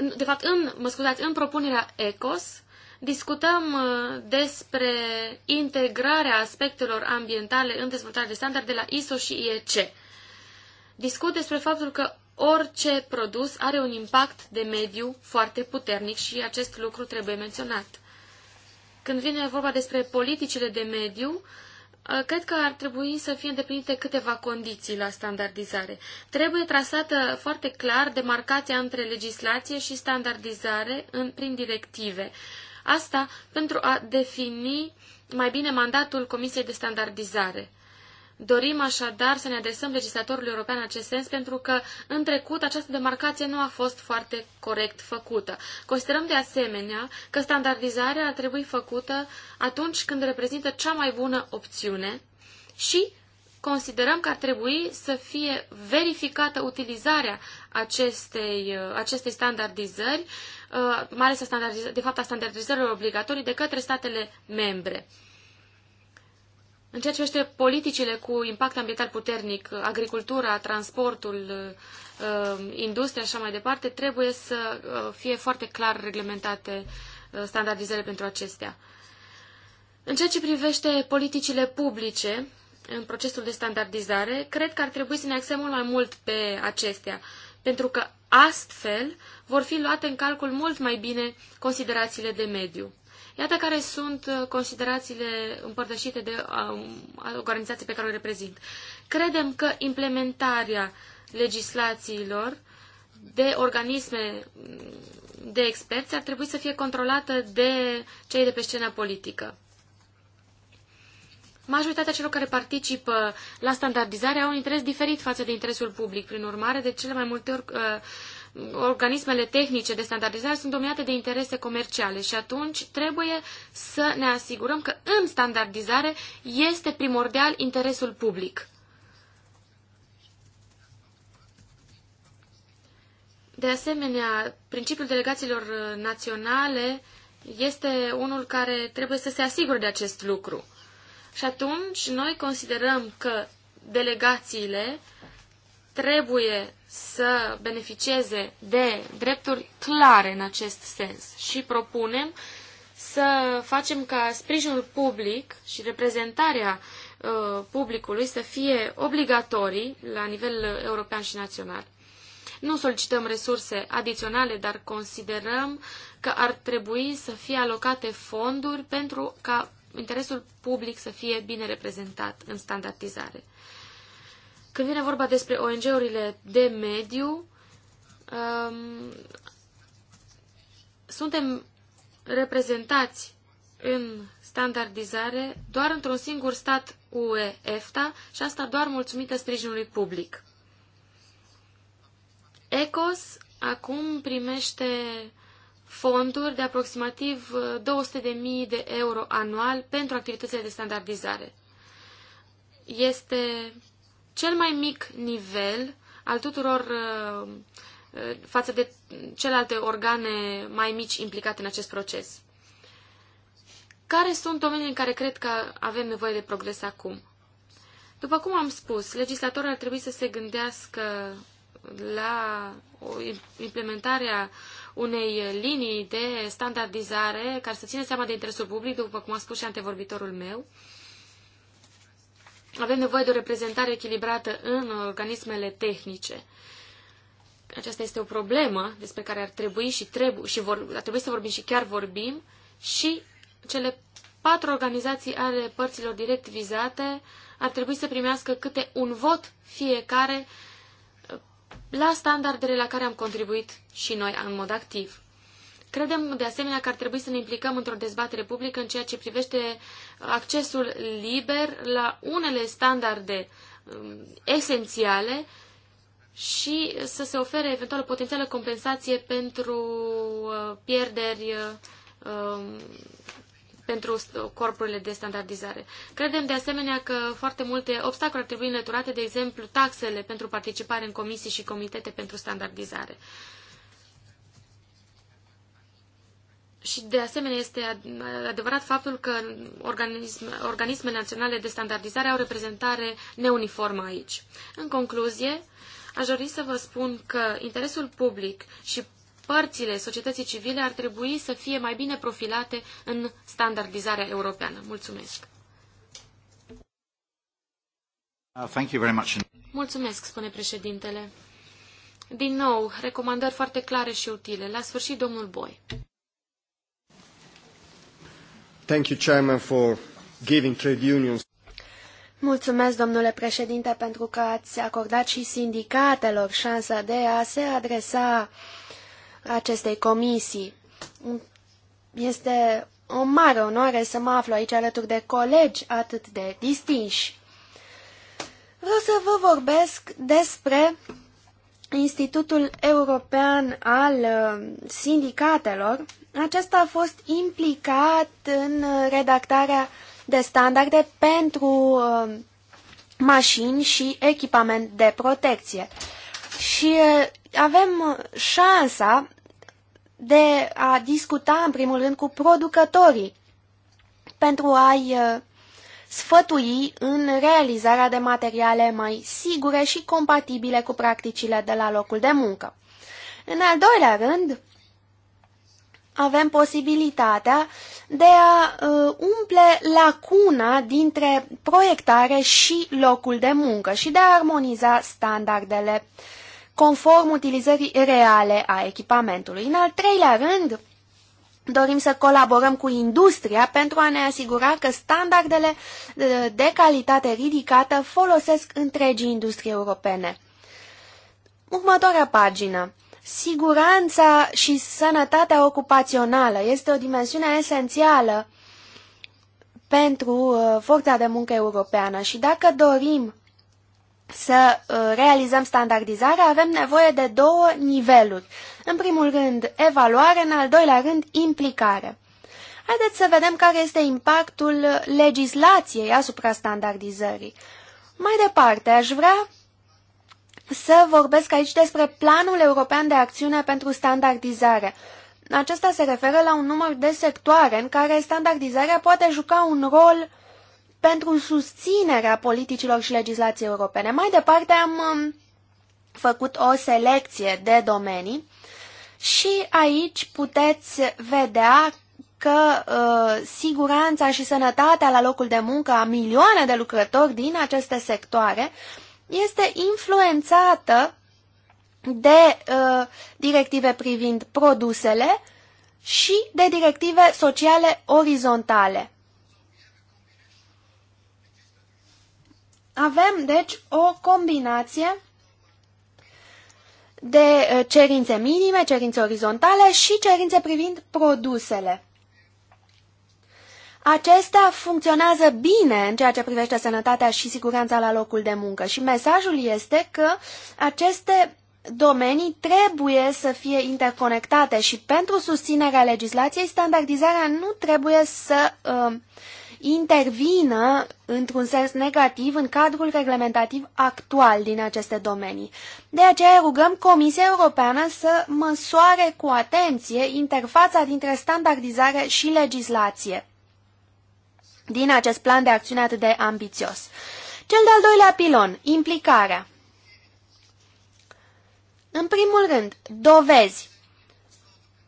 B: uh, de fapt, în, mă scuzați, în propunerea ECOS, discutăm despre integrarea aspectelor ambientale în dezvoltarea de standarde de la ISO și IEC discut despre faptul că orice produs are un impact de mediu foarte puternic și acest lucru trebuie menționat. Când vine vorba despre politicile de mediu, uh, cred că ar trebui să fie îndeplinite câteva condiții la standardizare. Trebuie trasată foarte clar demarcația între legislație și standardizare în, prin directive. Asta pentru a defini mai bine mandatul Comisiei de Standardizare. Dorim așadar să ne adresăm legislatorului european în acest sens pentru că în trecut această demarcație nu a fost foarte corect făcută. Considerăm de asemenea că standardizarea ar trebui făcută atunci când reprezintă cea mai bună opțiune și considerăm că ar trebui să fie verificată utilizarea acestei, acestei standardizări, uh, mai ales a de fapt a standardizărilor obligatorii de către statele membre. În ceea ce privește politicile cu impact ambiental puternic, agricultura, transportul, uh, industria și așa mai departe, trebuie să uh, fie foarte clar reglementate uh, standardizările pentru acestea. În ceea ce privește politicile publice în procesul de standardizare, cred că ar trebui să ne axăm mult mai mult pe acestea, pentru că astfel vor fi luate în calcul mult mai bine considerațiile de mediu. Iată care sunt uh, considerațiile împărtășite de um, organizații pe care o reprezint. Credem că implementarea legislațiilor de organisme mm, de experți ar trebui să fie controlată de cei de pe scena politică. Majoritatea celor care participă la standardizare au un interes diferit față de interesul public. Prin urmare, de cele mai multe ori, uh, organismele tehnice de standardizare sunt dominate de interese comerciale și atunci trebuie să ne asigurăm că în standardizare este primordial interesul public. De asemenea, principiul delegațiilor naționale este unul care trebuie să se asigure de acest lucru. Și atunci noi considerăm că delegațiile trebuie să beneficieze de drepturi clare în acest sens și propunem să facem ca sprijinul public și reprezentarea uh, publicului să fie obligatorii la nivel european și național. Nu solicităm resurse adiționale, dar considerăm că ar trebui să fie alocate fonduri pentru ca interesul public să fie bine reprezentat în standardizare. Când vine vorba despre ONG-urile de mediu, um, suntem reprezentați în standardizare doar într-un singur stat UE, EFTA, și asta doar mulțumită sprijinului public. ECOS acum primește fonduri de aproximativ 200.000 uh, de euro anual pentru activitățile de standardizare. Este cel mai mic nivel al tuturor uh, uh, față de celelalte organe mai mici implicate în acest proces. Care sunt domeniile în care cred că avem nevoie de progres acum? După cum am spus, legislatorul ar trebui să se gândească la implementarea unei linii de standardizare care să țină seama de interesul public, după cum a spus și antevorbitorul meu, avem nevoie de o reprezentare echilibrată în organismele tehnice. Aceasta este o problemă despre care ar trebui și, trebu- și vor, ar trebui să vorbim și chiar vorbim și cele patru organizații ale părților direct vizate ar trebui să primească câte un vot fiecare la standardele la care am contribuit și noi în mod activ. Credem, de asemenea, că ar trebui să ne implicăm într-o dezbatere publică în ceea ce privește uh, accesul liber la unele standarde um, esențiale și să se ofere eventual o potențială compensație pentru uh, pierderi uh, um, pentru corpurile de standardizare. Credem de asemenea că foarte multe obstacole ar trebui înlăturate, de exemplu taxele pentru participare în comisii și comitete pentru standardizare. Și de asemenea este adevărat faptul că organisme, organisme naționale de standardizare au reprezentare neuniformă aici. În concluzie, aș dori să vă spun că interesul public și părțile societății civile ar trebui să fie mai bine profilate în standardizarea europeană. Mulțumesc!
A: Uh, thank you very much.
B: Mulțumesc, spune președintele. Din nou, recomandări foarte clare și utile. La sfârșit,
C: domnul Boi.
A: Thank you, Chairman, for giving trade unions.
C: Mulțumesc, domnule președinte, pentru că ați acordat și sindicatelor șansa de a se adresa acestei comisii. Este o mare onoare să mă aflu aici alături de colegi atât de distinși. Vreau să vă vorbesc despre Institutul European al uh, Sindicatelor, acesta a fost implicat în redactarea de standarde pentru uh, mașini și echipament de protecție. Și uh, avem șansa de a discuta, în primul rând, cu producătorii pentru a-i uh, sfătui în realizarea de materiale mai sigure și compatibile cu practicile de la locul de muncă. În al doilea rând, avem posibilitatea de a uh, umple lacuna dintre proiectare și locul de muncă și de a armoniza standardele conform utilizării reale a echipamentului. În al treilea rând, Dorim să colaborăm cu industria pentru a ne asigura că standardele uh, de calitate ridicată folosesc întregii industrie europene. Următoarea pagină. Siguranța și sănătatea ocupațională este o dimensiune esențială pentru uh, forța de muncă europeană și dacă dorim să uh, realizăm standardizarea, avem nevoie de două niveluri. În primul rând, evaluare, în al doilea rând, implicare. Haideți să vedem care este impactul legislației asupra standardizării. Mai departe, aș vrea să vorbesc aici despre Planul European de Acțiune pentru Standardizare. Acesta se referă la un număr de sectoare în care standardizarea poate juca un rol pentru susținerea politicilor și legislației europene. Mai departe am um, făcut o selecție de domenii și aici puteți vedea că uh, siguranța și sănătatea la locul de muncă a milioane de lucrători din aceste sectoare uh, este influențată de uh, directive privind produsele și de directive sociale orizontale. Avem, deci, o combinație de uh, cerințe minime, cerințe orizontale și cerințe privind produsele. Acestea funcționează bine în ceea ce privește sănătatea și siguranța la locul de muncă și mesajul este că aceste domenii trebuie să fie interconectate și pentru susținerea legislației standardizarea nu trebuie să uh, intervină într-un sens negativ în cadrul reglementativ actual din aceste domenii. De aceea rugăm Comisia Europeană să măsoare cu atenție interfața dintre standardizare și legislație din acest plan de acțiune atât de ambițios. Cel de-al doilea pilon, implicarea. În primul rând, dovezi.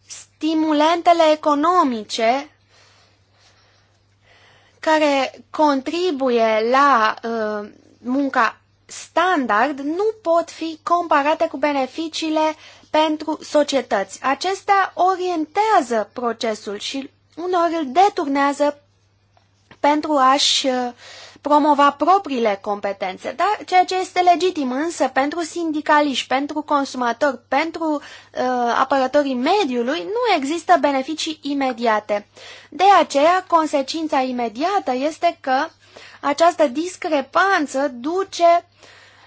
C: Stimulentele economice care contribuie la uh, munca standard nu pot fi comparate cu beneficiile pentru societăți. Acestea orientează procesul și uneori îl deturnează pentru a-și uh, promova propriile competențe, dar ceea ce este legitim însă pentru sindicaliști, pentru consumatori, pentru uh, apărătorii mediului, nu există beneficii imediate. De aceea, consecința imediată este că această discrepanță duce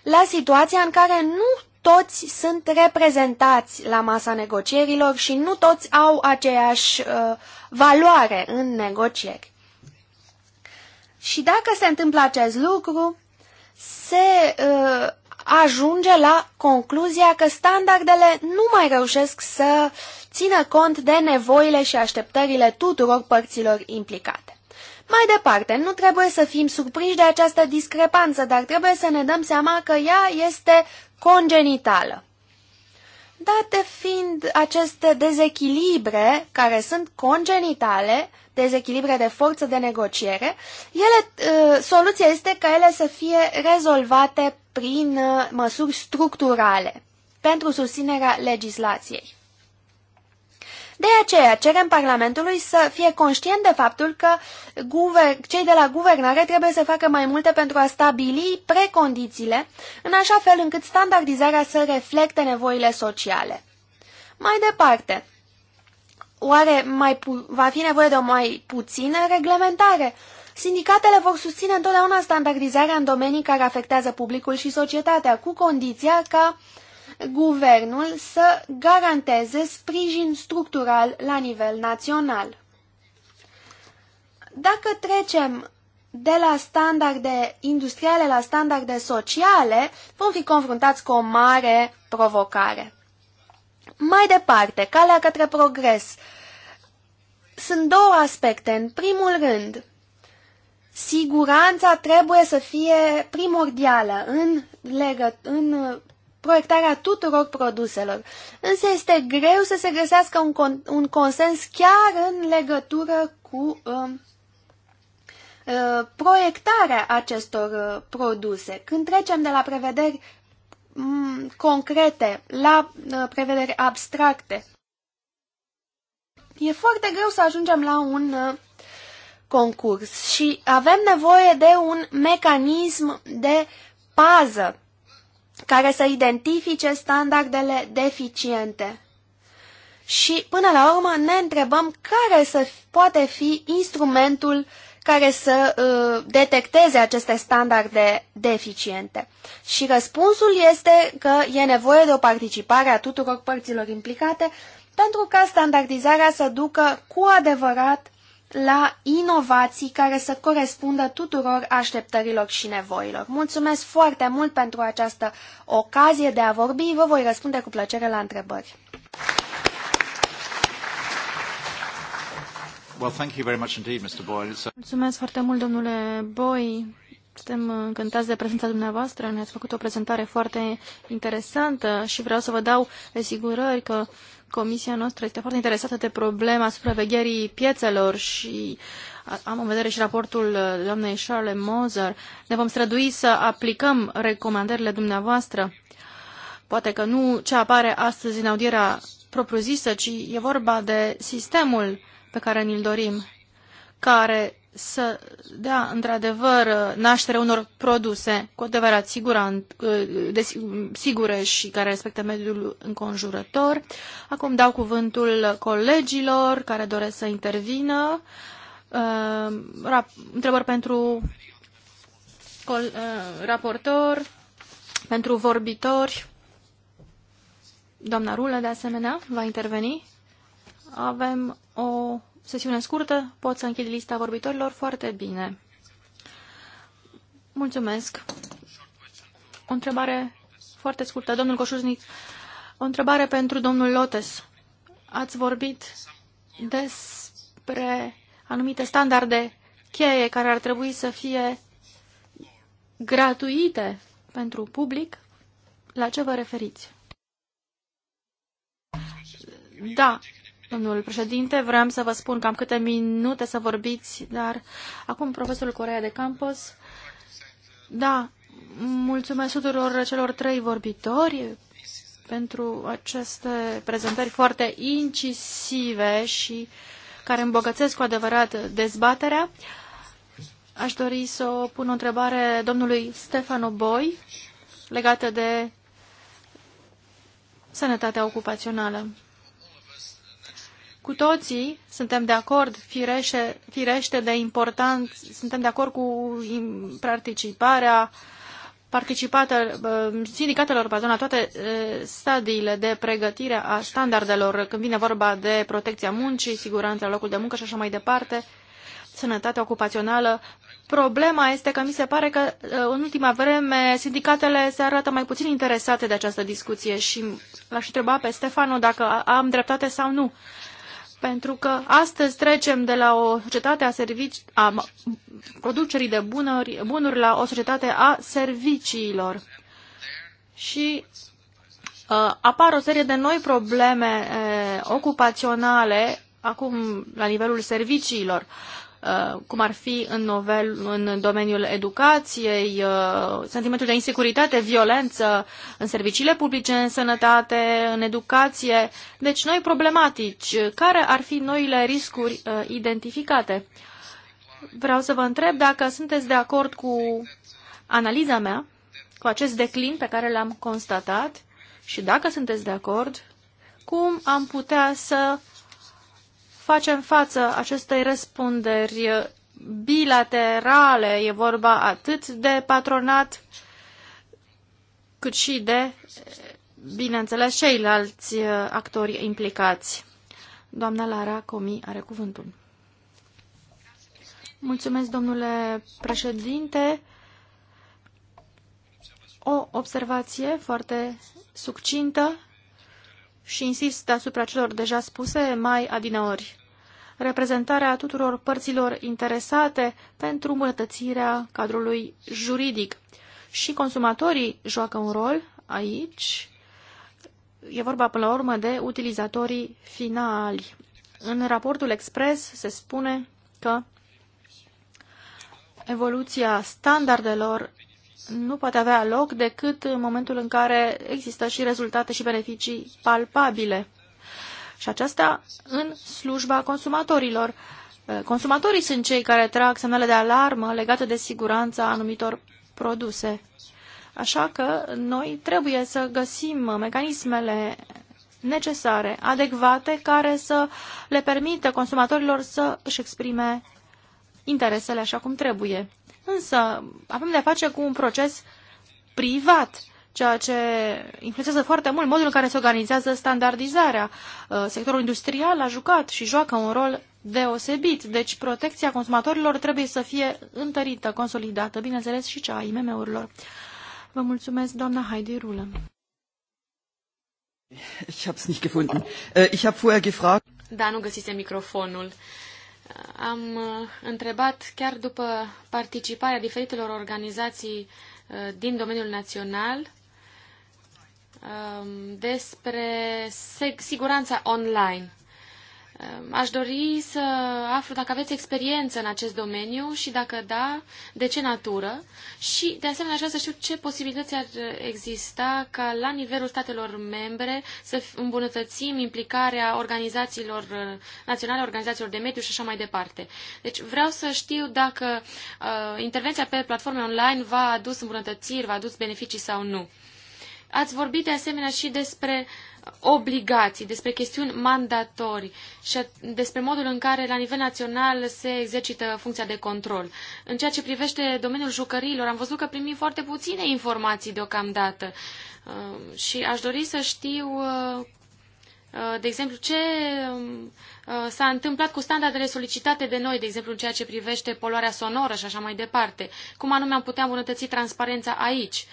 C: la situația în care nu toți sunt reprezentați la masa negocierilor și nu toți au aceeași uh, valoare în negocieri. Și dacă se întâmplă acest lucru, se uh, ajunge la concluzia că standardele nu mai reușesc să țină cont de nevoile și așteptările tuturor părților implicate. Mai departe, nu trebuie să fim surprinși de această discrepanță, dar trebuie să ne dăm seama că ea este congenitală. Date fiind aceste dezechilibre care sunt congenitale, dezechilibre de forță de negociere, ele, ă, soluția este ca ele să fie rezolvate prin ă, măsuri structurale pentru susținerea legislației. De aceea cerem Parlamentului să fie conștient de faptul că cei de la guvernare trebuie să facă mai multe pentru a stabili precondițiile, în așa fel încât standardizarea să reflecte nevoile sociale. Mai departe, oare mai va fi nevoie de o mai puțină reglementare? Sindicatele vor susține întotdeauna standardizarea în domenii care afectează publicul și societatea, cu condiția ca uh, guvernul să garanteze sprijin structural la nivel național. Dacă trecem de la standarde industriale la standarde sociale, vom fi confruntați cu o mare provocare. Mai departe, calea către progres. Sunt două aspecte. În primul rând, siguranța trebuie să fie primordială în, legă, în proiectarea tuturor produselor. Însă este greu să se găsească un, con un consens chiar în legătură cu uh, uh, proiectarea acestor uh, produse. Când trecem de la prevederi um, concrete la uh, prevederi abstracte, e foarte greu să ajungem la un uh, concurs și avem nevoie de un mecanism de pază care să identifice standardele deficiente. Și, până la urmă, ne întrebăm care să poate fi instrumentul care să uh, detecteze aceste standarde deficiente. Și răspunsul este că e nevoie de o participare a tuturor părților implicate pentru ca standardizarea să ducă cu adevărat la inovații care să corespundă tuturor așteptărilor și nevoilor. Mulțumesc foarte mult pentru această ocazie de a vorbi. Vă voi răspunde cu plăcere la întrebări.
A: Well, thank you very much indeed, Mr. Boyle.
C: Mulțumesc foarte mult,
D: domnule Boy. Suntem încântați de prezența dumneavoastră. Ne-ați făcut o prezentare foarte interesantă și vreau să vă dau asigurări că comisia noastră este foarte interesată de problema supravegherii piețelor și am în vedere și raportul uh, doamnei Charles Moser. Ne vom strădui să aplicăm recomandările dumneavoastră. Poate că nu ce apare astăzi în audierea propriu-zisă, ci e vorba de sistemul pe care ni-l dorim, care să dea într-adevăr naștere unor produse cu adevărat sigura, sigure și care respectă mediul înconjurător. Acum dau cuvântul colegilor care doresc să intervină. Uh, întrebări pentru uh, raportor, pentru vorbitori. Doamna Rulă, de asemenea, va interveni. Avem o sesiune scurtă, pot să închid lista vorbitorilor foarte bine. Mulțumesc. O întrebare foarte scurtă. Domnul Coșuznic, o întrebare pentru domnul Lotes. Ați vorbit despre anumite standarde cheie care ar trebui să fie gratuite pentru public. La ce vă referiți? Da, Domnul președinte, vreau să vă spun cam câte minute să vorbiți, dar acum profesorul Corea de Campos. Da, mulțumesc tuturor celor trei vorbitori pentru aceste prezentări foarte incisive și care îmbogățesc cu adevărat dezbaterea. Aș dori să o pun o întrebare domnului Stefano Boi legată de sănătatea ocupațională. Cu toții suntem de acord, firește, firește de important, suntem de acord cu participarea participată uh, sindicatelor pe zona, toate uh, stadiile de pregătire a standardelor, când vine vorba de protecția muncii, siguranța locul de muncă și așa mai departe, sănătatea ocupațională. Problema este că mi se pare că uh, în ultima vreme sindicatele se arată mai puțin interesate de această discuție și l-aș întreba pe Stefano dacă am dreptate sau nu pentru că astăzi trecem de la o societate a, servici, a producerii de bunuri, bunuri la o societate a serviciilor. Și uh, apar o serie de noi probleme uh, ocupaționale acum la nivelul serviciilor. Uh, Uh, cum ar fi în, novel, în domeniul educației, uh, sentimentul de insecuritate, violență în serviciile publice, în sănătate, în educație. Deci noi problematici. Care ar fi noile riscuri uh, identificate? Vreau să vă întreb dacă sunteți de acord cu analiza mea, cu acest declin pe care l-am constatat și dacă sunteți de acord, cum am putea să facem față acestei răspunderi bilaterale. E vorba atât de patronat cât și de, bineînțeles, ceilalți uh, actori implicați. Doamna Lara Comi are cuvântul. Mulțumesc, domnule președinte. O observație foarte succintă și insist asupra celor deja spuse mai adineori reprezentarea tuturor părților interesate pentru îmbunătățirea cadrului juridic. Și consumatorii joacă un rol aici. E vorba până la urmă de utilizatorii finali. În raportul expres se spune că evoluția standardelor nu poate avea loc decât în momentul în care există și rezultate și beneficii palpabile și aceasta în slujba consumatorilor. Uh, consumatorii sunt cei care trag semnale de alarmă legate de siguranța anumitor produse. Așa că noi trebuie să găsim mecanismele necesare, adecvate, care să le permită consumatorilor să își exprime interesele așa cum trebuie. Însă avem de-a face cu un proces privat ceea ce influențează foarte mult modul în care se organizează standardizarea. Uh, sectorul industrial a jucat și joacă un rol deosebit, deci protecția consumatorilor trebuie să fie întărită, consolidată, bineînțeles și cea a IMM-urilor. Vă mulțumesc, doamna Heidi Rulă.
A: Ich hab's nicht gefunden. Äh, ich hab vorher gefragt.
B: Da, nu găsise microfonul. Am uh, întrebat chiar după participarea diferitelor organizații uh, din domeniul național um, despre siguranța online. Um, aș dori să aflu dacă aveți experiență în acest domeniu și dacă da, de ce natură și de asemenea aș vrea să știu ce posibilități ar exista ca la nivelul statelor membre să îmbunătățim implicarea organizațiilor uh, naționale, organizațiilor de mediu și așa mai departe. Deci vreau să știu dacă uh, intervenția pe platforme online va adus îmbunătățiri, va adus beneficii sau nu. Ați vorbit de asemenea și despre obligații, despre chestiuni mandatorii și despre modul în care la nivel național se exercită funcția de control. În ceea ce privește domeniul jucărilor, am văzut că primim foarte puține informații deocamdată um, și aș dori să știu, uh, uh, de exemplu, ce um, uh, s-a întâmplat cu standardele solicitate de noi, de exemplu, în ceea ce privește poluarea sonoră și așa mai departe. Cum anume am putea îmbunătăți transparența aici?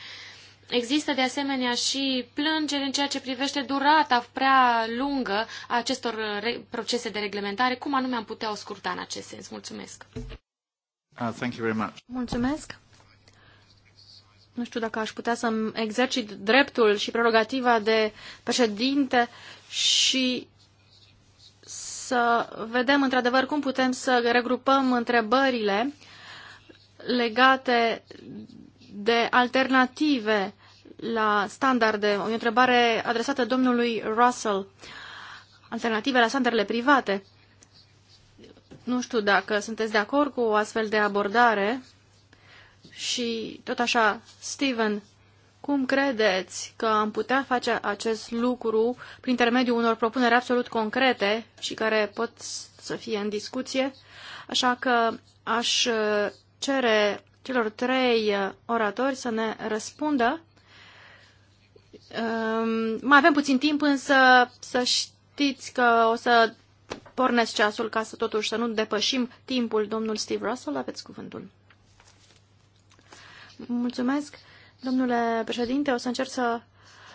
B: Există de asemenea și plângeri în ceea ce privește durata prea lungă a acestor uh, procese de reglementare. Cum anume am putea o scurta în acest sens? Mulțumesc! Uh, thank you very much. Mulțumesc! Nu știu dacă aș putea să-mi exercit dreptul
D: și prerogativa de președinte și să vedem într-adevăr cum putem să regrupăm întrebările legate de alternative la standarde, o întrebare adresată domnului Russell, alternative la standardele private. Nu știu dacă sunteți de acord cu o astfel de abordare și tot așa, Steven, cum credeți că am putea face acest lucru prin intermediul unor propuneri absolut concrete și care pot să fie în discuție? Așa că aș cere celor trei oratori să ne răspundă Um, mai avem puțin timp, însă să știți că o să pornesc ceasul ca să totuși să nu depășim timpul. Domnul Steve Russell, aveți cuvântul. Mulțumesc, domnule președinte. O să încerc să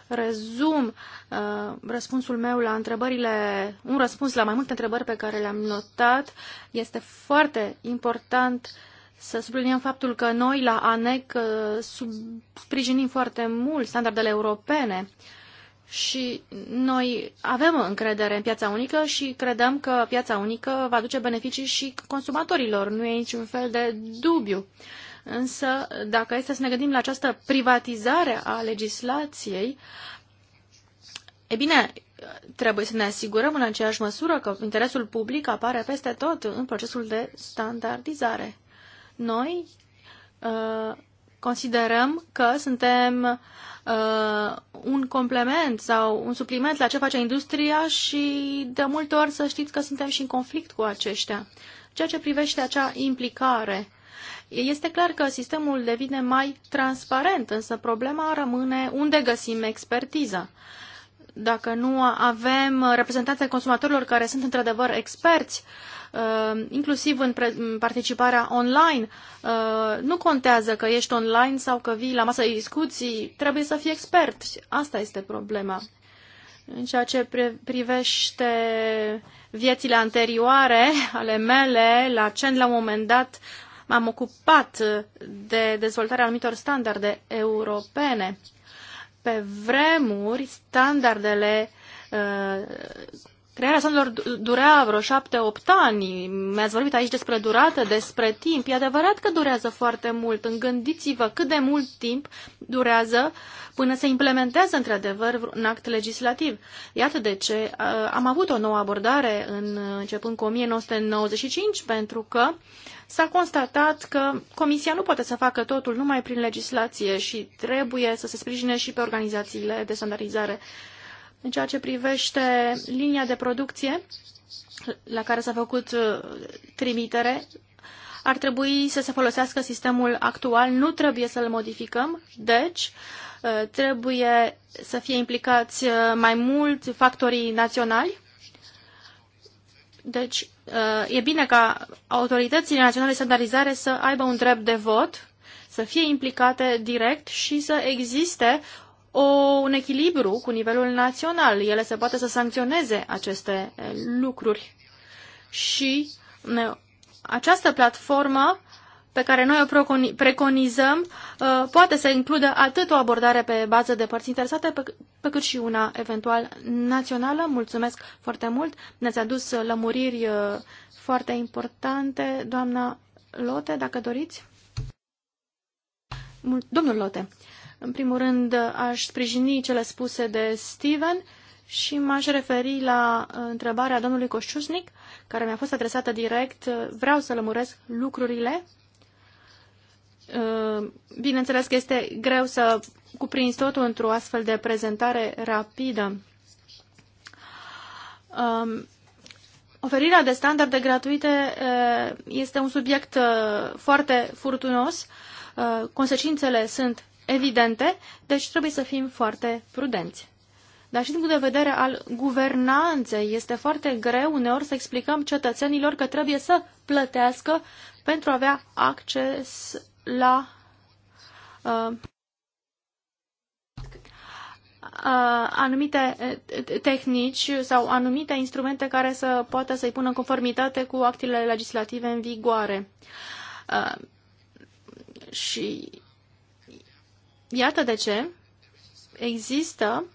D: rezum uh, răspunsul meu la întrebările, un răspuns la mai multe întrebări pe care le-am notat. Este foarte important uh, să subliniem faptul că noi la ANEC uh, sub, sprijinim foarte mult standardele europene și noi avem încredere în piața unică și credem că piața unică va duce beneficii și consumatorilor. Nu e niciun fel de dubiu. Însă, dacă este să ne gândim la această privatizare a legislației, e bine, trebuie să ne asigurăm în aceeași măsură că interesul public apare peste tot în procesul de standardizare. Noi uh, considerăm că suntem uh, un complement sau un supliment la ce face industria și de multe ori să știți că suntem și în conflict cu aceștia. Ceea ce privește acea implicare, este clar că sistemul devine mai transparent, însă problema rămâne unde găsim expertiza. Uh, dacă nu avem reprezentanții consumatorilor care sunt într-adevăr experți, uh, inclusiv în participarea online, uh, nu contează că ești online sau că vii la masă de discuții, trebuie să fii expert. Asta este problema. În ceea ce privește viețile anterioare ale mele, la CEN la un moment dat m-am ocupat de dezvoltarea anumitor standarde europene pe vremuri, standardele uh, Crearea sondelor durea vreo șapte-opt ani. Mi-ați vorbit aici despre durată, despre timp. E adevărat că durează foarte mult. Îngândiți-vă cât de mult timp durează până se implementează într-adevăr un act legislativ. Iată de ce am avut o nouă abordare în, începând cu 1995, pentru că s-a constatat că Comisia nu poate să facă totul numai prin legislație și trebuie să se sprijine și pe organizațiile de standardizare în ceea ce privește linia de producție la care s-a făcut uh, trimitere, ar trebui să se folosească sistemul actual, nu trebuie să-l modificăm, deci uh, trebuie să fie implicați uh, mai mulți factorii naționali. Deci e bine ca autoritățile naționale de standardizare să aibă un drept de vot, să fie implicate direct și să existe o, un echilibru cu nivelul național. Ele se poate să sancționeze aceste eh, lucruri. Și această platformă pe care noi o preconizăm eh, poate să includă atât o abordare pe bază de părți interesate, pe, pe cât și una eventual națională. Mulțumesc foarte mult! Ne-ați adus lămuriri eh, foarte importante, doamna Lote, dacă doriți. Domnul Lote, în primul rând, aș sprijini cele spuse de Steven și m-aș referi la uh, întrebarea domnului Coșciușnic, care mi-a fost adresată direct. Vreau să lămuresc lucrurile. Uh, bineînțeles că este greu să cuprins totul într-o astfel de prezentare rapidă. Um, oferirea de standarde gratuite uh, este un subiect foarte furtunos. Consecințele sunt evidente, deci trebuie să fim foarte prudenți. Dar și din punct de vedere al guvernanței, este foarte greu uneori să explicăm cetățenilor că trebuie să plătească pentru a avea acces la uh, uh anumite uh, tehnici sau anumite instrumente care să poată să-i pună în conformitate cu actele legislative în vigoare. Uh, și Iată de ce există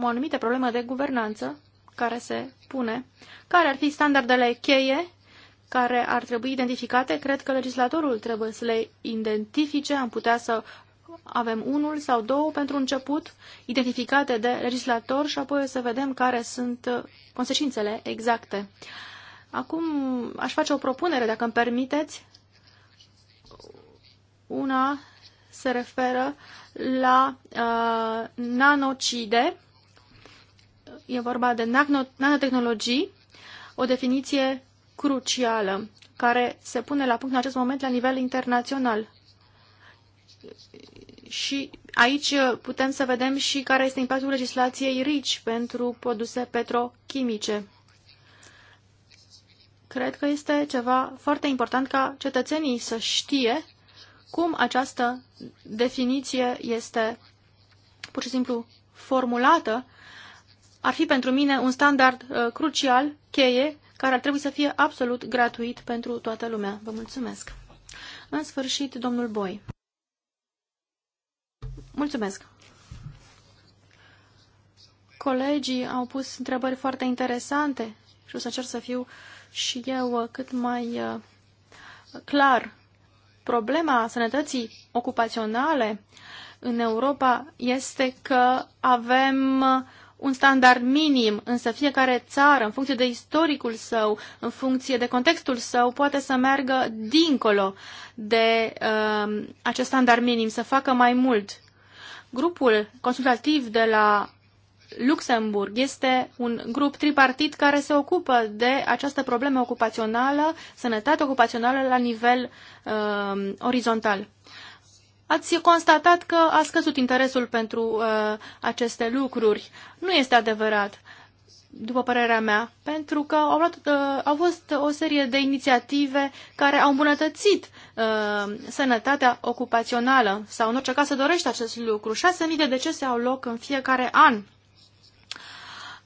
D: o anumită problemă de guvernanță care se pune. Care ar fi standardele cheie care ar trebui identificate? Cred că legislatorul trebuie să le identifice. Am putea să avem unul sau două pentru început, identificate de legislator și apoi o să vedem care sunt consecințele exacte. Acum aș face o propunere, dacă îmi permiteți, una se referă la uh, nanocide, e vorba de nanotehnologii, o definiție crucială care se pune la punct în acest moment la nivel internațional. Și aici putem să vedem și care este impactul legislației RICI pentru produse petrochimice. Cred că este ceva foarte important ca cetățenii să știe cum această definiție este pur și simplu formulată, ar fi pentru mine un standard uh, crucial, cheie, care ar trebui să fie absolut gratuit pentru toată lumea. Vă mulțumesc! În sfârșit, domnul Boi. Mulțumesc! Colegii au pus întrebări foarte interesante și o să cer să fiu și eu uh, cât mai uh, clar problema sănătății ocupaționale în Europa este că avem un standard minim, însă fiecare țară, în funcție de istoricul său, în funcție de contextul său, poate să meargă dincolo de uh, acest standard minim, să facă mai mult. Grupul consultativ de la Luxemburg. Este un grup tripartit care se ocupă de această problemă ocupațională, sănătate ocupațională la nivel uh, orizontal. Ați constatat că a scăzut interesul pentru uh, aceste lucruri. Nu este adevărat, după părerea mea, pentru că au, luat, uh, au fost o serie de inițiative care au îmbunătățit uh, sănătatea ocupațională sau în orice caz dorește acest lucru. 6.000 de decese au loc în fiecare an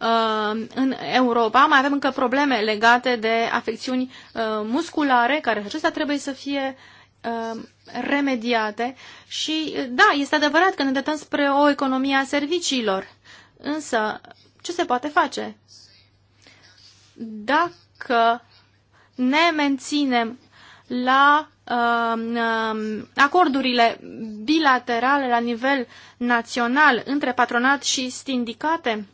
D: Uh, în Europa. Mai avem încă probleme legate de afecțiuni uh, musculare, care acestea trebuie să fie uh, remediate și da, este adevărat că ne dătăm spre o economie a serviciilor, însă ce se poate face? Dacă ne menținem la uh, um, acordurile bilaterale la nivel național între patronat și sindicate,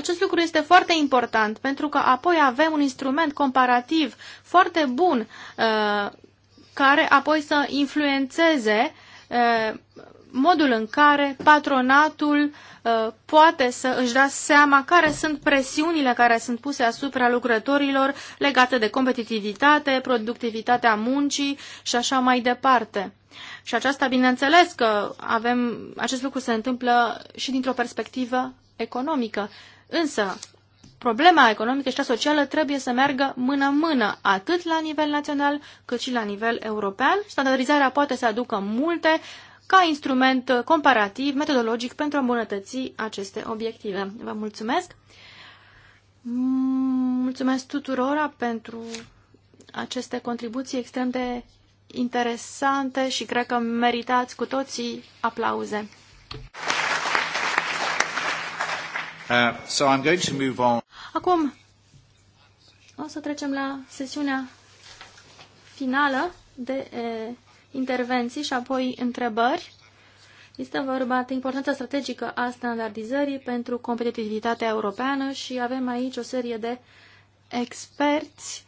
D: acest lucru este foarte important pentru că apoi avem un instrument comparativ foarte bun uh, care apoi să influențeze uh, modul în care patronatul uh, poate să își dea seama care sunt presiunile care sunt puse asupra lucrătorilor legate de competitivitate, productivitatea muncii și așa mai departe. Și aceasta, bineînțeles, că avem, acest lucru se întâmplă și dintr-o perspectivă economică. Însă, problema economică și socială trebuie să meargă mână-mână, atât la nivel național cât și la nivel european. Standardizarea poate să aducă multe ca instrument comparativ, metodologic, pentru a îmbunătăți aceste obiective. Vă mulțumesc! Mulțumesc tuturora pentru aceste contribuții extrem de interesante și cred că meritați cu toții aplauze.
A: Uh, so I'm going to move on.
D: Acum o să trecem la sesiunea finală de e, intervenții și apoi întrebări. Este vorba de importanța strategică a standardizării pentru competitivitatea europeană și avem aici o serie de experți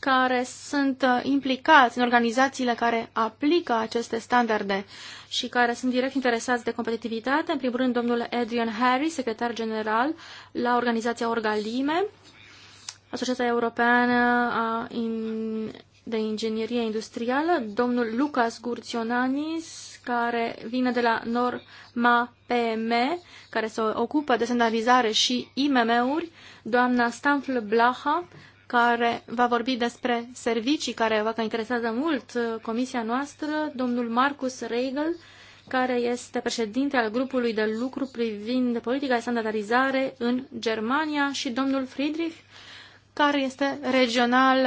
D: care sunt uh, implicați în organizațiile care aplică aceste standarde și care sunt direct interesați de competitivitate. În primul rând, domnul Adrian Harry, secretar general la organizația Orgalime, Asociația Europeană a de Inginerie Industrială, domnul Lucas Gurționanis, care vine de la Norma PM, care se ocupă de standardizare și IMM-uri, doamna Stanfl Blaha, care va vorbi despre servicii, care vă că interesează mult uh, comisia noastră, domnul Marcus Reigel, care este președinte al grupului de lucru privind politica de standardizare în Germania, și domnul Friedrich, care este regional,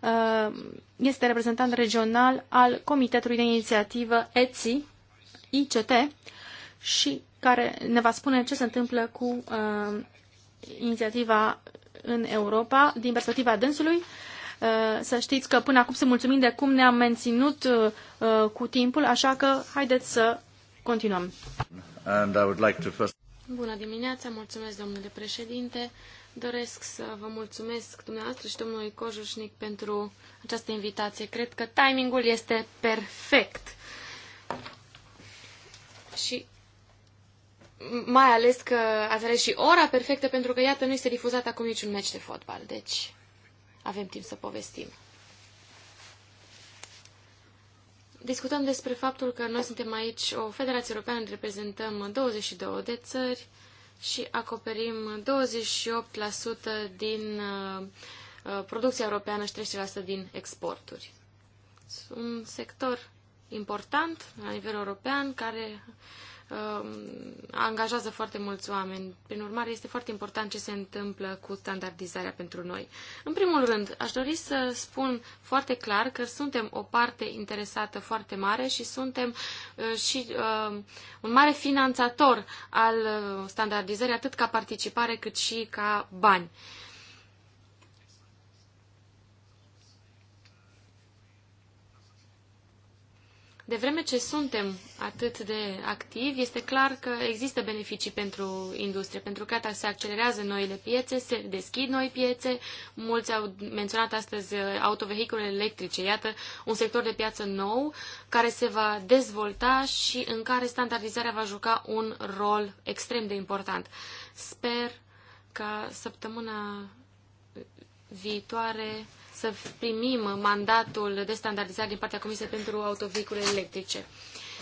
D: uh, uh, este reprezentant regional al Comitetului de Inițiativă ETSI, ICT, și care ne va spune ce se întâmplă cu inițiativa în Europa, din perspectiva dânsului. Uh, să știți că până acum se mulțumim de cum ne-am menținut
A: uh,
B: uh, cu
D: timpul, așa că haideți să continuăm.
A: Like first...
B: Bună dimineața, mulțumesc domnule președinte. Doresc să vă mulțumesc dumneavoastră și domnului Cojușnic pentru această invitație. Cred că timingul este perfect. Și mai ales că ați ales și ora perfectă, pentru că, iată, nu este difuzat acum niciun meci de fotbal. Deci, avem timp să povestim. Discutăm despre faptul că noi suntem aici o federație europeană, reprezentăm 22 de țări și acoperim 28% din uh, uh, producția europeană și 30% din exporturi. Un sector important la nivel european care uh, angajează foarte mulți oameni. Prin urmare, este foarte important ce se întâmplă cu standardizarea pentru noi. În primul rând, aș dori să spun foarte clar că suntem o parte interesată foarte mare și suntem uh, și uh, un mare finanțator al uh, standardizării, atât ca participare cât și ca bani. Uh, De vreme ce suntem atât de activi, este clar că există beneficii pentru industrie, pentru că se accelerează noile piețe, se deschid noi piețe. Mulți au menționat astăzi uh, autovehiculele electrice. Iată, un sector de piață nou care se va dezvolta și în care standardizarea va juca un rol extrem de important. Sper ca săptămâna viitoare să primim mandatul de standardizare din partea Comisiei pentru autovehicule electrice.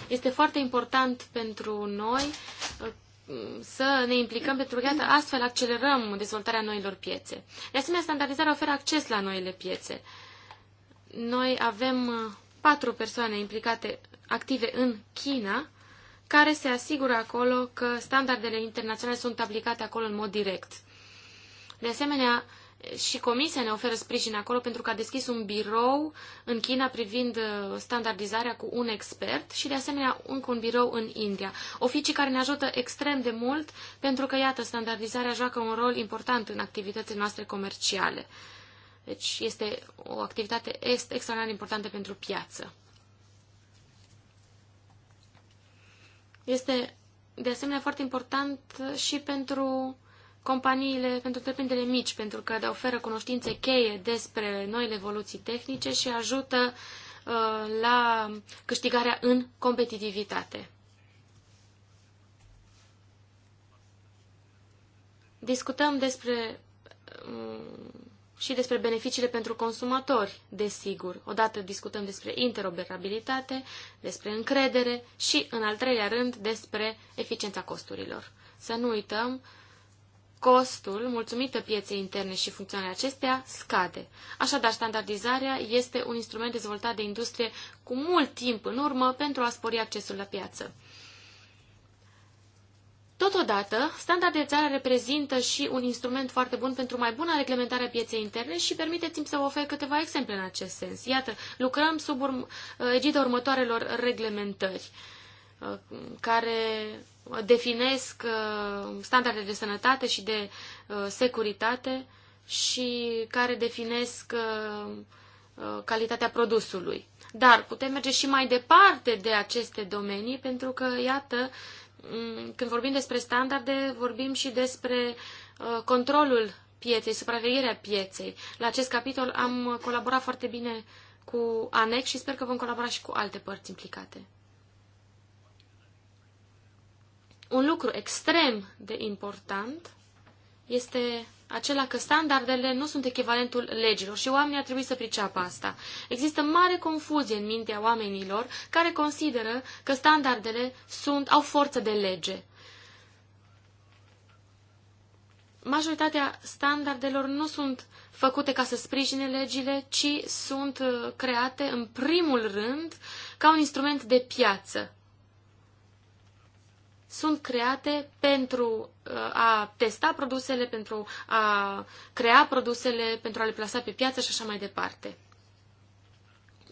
B: Este foarte important pentru noi uh, să ne implicăm pentru că, iată, astfel accelerăm dezvoltarea noilor piețe. De asemenea, standardizarea oferă acces la noile piețe. Noi avem uh, patru persoane implicate active în China, care se asigură acolo că standardele internaționale sunt aplicate acolo în mod direct. De asemenea, și Comisia ne oferă sprijin acolo pentru că a deschis un birou în China privind uh, standardizarea cu un expert și de asemenea încă un birou în India. Oficii care ne ajută extrem de mult pentru că, iată, standardizarea joacă un rol important în activitățile noastre comerciale. Deci este o activitate extraordinar importantă pentru piață. Este de asemenea foarte important și pentru companiile, pentru întreprinderile mici, pentru că oferă cunoștințe cheie despre noile evoluții tehnice și ajută uh, la câștigarea în competitivitate. Discutăm despre uh, și despre beneficiile pentru consumatori, desigur. Odată discutăm despre interoperabilitate, despre încredere și, în al treilea rând, despre eficiența costurilor. Să nu uităm uh, costul, mulțumită pieței interne și funcționarea acestea, scade. Așadar, standardizarea este un instrument dezvoltat de industrie cu mult timp în urmă pentru a spori accesul la piață. Totodată, standardizarea reprezintă și un instrument foarte bun pentru mai bună reglementare a pieței interne și permiteți-mi să vă ofer câteva exemple în acest sens. Iată, lucrăm sub urm- egida următoarelor reglementări uh, care definesc uh, standarde de sănătate și de uh, securitate și care definesc uh, calitatea produsului. Dar putem merge și mai departe de aceste domenii, pentru că, iată, mm, când vorbim despre standarde, vorbim și despre controlul pieței, supravegherea pieței. La acest capitol am colaborat foarte bine cu ANEC și sper că vom colabora și cu alte părți implicate. Un lucru extrem de important este acela că standardele nu sunt echivalentul legilor și oamenii ar trebui să priceapă asta. Există mare confuzie în mintea oamenilor care consideră că standardele sunt, au forță de lege. Majoritatea standardelor nu sunt făcute ca să sprijine legile, ci sunt uh, create în primul rând ca un instrument de piață sunt create pentru uh, a testa produsele, pentru a crea produsele, pentru a le plasa pe piață și așa mai departe.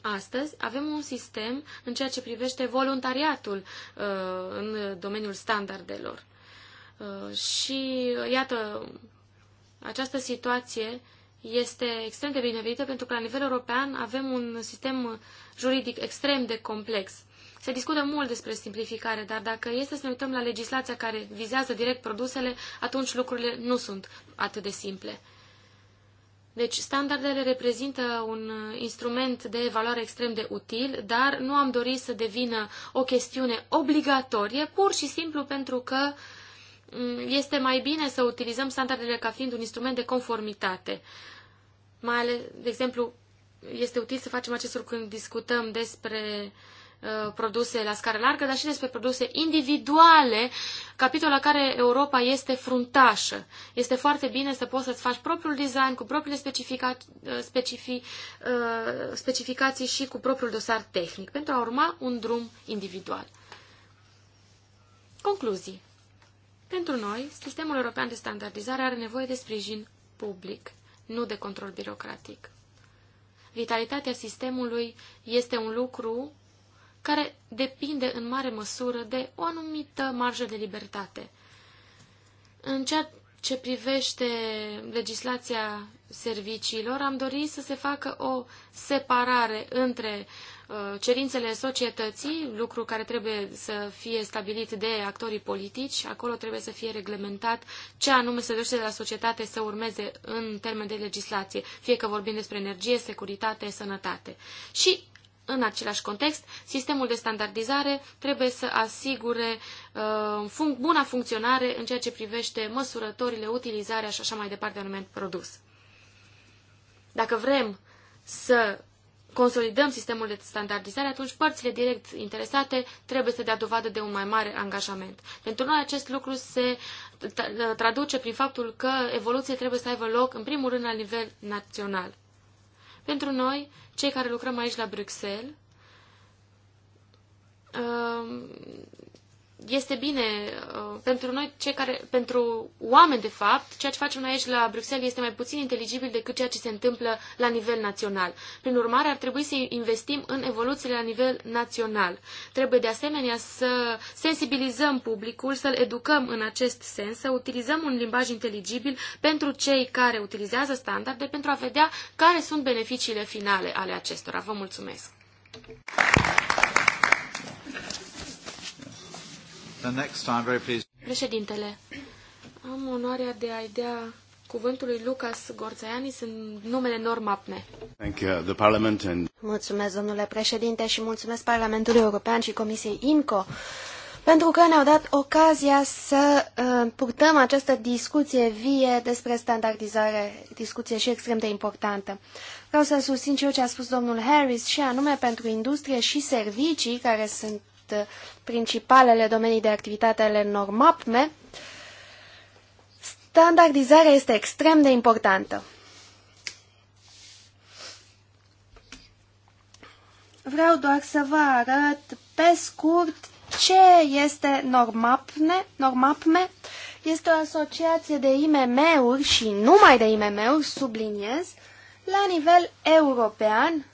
B: Astăzi avem un sistem în ceea ce privește voluntariatul uh, în domeniul standardelor. Uh, și iată, această situație este extrem de binevenită pentru că la nivel european avem un sistem juridic extrem de complex. Se discută mult despre simplificare, dar dacă este să ne uităm la legislația care vizează direct produsele, atunci lucrurile nu sunt atât de simple. Deci, standardele reprezintă un instrument de evaluare extrem de util, dar nu am dorit să devină o chestiune obligatorie, pur și simplu pentru că mm, este mai bine să utilizăm standardele ca fiind un instrument de conformitate. Mai ales, de exemplu, este util să facem acest lucru când discutăm despre uh, Uh, produse la scară largă, dar și despre produse individuale, capitol la care Europa este fruntașă. Este foarte bine să poți să-ți faci propriul design, cu propriile specifica, uh, specifi, uh, specificații și cu propriul dosar tehnic, pentru a urma un drum individual. Concluzii. Pentru noi, sistemul european de standardizare are nevoie de sprijin public, nu de control birocratic. Vitalitatea sistemului este un lucru care depinde în mare măsură de o anumită marjă de libertate. În ceea ce privește legislația serviciilor, am dorit să se facă o separare între uh, cerințele societății, lucru care trebuie să fie stabilit de actorii politici, acolo trebuie să fie reglementat ce anume se dorește de la societate să urmeze în termen de legislație, fie că vorbim despre energie, securitate, sănătate. Și în același context, sistemul de standardizare trebuie să asigure uh, func buna funcționare în ceea ce privește măsurătorile, utilizarea și așa mai departe anumit produs. Dacă vrem să consolidăm sistemul de standardizare, atunci părțile direct interesate trebuie să dea dovadă de un mai mare angajament. Pentru noi acest lucru se traduce prin faptul că evoluția trebuie să aibă loc, în primul rând, la nivel național. Pentru noi, cei care lucrăm aici la Bruxelles, um, este bine uh, pentru noi, cei care, pentru oameni, de fapt, ceea ce facem noi aici la Bruxelles este mai puțin inteligibil decât ceea ce se întâmplă la nivel național. Prin urmare, ar trebui să investim în evoluțiile la nivel național. Trebuie de asemenea să sensibilizăm publicul, să-l educăm în acest sens, să utilizăm un limbaj inteligibil pentru cei care utilizează standarde, pentru a vedea care sunt beneficiile finale ale acestora. Vă mulțumesc! Președintele, am onoarea de a-i dea cuvântul lui Lucas Gorțaianis în
C: numele Normapne. Mulțumesc, domnule președinte, și mulțumesc Parlamentului European și Comisiei INCO pentru că ne-au dat ocazia să uh, purtăm această discuție vie despre standardizare, discuție și extrem de importantă. Vreau să susțin și eu ce a spus domnul Harris, și anume pentru industrie și servicii, care sunt principalele domenii de activitate ale NORMAPME, standardizarea este extrem de importantă. Vreau doar să vă arăt pe scurt ce este Normapne. Normapme este o asociație de IMM-uri și numai de IMM-uri, subliniez, la nivel european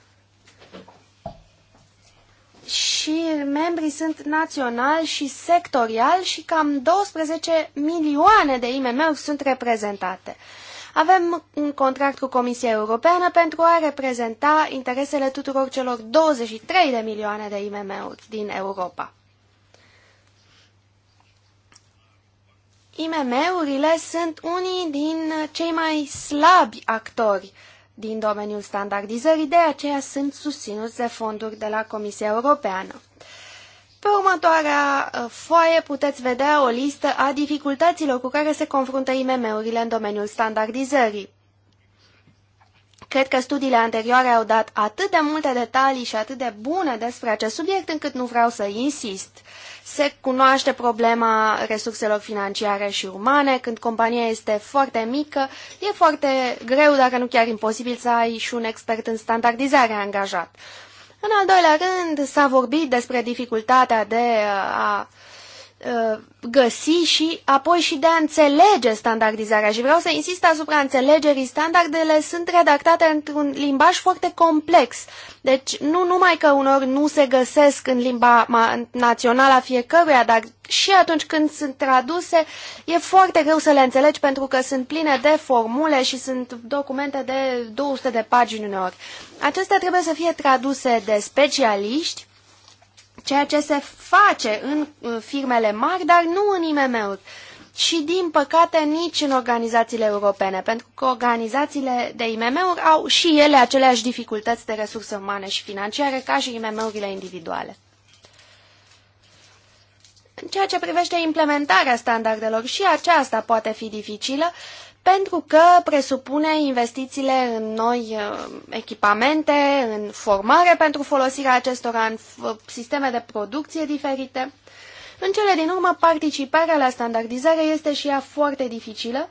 C: și membrii sunt național și sectorial și cam 12 milioane de IMM-uri sunt reprezentate. Avem un contract cu Comisia Europeană pentru a reprezenta interesele tuturor celor 23 de milioane de IMM-uri din Europa. IMM-urile sunt unii din cei mai slabi actori din domeniul standardizării, de aceea sunt susținuți de fonduri de la Comisia Europeană. Pe următoarea uh, foaie puteți vedea o listă a dificultăților cu care se confruntă IMM-urile în domeniul standardizării. Cred că studiile anterioare au dat atât de multe detalii și atât de bune despre acest subiect încât nu vreau să insist. Se cunoaște problema resurselor financiare și umane. Când compania este foarte mică, e foarte greu, dacă nu chiar imposibil, să ai și un expert în standardizare angajat. În al doilea rând, s-a vorbit despre dificultatea de uh, a Uh, găsi și apoi și de a înțelege standardizarea. Și vreau să insist asupra înțelegerii. Standardele sunt redactate într-un limbaj foarte complex. Deci nu numai că unor nu se găsesc în limba națională a fiecăruia, dar și atunci când sunt traduse, e foarte greu să le înțelegi pentru că sunt pline de formule și sunt documente de 200 de pagini uneori. Acestea trebuie să fie traduse de specialiști ceea ce se face în uh, firmele mari, dar nu în IMM-uri. Și, din păcate, nici în organizațiile europene, pentru că organizațiile de IMM-uri au și ele aceleași dificultăți de resurse umane și financiare ca și IMM-urile individuale. În ceea ce privește implementarea standardelor, și aceasta poate fi dificilă, uh, pentru că presupune investițiile în noi uh, echipamente, în formare pentru folosirea acestora, în uh, sisteme de producție diferite. În cele din urmă, participarea la standardizare este și ea foarte dificilă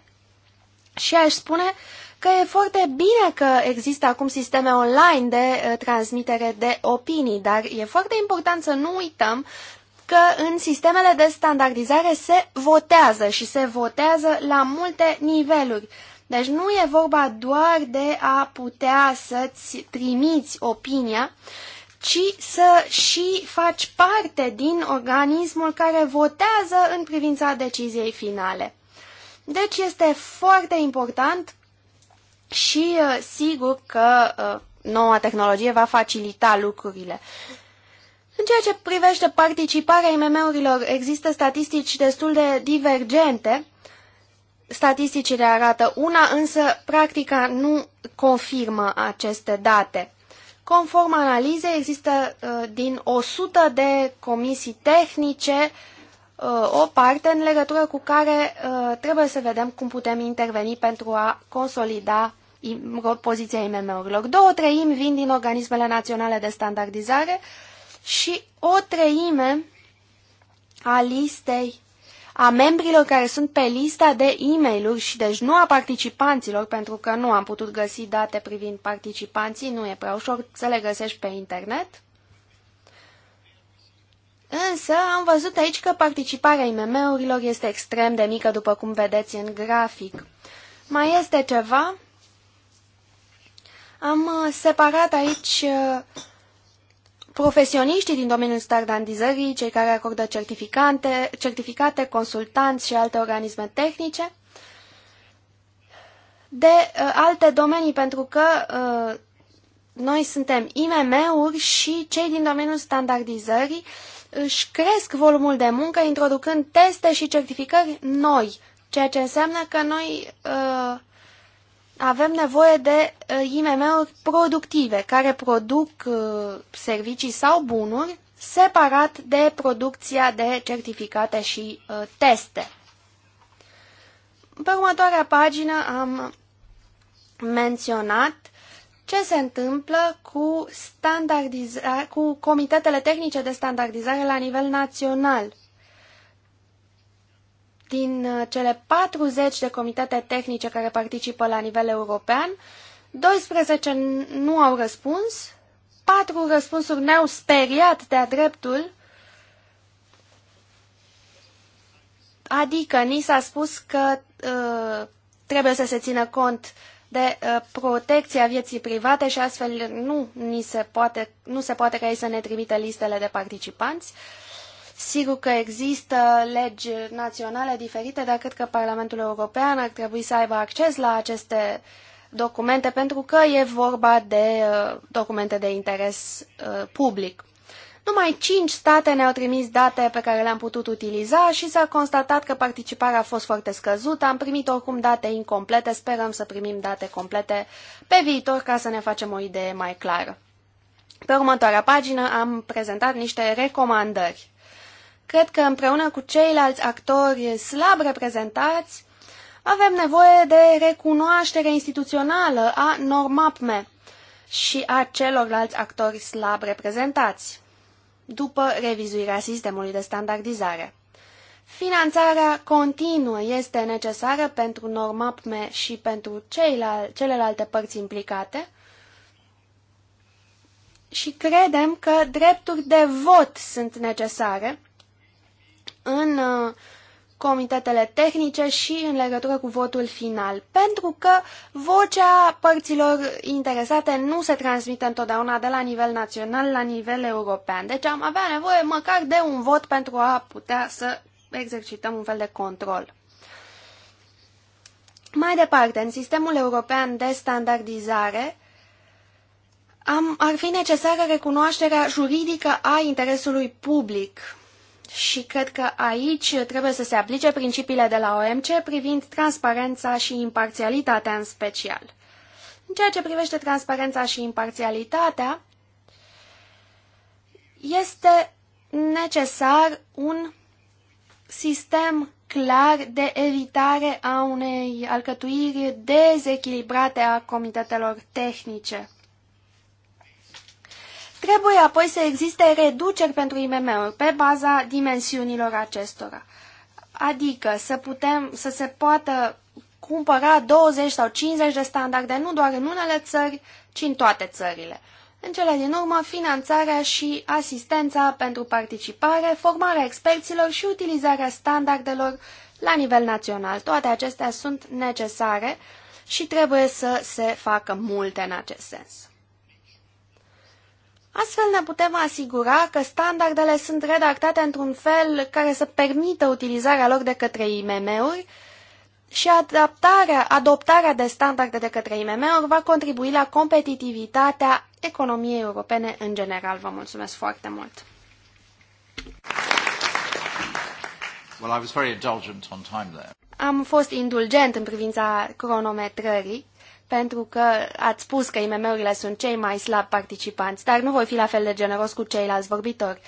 C: și aș spune că e foarte bine că există acum sisteme online de uh, transmitere de opinii, dar e foarte important să nu uităm că în sistemele de standardizare se votează și se votează la multe niveluri. Deci nu e vorba doar de a putea să-ți trimiți opinia, ci să și faci parte din organismul care votează în privința deciziei finale. Deci este foarte important și uh, sigur că uh, noua tehnologie va facilita lucrurile. În ceea ce privește participarea IMM-urilor, există statistici destul de divergente. Statisticile arată una, însă practica nu confirmă aceste date. Conform analizei, există uh, din 100 de comisii tehnice uh, o parte în legătură cu care uh, trebuie să vedem cum putem interveni pentru a consolida poziția IMM-urilor. Două treimi vin din organismele naționale de standardizare, și o treime a listei a membrilor care sunt pe lista de e mail și deci nu a participanților, pentru că nu am putut găsi date privind participanții, nu e prea ușor să le găsești pe internet. Însă am văzut aici că participarea IMM-urilor este extrem de mică, după cum vedeți în grafic. Mai este ceva? Am uh, separat aici uh, Profesioniștii din domeniul standardizării, cei care acordă certificate, certificate, consultanți și alte organisme tehnice, de uh, alte domenii, pentru că uh, noi suntem IMM-uri și cei din domeniul standardizării își cresc volumul de muncă introducând teste și certificări noi, ceea ce înseamnă că noi uh, avem nevoie de uh, IMM-uri productive care produc uh, servicii sau bunuri separat de producția de certificate și uh, teste. Pe următoarea pagină am menționat ce se întâmplă cu, cu comitetele tehnice de standardizare la nivel național. Din uh, cele 40 de comitete tehnice care participă la nivel european, 12 nu au răspuns, 4 răspunsuri ne-au speriat de-a dreptul, adică ni s-a spus că uh, trebuie să se țină cont de uh, protecția vieții private și astfel nu, ni se poate, nu se poate ca ei să ne trimită listele de participanți. Uh, Sigur că există legi naționale diferite, dar cred că Parlamentul European ar trebui să aibă acces la aceste documente pentru că e vorba de uh, documente de interes uh, public. Numai cinci state ne-au trimis date pe care le-am putut utiliza și s-a constatat că participarea a fost foarte scăzută. Am primit oricum date incomplete, sperăm să primim date complete pe viitor ca să ne facem o idee mai clară. Pe următoarea pagină am prezentat niște recomandări. Cred că împreună cu ceilalți actori slab reprezentați, avem nevoie de recunoaștere instituțională a normapme și a celorlalți actori slab reprezentați, după revizuirea sistemului de standardizare. Finanțarea continuă este necesară pentru normapme și pentru celelalte părți implicate și credem că drepturi de vot sunt necesare în uh, comitetele tehnice și în legătură cu votul final, pentru că vocea părților interesate nu se transmite întotdeauna de la nivel național la nivel european. Deci am avea nevoie măcar de un vot pentru a putea să exercităm un fel de control. Mai departe, în sistemul european de standardizare, am, ar fi necesară recunoașterea juridică a interesului public și cred că aici trebuie să se aplice principiile de la OMC privind transparența și imparțialitatea în special. În ceea ce privește transparența și imparțialitatea, este necesar un sistem clar de evitare a unei alcătuiri dezechilibrate a comitetelor tehnice. Trebuie apoi să existe reduceri pentru IMM-uri pe baza dimensiunilor acestora. Adică să, putem, să se poată cumpăra 20 sau 50 de standarde, nu doar în unele țări, ci în toate țările. În cele din urmă, finanțarea și asistența pentru participare, formarea experților și utilizarea standardelor la nivel național. Toate acestea sunt necesare și trebuie să se facă multe în acest sens. Astfel ne putem asigura că standardele sunt redactate într-un fel care să permită utilizarea lor de către IMM-uri și adaptarea, adoptarea de standarde de către IMM-uri va contribui la competitivitatea economiei europene în general. Vă mulțumesc foarte mult!
A: Well, I was very indulgent on time there.
C: Am fost indulgent în privința cronometrării pentru că ați spus că IMM-urile sunt cei mai slab participanți, dar nu voi fi la fel de generos cu ceilalți vorbitori.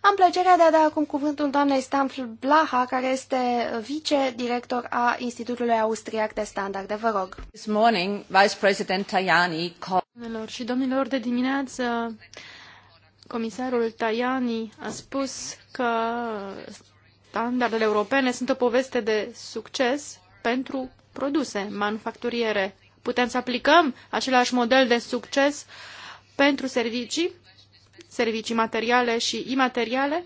C: Am plăcerea de a da acum cuvântul doamnei Stampfl Blaha, care este vice-director a Institutului Austriac de Standarde. Vă rog. This
A: morning, Vice President
D: Tajani Domnilor și domnilor, de dimineață comisarul Tajani a spus că standardele europene sunt o poveste de succes pentru produse manufacturiere putem să aplicăm același model de succes pentru servicii, servicii materiale și imateriale,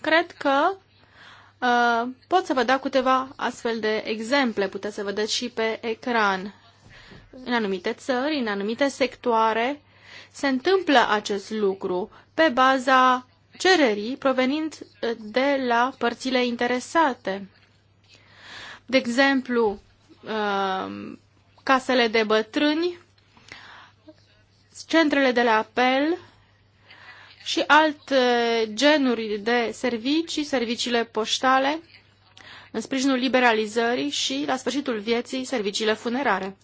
D: cred că uh, pot să vă dau câteva astfel de exemple, puteți să vedeți și pe ecran. În anumite țări, în anumite sectoare, se întâmplă acest lucru pe baza cererii provenind uh, de la părțile interesate. De exemplu, uh, casele de bătrâni, centrele de la apel și alte genuri de servicii, serviciile poștale, în sprijinul liberalizării și, la sfârșitul vieții, serviciile funerare.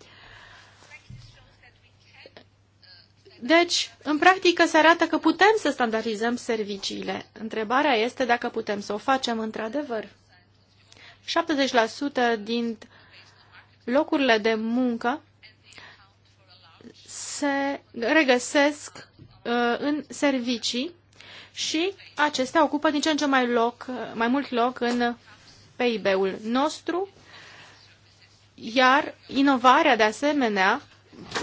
D: Deci, în practică, se arată că putem să standardizăm serviciile. Întrebarea este dacă putem să o facem într-adevăr. 70% din locurile de muncă se regăsesc uh, în servicii și acestea ocupă din ce în ce mai, loc, mai mult loc în PIB-ul nostru, iar inovarea, de asemenea,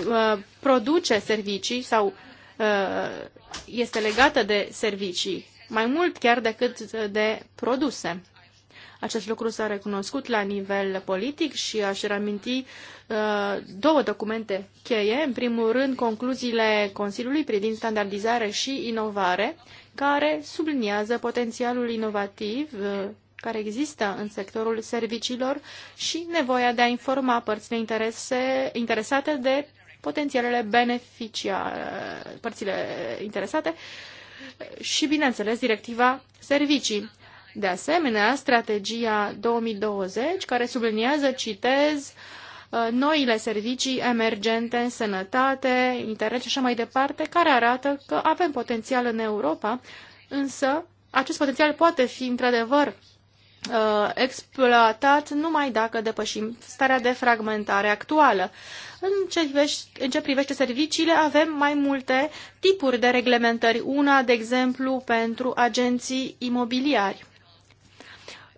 D: uh, produce servicii sau uh, este legată de servicii, mai mult chiar decât de produse. Acest lucru s-a recunoscut la nivel politic și aș reaminti uh, două documente cheie. În primul rând, concluziile Consiliului privind standardizare și inovare, care subliniază potențialul inovativ uh, care există în sectorul serviciilor și nevoia de a informa părțile interese, interesate de potențialele beneficiare, părțile interesate și, bineînțeles, directiva servicii. De asemenea, strategia 2020, care subliniază, citez, uh, noile servicii emergente în sănătate, internet și așa mai departe, care arată că avem potențial în Europa, însă acest potențial poate fi într-adevăr uh, exploatat numai dacă depășim starea de fragmentare actuală. În ce, privește, în ce privește serviciile, avem mai multe tipuri de reglementări. Una, de exemplu, pentru agenții imobiliari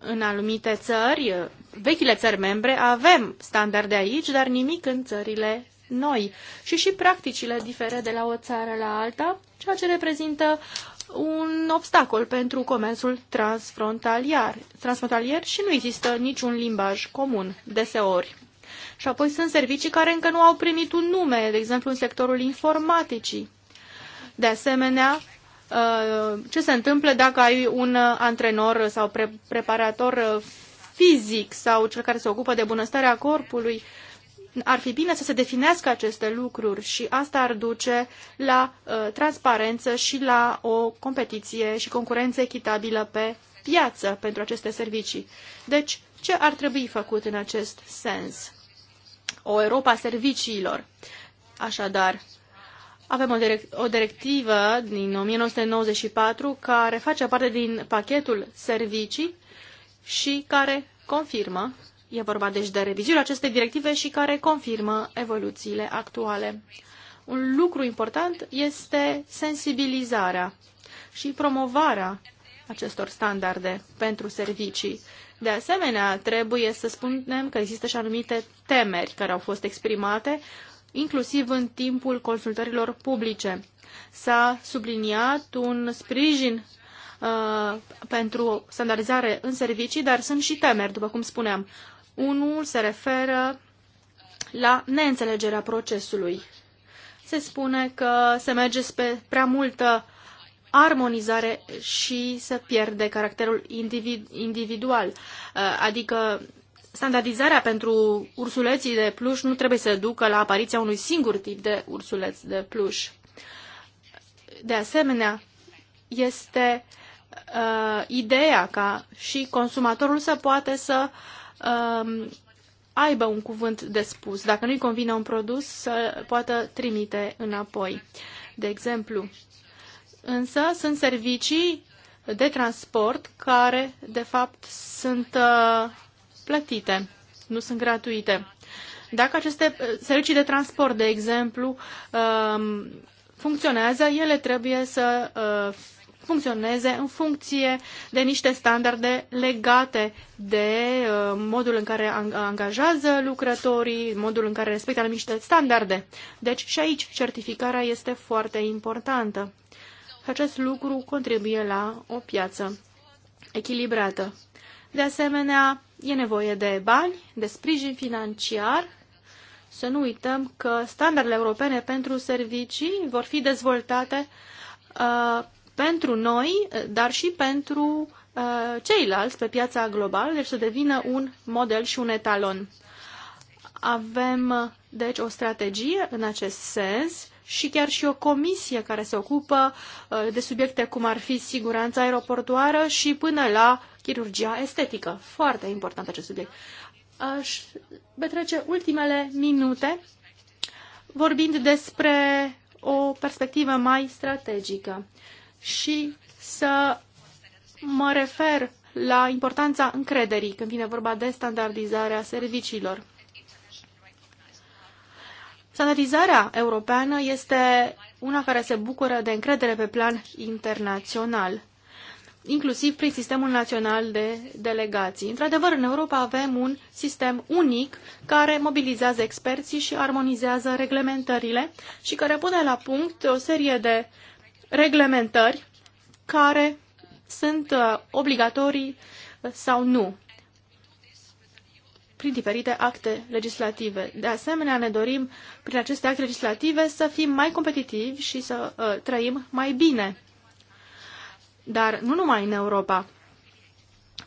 D: în anumite țări, vechile țări membre, avem standarde aici, dar nimic în țările noi. Și și practicile diferă de la o țară la alta, ceea ce reprezintă un obstacol pentru comerțul transfrontalier, transfrontalier și nu există niciun limbaj comun deseori. Și apoi sunt servicii care încă nu au primit un nume, de exemplu în sectorul informaticii. De asemenea, Uh, ce se întâmplă dacă ai un antrenor sau pre preparator uh, fizic sau cel care se ocupă de bunăstarea corpului. Ar fi bine să se definească aceste lucruri și asta ar duce la uh, transparență și la o competiție și concurență echitabilă pe piață pentru aceste servicii. Deci, ce ar trebui făcut în acest sens? O Europa serviciilor. Așadar, avem o, direct, o directivă din 1994 care face parte din pachetul servicii și care confirmă, e vorba deci de revizuirea acestei directive și care confirmă evoluțiile actuale. Un lucru important este sensibilizarea și promovarea acestor standarde pentru servicii. De asemenea, trebuie să spunem că există și anumite temeri care au fost exprimate inclusiv în timpul consultărilor publice. S-a subliniat un sprijin uh, pentru standardizare în servicii, dar sunt și temeri, după cum spuneam. Unul se referă la neînțelegerea procesului. Se spune că se merge spre prea multă armonizare și se pierde caracterul individ, individual, uh, adică standardizarea pentru ursuleții de pluș nu trebuie să ducă la apariția unui singur tip de ursuleț de pluș. De asemenea, este uh, ideea ca și consumatorul să poate să uh, aibă un cuvânt de spus. Dacă nu-i convine un produs, să poată trimite înapoi, de exemplu. Însă sunt servicii de transport care, de fapt, sunt uh, plătite, nu sunt gratuite. Dacă aceste uh, servicii de transport, de exemplu, um, funcționează, ele trebuie să uh, funcționeze în funcție de niște standarde legate de uh, modul în care angajează lucrătorii, modul în care respectă niște standarde. Deci și aici certificarea este foarte importantă. Acest lucru contribuie la o piață echilibrată. De asemenea, e nevoie de bani, de sprijin financiar. Să nu uităm că standardele europene pentru servicii vor fi dezvoltate uh, pentru noi, dar și pentru uh, ceilalți pe piața globală, deci să devină un model și un etalon. Avem, uh, deci, o strategie în acest sens și chiar și o comisie care se ocupă uh, de subiecte cum ar fi siguranța aeroportuară și până la chirurgia estetică. Foarte important acest subiect. Aș petrece ultimele minute vorbind despre o perspectivă mai strategică și să mă refer la importanța încrederii când vine vorba de standardizarea serviciilor. Standardizarea europeană este una care se bucură de încredere pe plan internațional, inclusiv prin sistemul național de delegații. Într-adevăr, în Europa avem un sistem unic care mobilizează experții și armonizează reglementările și care pune la punct o serie de reglementări care sunt uh, obligatorii sau nu prin diferite acte legislative. De asemenea, ne dorim prin aceste acte legislative să fim mai competitivi și să uh, trăim mai bine. Dar nu numai în Europa,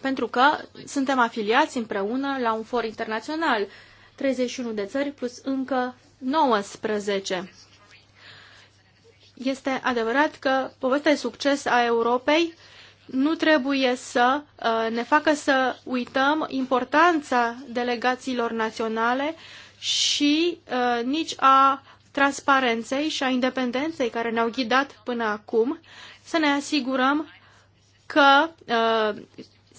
D: pentru că suntem afiliați împreună la un for internațional, 31 de țări plus încă 19. Este adevărat că povestea de succes a Europei uh, nu trebuie să uh, ne facă să uităm importanța delegațiilor naționale și uh, nici a transparenței și a independenței care ne-au ghidat până acum, să ne asigurăm că uh,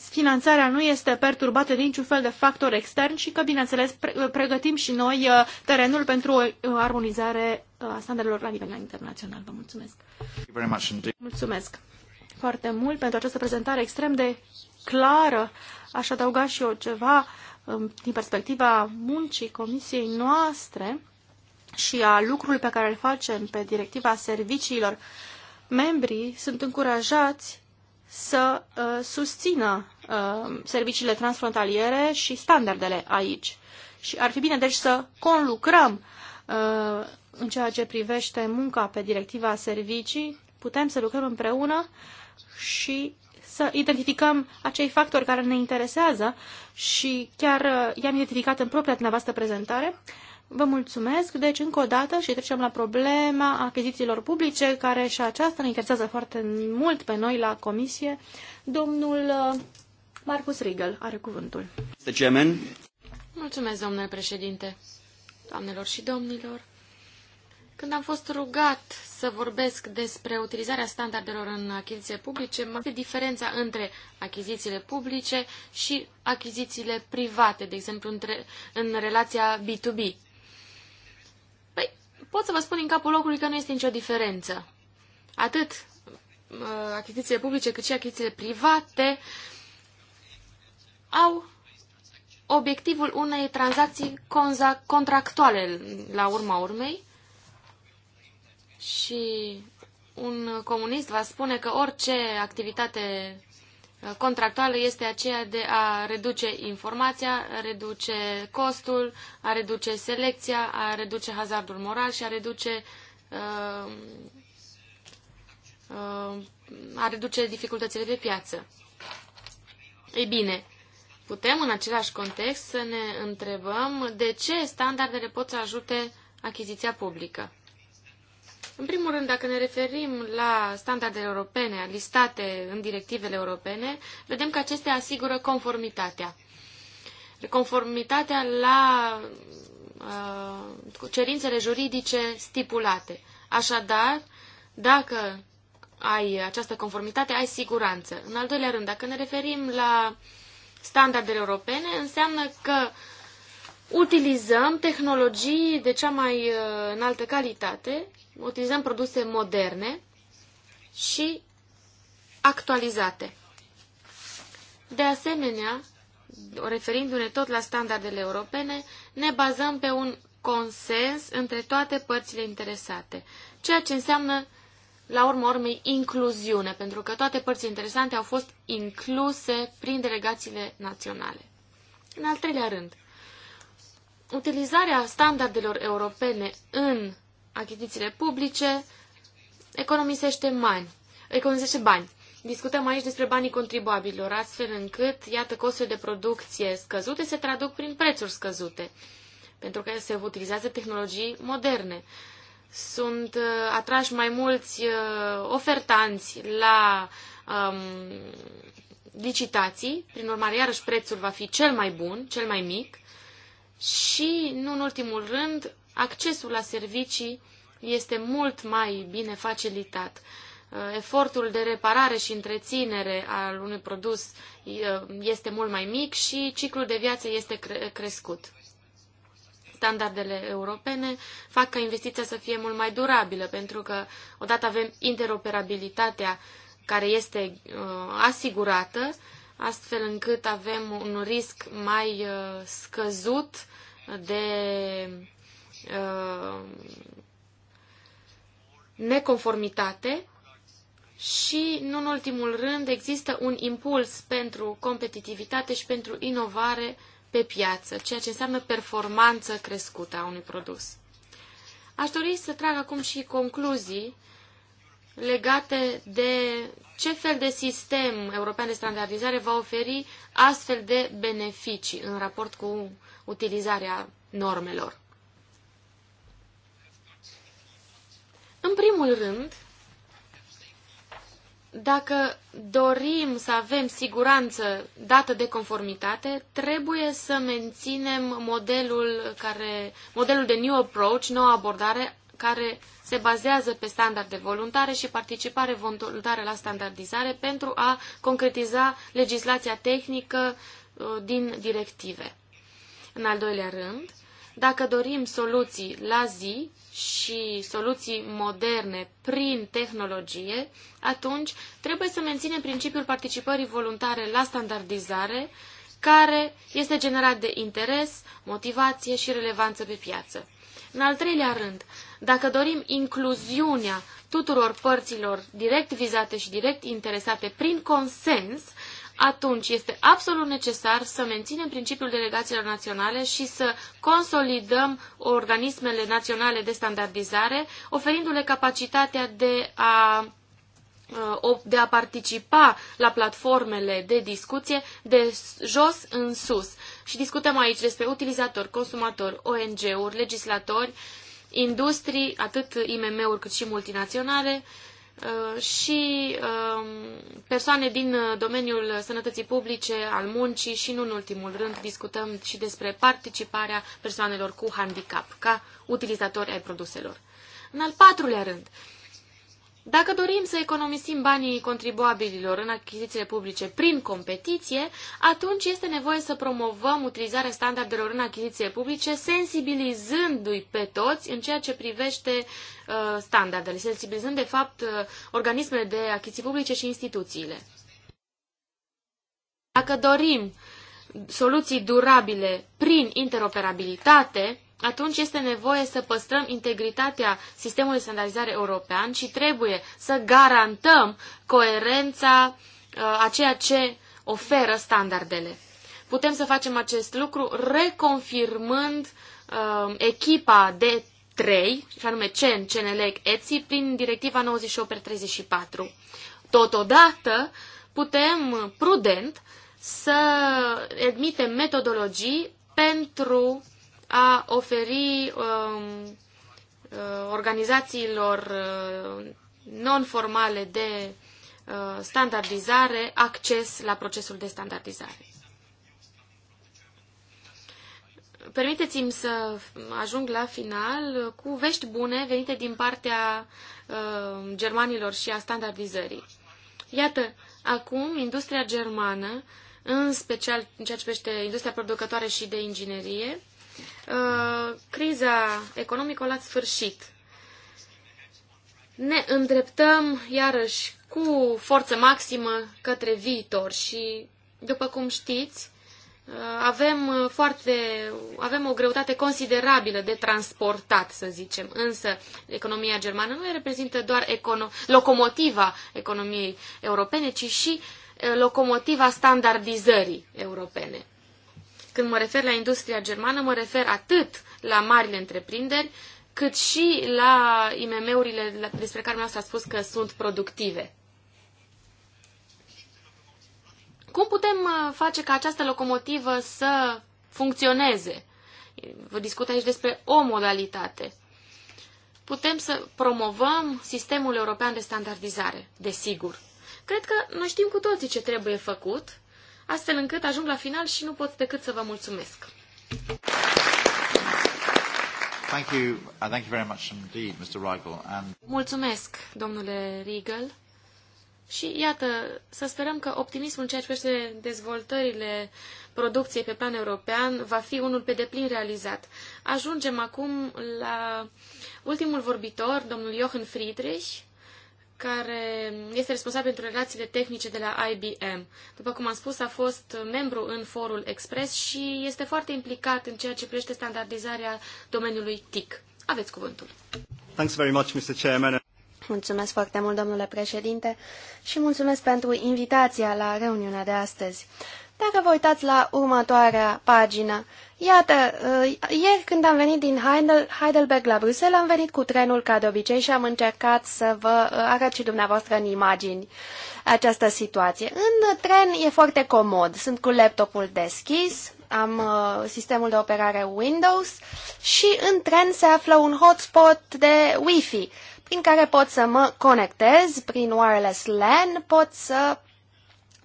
D: finanțarea nu este perturbată de niciun fel de factor extern și că, bineînțeles, pregătim și noi terenul pentru o armonizare a standardelor la nivel internațional. Vă mulțumesc!
A: Mulțumesc!
D: foarte mult pentru această prezentare extrem de clară. Aș adăuga și eu ceva um, din perspectiva muncii comisiei noastre și a lucrului pe care îl facem pe directiva serviciilor. Membrii sunt încurajați să uh, susțină uh, serviciile transfrontaliere și standardele aici. Și ar fi bine, deci, să conlucrăm uh, în ceea ce privește munca pe directiva servicii, putem să lucrăm împreună uh, și să identificăm acei factori care ne interesează și chiar uh, i-am identificat în propria dumneavoastră prezentare. Vă mulțumesc, deci încă o dată și trecem la problema achizițiilor publice, care și aceasta ne interesează foarte mult pe noi la
B: comisie. Domnul uh, Marcus Riegel are cuvântul. Mulțumesc, domnule președinte, doamnelor și domnilor. Când am fost rugat să vorbesc despre utilizarea standardelor în achiziție publice, mă este diferența între achizițiile publice și achizițiile private, de exemplu între, în relația B2B. Păi, pot să vă spun în capul locului că nu este nicio diferență. Atât uh, achizițiile publice cât și achizițiile private au obiectivul unei tranzacții contractuale la urma urmei, și un comunist va spune că orice activitate uh, contractuală este aceea de a reduce informația, a reduce costul, a reduce selecția, a reduce hazardul moral și a reduce uh, uh, a reduce dificultățile pe piață. Ei bine, putem în același context să ne întrebăm de ce standardele pot să ajute achiziția publică. În primul rând, dacă ne referim la standardele europene, listate în directivele europene, vedem că acestea asigură conformitatea. Conformitatea la uh, cerințele juridice stipulate. Așadar, dacă ai această conformitate, ai siguranță. În al doilea rând, dacă ne referim la standardele europene, înseamnă că utilizăm tehnologii de cea mai uh, înaltă calitate utilizăm produse moderne și actualizate. De asemenea, referindu-ne tot la standardele europene, ne bazăm pe un consens între toate părțile interesate, ceea ce înseamnă, la urma urmei, incluziune, pentru că toate părțile interesante au fost incluse prin delegațiile naționale. În al treilea rând, utilizarea standardelor europene în achizițiile publice, economisește bani. Economisește bani. Discutăm aici despre banii contribuabililor, astfel încât, iată, costurile de producție scăzute se traduc prin prețuri scăzute, pentru că se utilizează tehnologii moderne. Sunt uh, atrași mai mulți uh, ofertanți la um, licitații, prin urmare, iarăși prețul va fi cel mai bun, cel mai mic și, nu în ultimul rând, accesul la servicii este mult mai bine facilitat. Uh, efortul de reparare și întreținere al unui produs uh, este mult mai mic și ciclul de viață este crescut. Standardele europene fac ca investiția să fie mult mai durabilă, pentru că odată avem interoperabilitatea care este uh, asigurată, astfel încât avem un risc mai scăzut de Uh, neconformitate și, nu în ultimul rând, există un impuls pentru competitivitate și pentru inovare pe piață, ceea ce înseamnă performanță crescută a unui produs. Aș dori să trag acum și concluzii legate de ce fel de sistem european de standardizare va oferi astfel de beneficii în raport cu utilizarea normelor. În primul rând, dacă dorim să avem siguranță dată de conformitate, trebuie să menținem modelul, care, modelul de New Approach, noua abordare, care se bazează pe standarde voluntare și participare voluntară la standardizare pentru a concretiza legislația tehnică uh, din directive. În al doilea rând, dacă dorim soluții la zi și soluții moderne prin tehnologie, atunci trebuie să menținem principiul participării voluntare la standardizare, care este generat de interes, motivație și relevanță pe piață. În al treilea rând, dacă dorim incluziunea tuturor părților direct vizate și direct interesate prin consens, atunci este absolut necesar să menținem principiul delegațiilor naționale și să consolidăm organismele naționale de standardizare, oferindu-le capacitatea de a uh, de a participa la platformele de discuție de jos în sus. Și discutăm aici despre utilizatori, consumatori, ONG-uri, legislatori, industrii, atât IMM-uri cât și multinaționale, Uh, și um, persoane din uh, domeniul sănătății publice, al muncii și, nu în ultimul rând, discutăm și despre participarea persoanelor cu handicap ca utilizatori ai produselor. În al patrulea rând, dacă dorim să economisim banii contribuabililor în achizițiile publice prin competiție, atunci este nevoie să promovăm utilizarea standardelor în achizițiile publice, sensibilizându-i pe toți în ceea ce privește uh, standardele, sensibilizând de fapt uh, organismele de achiziții publice și instituțiile. Dacă dorim soluții durabile prin interoperabilitate, atunci este nevoie să păstrăm integritatea sistemului de standardizare european și trebuie să garantăm coerența uh, a ceea ce oferă standardele. Putem să facem acest lucru reconfirmând uh, echipa de 3, și anume CEN, CNLEC, ETSI, prin directiva 98-34. Totodată, putem prudent să admitem metodologii pentru a oferi um, uh, organizațiilor uh, non-formale de uh, standardizare acces la procesul de standardizare. Permiteți-mi să ajung la final cu vești bune venite din partea uh, germanilor și a standardizării. Iată, acum industria germană, în special în ceea ce privește industria producătoare și de inginerie, Uh, criza economică la sfârșit. Ne îndreptăm iarăși cu forță maximă către viitor și, după cum știți, uh, avem, uh, foarte, avem o greutate considerabilă de transportat, să zicem. Însă, economia germană nu reprezintă doar econo- locomotiva economiei europene, ci și locomotiva standardizării europene. Când mă refer la industria germană, mă refer atât la marile întreprinderi, cât și la IMM-urile despre care mi-a spus că sunt productive. Cum putem uh, face ca această locomotivă să funcționeze? Vă discut aici despre o modalitate. Putem să promovăm sistemul european de standardizare, desigur. Cred că noi știm cu toții ce trebuie făcut, astfel încât ajung la final și nu pot decât să vă mulțumesc.
A: Thank you. Uh, thank you very much indeed, Mr. Riegel. And...
B: Mulțumesc, domnule Riegel. Și iată, să sperăm că optimismul în ceea ce privește dezvoltările producției pe plan european va fi unul pe deplin realizat. Ajungem acum la ultimul vorbitor, domnul Jochen Friedrich, care este responsabil pentru relațiile tehnice de la IBM. După cum am spus, a fost membru în forul Express și este foarte implicat în ceea ce privește standardizarea domeniului TIC. Aveți cuvântul.
A: Thanks very much, Mr. Chairman.
C: Mulțumesc foarte mult, domnule președinte, și mulțumesc pentru invitația la reuniunea de astăzi. Dacă vă uitați la următoarea pagină, Iată, uh, ieri când am venit din Heidelberg la Bruxelles, am venit cu trenul ca de obicei și am încercat să vă uh, arăt și dumneavoastră în imagini această situație. În tren e foarte comod, sunt cu laptopul deschis, am uh, sistemul de operare Windows și în tren se află un hotspot de Wi-Fi prin care pot să mă conectez prin wireless LAN, pot să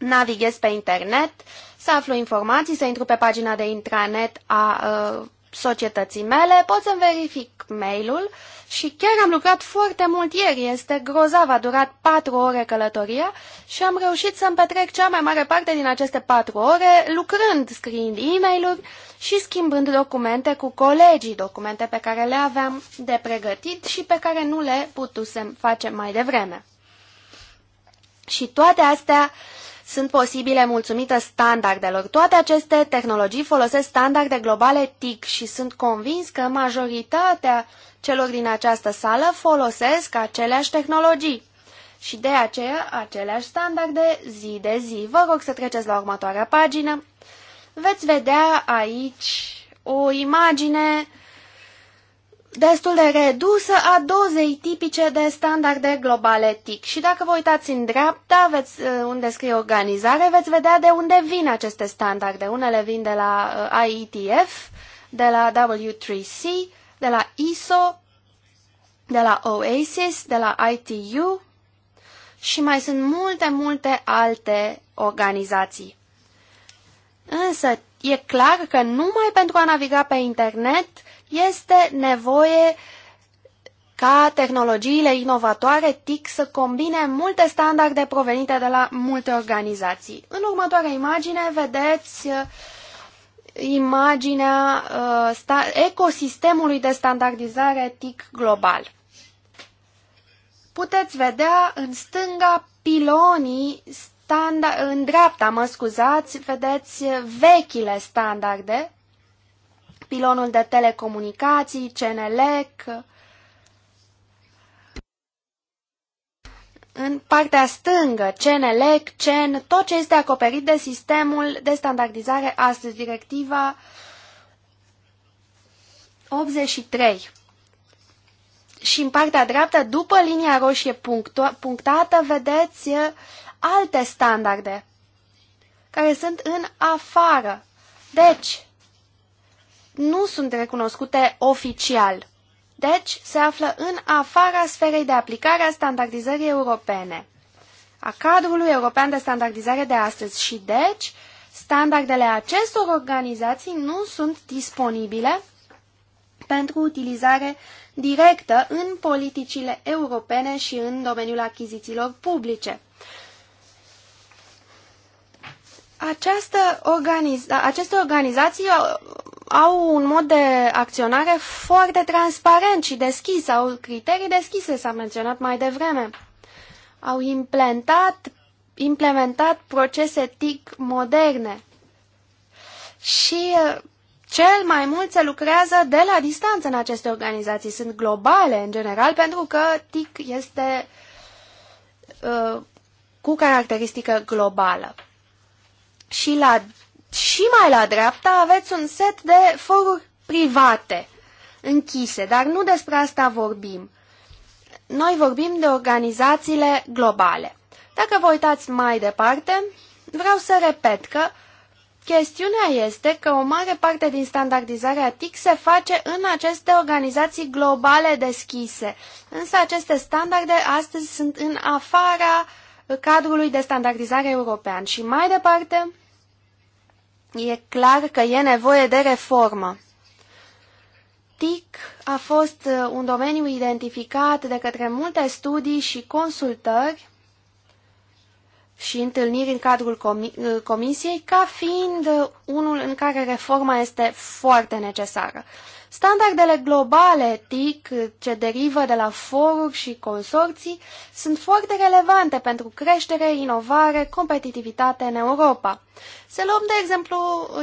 C: navighez pe internet, să aflu informații, să intru pe pagina de intranet a uh, societății mele, pot să verific mail-ul și chiar am lucrat foarte mult ieri, este grozav, a durat patru ore călătoria și am reușit să-mi petrec cea mai mare parte din aceste patru ore lucrând, scriind e mail și schimbând documente cu colegii, documente pe care le aveam de pregătit și pe care nu le putusem face mai devreme. Și toate astea uh, sunt posibile mulțumită standardelor. Toate aceste tehnologii folosesc standarde globale TIC și sunt convins că majoritatea celor din această sală folosesc aceleași tehnologii și de aceea aceleași standarde zi de zi. Vă rog să treceți la următoarea pagină. Veți vedea aici o imagine destul de redusă a dozei tipice de standarde globale TIC. Și dacă vă uitați în dreapta, veți, uh, unde scrie organizare, veți vedea de unde vin aceste standarde. Unele vin de la uh, IETF, de la W3C, de la ISO, de la OASIS, de la ITU și mai sunt multe, multe alte organizații. Însă, e clar că numai pentru a naviga pe internet – este nevoie ca tehnologiile inovatoare TIC să combine multe standarde provenite de la multe organizații. În următoarea imagine vedeți uh, imaginea uh, ecosistemului de standardizare TIC global. Puteți vedea în stânga pilonii standa- în dreapta, mă scuzați, vedeți vechile standarde pilonul de telecomunicații, CNLEC. În partea stângă, CNLEC, CEN, tot ce este acoperit de sistemul de standardizare astăzi, directiva 83. Și în partea dreaptă, după linia roșie punctată, vedeți alte standarde care sunt în afară. Deci, nu sunt recunoscute oficial. Deci, se află în afara sferei de aplicare a standardizării europene, a cadrului european de standardizare de astăzi și, deci, standardele acestor organizații nu sunt disponibile pentru utilizare directă în politicile europene și în domeniul achizițiilor publice. Această organiza aceste organizații au un mod de acționare foarte transparent și deschis, au criterii deschise, s-a menționat mai devreme. Au implementat, implementat procese TIC moderne. Și uh, cel mai mult se lucrează de la distanță în aceste organizații. Sunt globale, în general, pentru că TIC este uh, cu caracteristică globală. Și, la, și mai la dreapta aveți un set de foruri private, închise, dar nu despre asta vorbim. Noi vorbim de organizațiile globale. Dacă vă uitați mai departe, vreau să repet că chestiunea este că o mare parte din standardizarea TIC se face în aceste organizații globale deschise, însă aceste standarde astăzi sunt în afara uh, cadrului de standardizare european. Și mai departe, e clar că e nevoie de reformă. TIC a fost uh, un domeniu identificat de către multe studii și consultări și întâlniri în cadrul uh, comisiei ca fiind uh, unul în care reforma este foarte necesară. Standardele globale TIC, ce derivă de la foruri și consorții, sunt foarte relevante pentru creștere, inovare, competitivitate în Europa. Să luăm, de exemplu,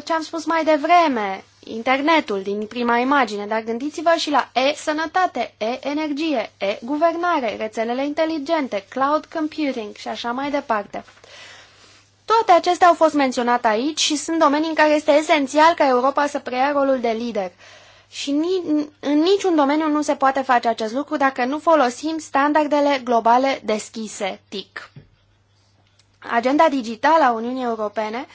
C: ce am spus mai devreme, internetul din prima imagine, dar gândiți-vă și la e-sănătate, e-energie, e-guvernare, rețelele inteligente, cloud computing și așa mai departe. Toate acestea au fost menționate aici și sunt domenii în care este esențial ca Europa să preia rolul de lider. Și ni, în niciun domeniu nu se poate face acest lucru dacă nu folosim standardele globale deschise, TIC. Agenda digitală a Uniunii Europene,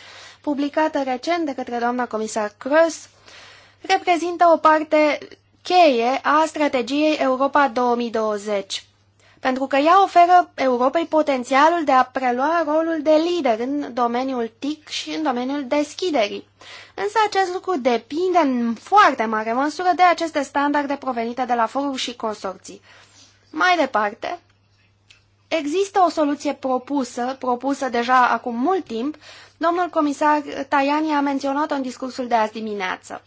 C: publicată recent de către doamna comisar Crăs, reprezintă o parte cheie a strategiei Europa 2020 pentru că ea oferă Europei potențialul de a prelua rolul de lider în domeniul TIC și în domeniul deschiderii. Însă acest lucru depinde în foarte mare măsură de aceste standarde provenite de la foruri și consorții. Mai departe, există o soluție propusă, propusă deja acum mult timp, domnul comisar Tajani a menționat-o în discursul de azi dimineață.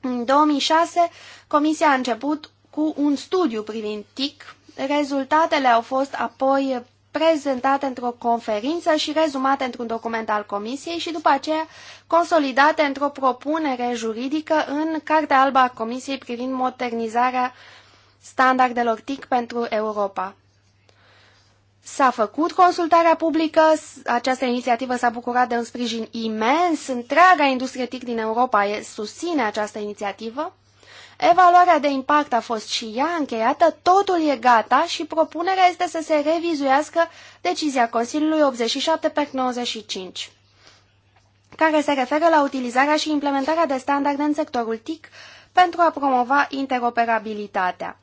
C: În 2006, Comisia a început cu un studiu privind TIC, Rezultatele au fost apoi prezentate într-o conferință și rezumate într-un document al Comisiei și după aceea consolidate într-o propunere juridică în Cartea Albă a Comisiei privind modernizarea standardelor TIC pentru Europa. S-a făcut consultarea publică, această inițiativă s-a bucurat de un sprijin imens, întreaga industrie TIC din Europa susține această inițiativă Evaluarea de impact a fost și ea încheiată, totul e gata și propunerea este să se revizuiască decizia Consiliului 87 pe 95 care se referă la utilizarea și implementarea de standarde în sectorul TIC pentru a promova interoperabilitatea.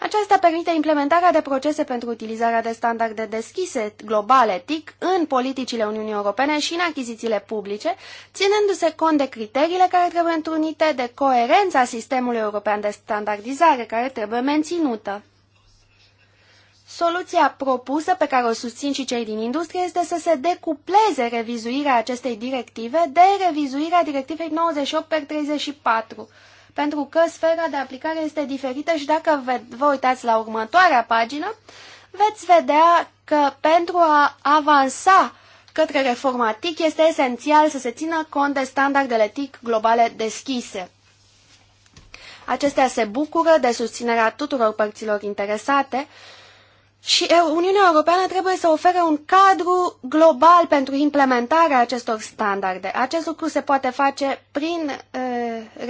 C: Aceasta permite implementarea de procese pentru utilizarea de standarde deschise globale TIC în politicile Uniunii Europene și în achizițiile publice, ținându-se cont de criteriile care trebuie întrunite de coerența sistemului european de standardizare care trebuie menținută. Soluția propusă pe care o susțin și cei din industrie este să se decupleze revizuirea acestei directive de revizuirea directivei 98 34 pentru că sfera de aplicare este diferită și dacă vă uitați la următoarea pagină, veți vedea că pentru a avansa către reforma TIC este esențial să se țină cont de standardele TIC globale deschise. Acestea se bucură de susținerea tuturor părților interesate și Uniunea Europeană trebuie să ofere un cadru global pentru implementarea acestor standarde. Acest lucru se poate face prin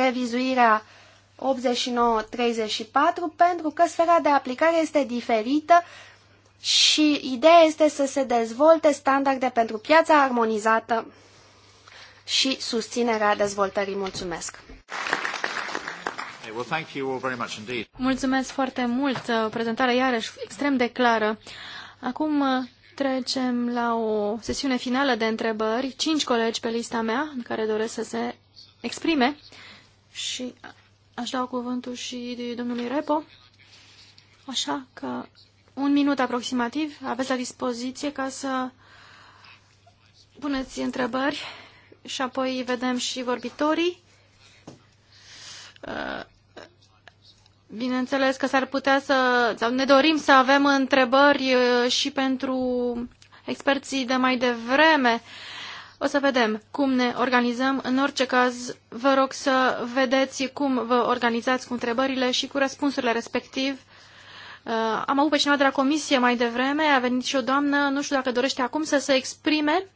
C: revizuirea 89-34 pentru că sfera de aplicare este diferită și ideea este să se dezvolte standarde pentru piața armonizată și susținerea dezvoltării. Mulțumesc! Mulțumesc foarte mult!
D: Prezentarea iarăși extrem de clară. Acum uh, trecem la o sesiune finală de întrebări. Cinci colegi pe lista mea care doresc să se exprime și aș da cuvântul și domnului Repo, așa că un minut aproximativ aveți la dispoziție ca să puneți întrebări și apoi vedem și vorbitorii. Uh, bineînțeles că s-ar putea să, sau ne dorim să avem întrebări uh, și pentru experții de mai devreme, o să vedem cum ne organizăm. În orice caz, vă rog să vedeți cum vă organizați cu întrebările și cu răspunsurile respectiv. Uh, am avut pe cineva de la comisie mai devreme, a venit și o doamnă, nu știu dacă dorește acum să se exprime.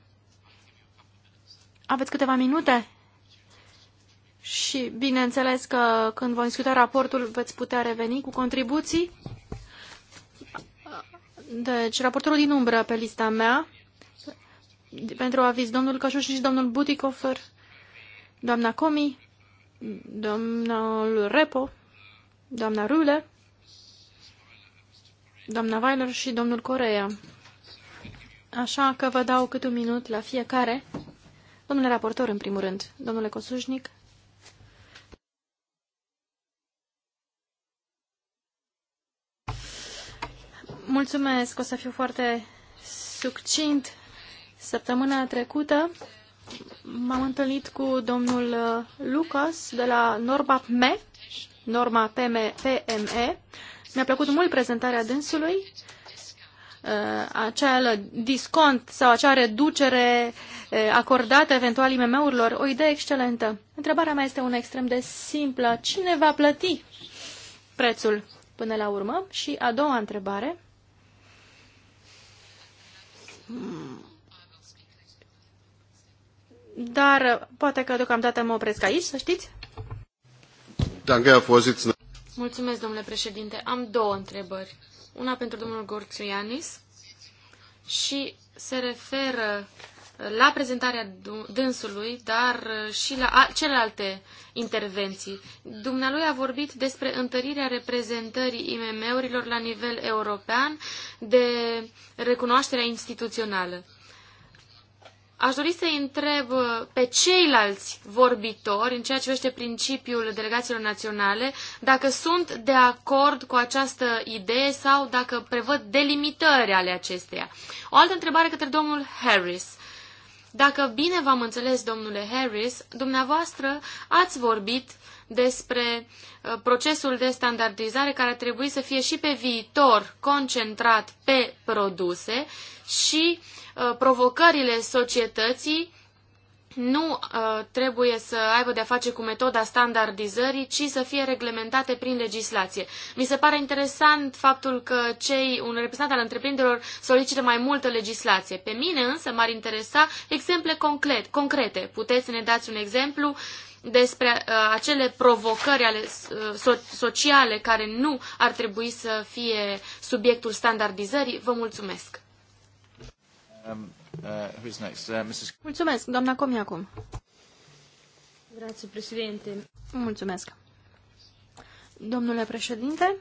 D: Aveți câteva minute? Și bineînțeles că când vom discuta raportul veți putea reveni cu contribuții. Deci, raportorul din umbră pe lista mea pentru aviz domnul Cașuș și domnul Buticofer, doamna Comi, domnul Repo, doamna Rule, doamna Weiler și domnul Corea. Așa că vă dau câte un minut la fiecare. Domnule raportor, în primul rând, domnule Cosușnic. Mulțumesc, o să fiu foarte succint. Săptămâna trecută m-am întâlnit cu domnul uh, Lucas de la Norma PME, Norma PME. PME. Mi-a plăcut mult prezentarea dânsului, uh, acel discont sau acea reducere uh, acordată eventual IMM-urilor, o idee excelentă. Întrebarea mea este una extrem de simplă. Cine va plăti prețul până la urmă? Și a doua întrebare
A: hmm.
D: Dar uh, poate că deocamdată mă opresc aici, să știți.
B: Mulțumesc, domnule președinte. Am două întrebări. Una pentru domnul Gorțuianis și se referă la prezentarea dânsului, dar uh, și la celelalte intervenții. Dumnealui a vorbit despre întărirea reprezentării IMM-urilor la nivel european de recunoașterea instituțională. Aș dori să întreb uh, pe ceilalți vorbitori, în ceea ce vește principiul delegațiilor naționale, dacă sunt de acord cu această idee sau dacă prevăd delimitări ale acesteia. O altă întrebare către domnul Harris. Dacă bine v-am înțeles, domnule Harris, dumneavoastră ați vorbit despre uh, procesul de standardizare care trebuie să fie și pe viitor concentrat pe produse și uh, Uh, provocările societății nu uh, trebuie să aibă de-a face cu metoda standardizării, ci să fie reglementate prin legislație. Mi se pare interesant faptul că cei, un reprezentant al întreprinderilor solicită mai multă legislație. Pe mine însă m-ar interesa exemple concret, concrete. Puteți să ne dați un exemplu despre uh, acele provocări ale, uh, so- sociale care nu ar trebui să fie subiectul standardizării. Vă mulțumesc!
A: Um, uh, uh,
D: Mulțumesc, doamna Comi acum.
B: președinte.
D: Mulțumesc. Domnule președinte,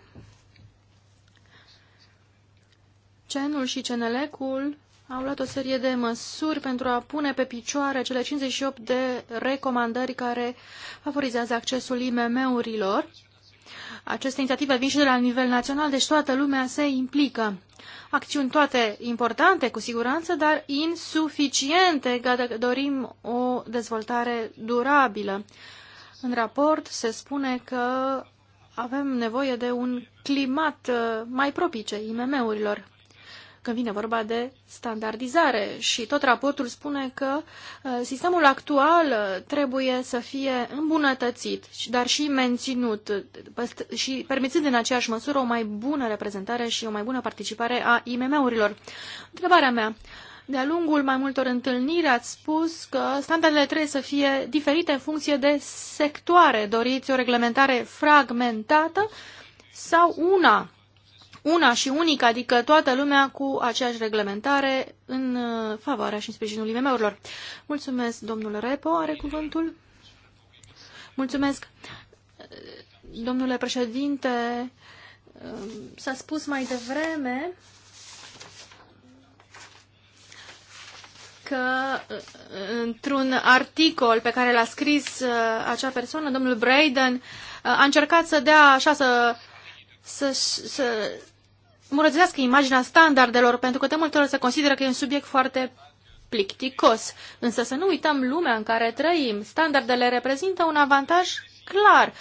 D: Cenul și cenelecul au luat o serie de măsuri pentru a pune pe picioare cele 58 de recomandări care favorizează accesul IMM-urilor aceste inițiative vin și de la nivel național, deci toată lumea se implică. Acțiuni toate importante, cu siguranță, dar insuficiente că dorim o dezvoltare durabilă. În raport se spune că avem nevoie de un climat uh, mai propice IMM-urilor când vine vorba de standardizare și tot raportul spune că uh, sistemul actual uh, trebuie să fie îmbunătățit, dar și menținut și permițând în aceeași măsură o mai bună reprezentare și o mai bună participare a IMM-urilor. Întrebarea mea, de-a lungul mai multor întâlniri ați spus că standardele trebuie să fie diferite în funcție de sectoare. Doriți o reglementare fragmentată sau una una și unică, adică toată lumea cu aceeași reglementare în uh, favoarea și în sprijinul IMM-urilor. Mulțumesc, domnul Repo, are cuvântul. Mulțumesc, domnule președinte. Uh, s-a spus mai devreme că uh, într-un articol pe care l-a scris acea persoană, domnul Braden, a încercat să dea așa, să, să, să îmbunătățească imaginea standardelor, pentru că de multe ori se consideră că e un subiect foarte plicticos. Însă să nu uităm lumea în care trăim. Standardele reprezintă un avantaj clar,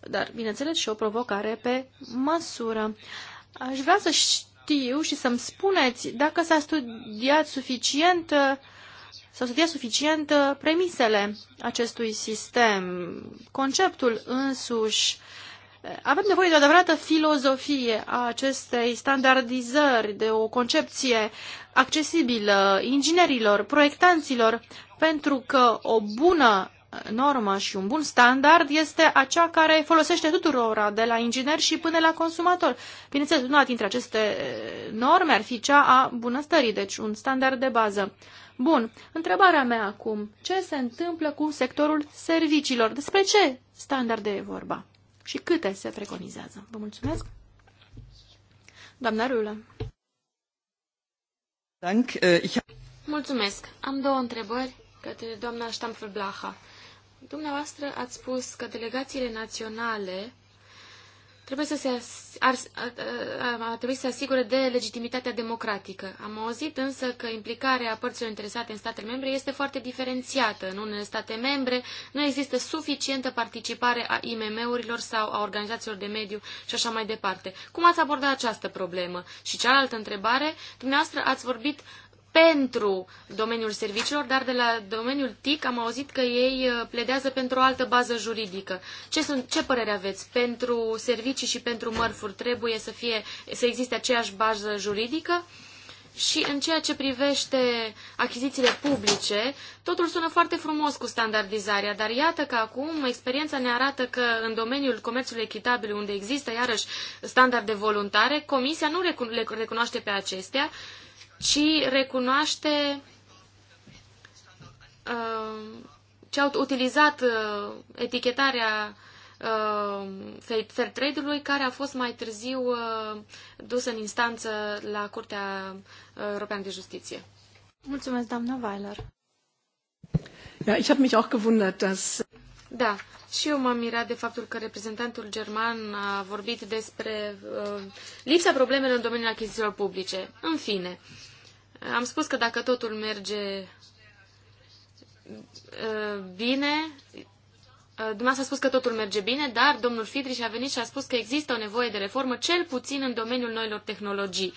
D: dar, bineînțeles, și o provocare pe măsură. Aș vrea să știu și să-mi spuneți dacă s-a studiat suficient s-au studiat suficient premisele acestui sistem, conceptul însuși uh, avem nevoie de o adevărată filozofie a acestei standardizări, de o concepție accesibilă inginerilor, proiectanților, pentru că o bună normă și un bun standard este acea care folosește tuturora, de la inginer și până la consumator. Bineînțeles, una dintre aceste norme ar fi cea a bunăstării, deci un standard de bază. Bun, întrebarea mea acum, ce se întâmplă cu sectorul serviciilor? Despre ce standarde e vorba? și câte se preconizează. Vă mulțumesc.
B: Doamna Rulă.
A: Äh,
B: mulțumesc. Am două întrebări către doamna Stamfel Blaha. Dumneavoastră ați spus că delegațiile naționale trebuie să se ar, a, trebui să se asigure de legitimitatea democratică. Am auzit însă că implicarea părților interesate în statele membre este foarte diferențiată. În unele state membre nu există suficientă participare a IMM-urilor sau a organizațiilor de mediu și așa mai departe. Cum ați abordat această problemă? Și cealaltă întrebare, dumneavoastră ați vorbit pentru domeniul serviciilor, dar de la domeniul TIC am auzit că ei uh, pledează pentru o altă bază juridică. Ce, sunt, ce părere aveți? Pentru servicii și pentru mărfuri trebuie să, fie, să existe aceeași bază juridică? Și în ceea ce privește achizițiile publice, totul sună foarte frumos cu standardizarea, dar iată că acum experiența ne arată că în domeniul comerțului echitabil, unde există iarăși standarde voluntare, Comisia nu le recunoaște pe acestea și recunoaște uh, ce au utilizat uh, etichetarea uh, fair trade-ului, care a fost mai târziu uh, dus în instanță la Curtea uh, Europeană de Justiție. Mulțumesc, doamna Weiler.
D: Ja, ich habe mich auch gewundert, dass
B: da, și eu m-am mirat de faptul că reprezentantul german a vorbit despre uh, lipsa problemelor în domeniul achizițiilor publice. În fine, uh, am spus că dacă totul merge uh, bine, uh, dumneavoastră a spus că totul merge bine, dar domnul Fidriș a venit și a spus că există o nevoie de reformă, cel puțin în domeniul noilor tehnologii.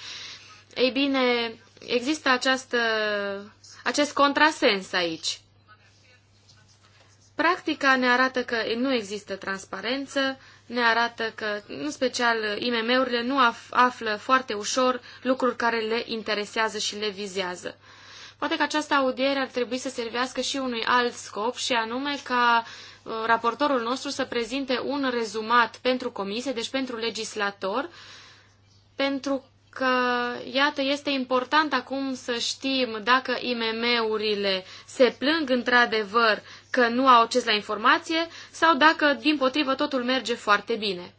B: Ei bine, există această, acest contrasens aici. Practica ne arată că nu există transparență, ne arată că, în special, IMM-urile nu află foarte ușor lucruri care le interesează și le vizează. Poate că această audiere ar trebui să servească și unui alt scop, și anume ca uh, raportorul nostru să prezinte un rezumat pentru comisie, deci pentru legislator, pentru că, iată, este important acum să știm dacă IMM-urile se plâng într-adevăr că nu au acces la informație sau dacă, din potrivă, totul merge foarte bine.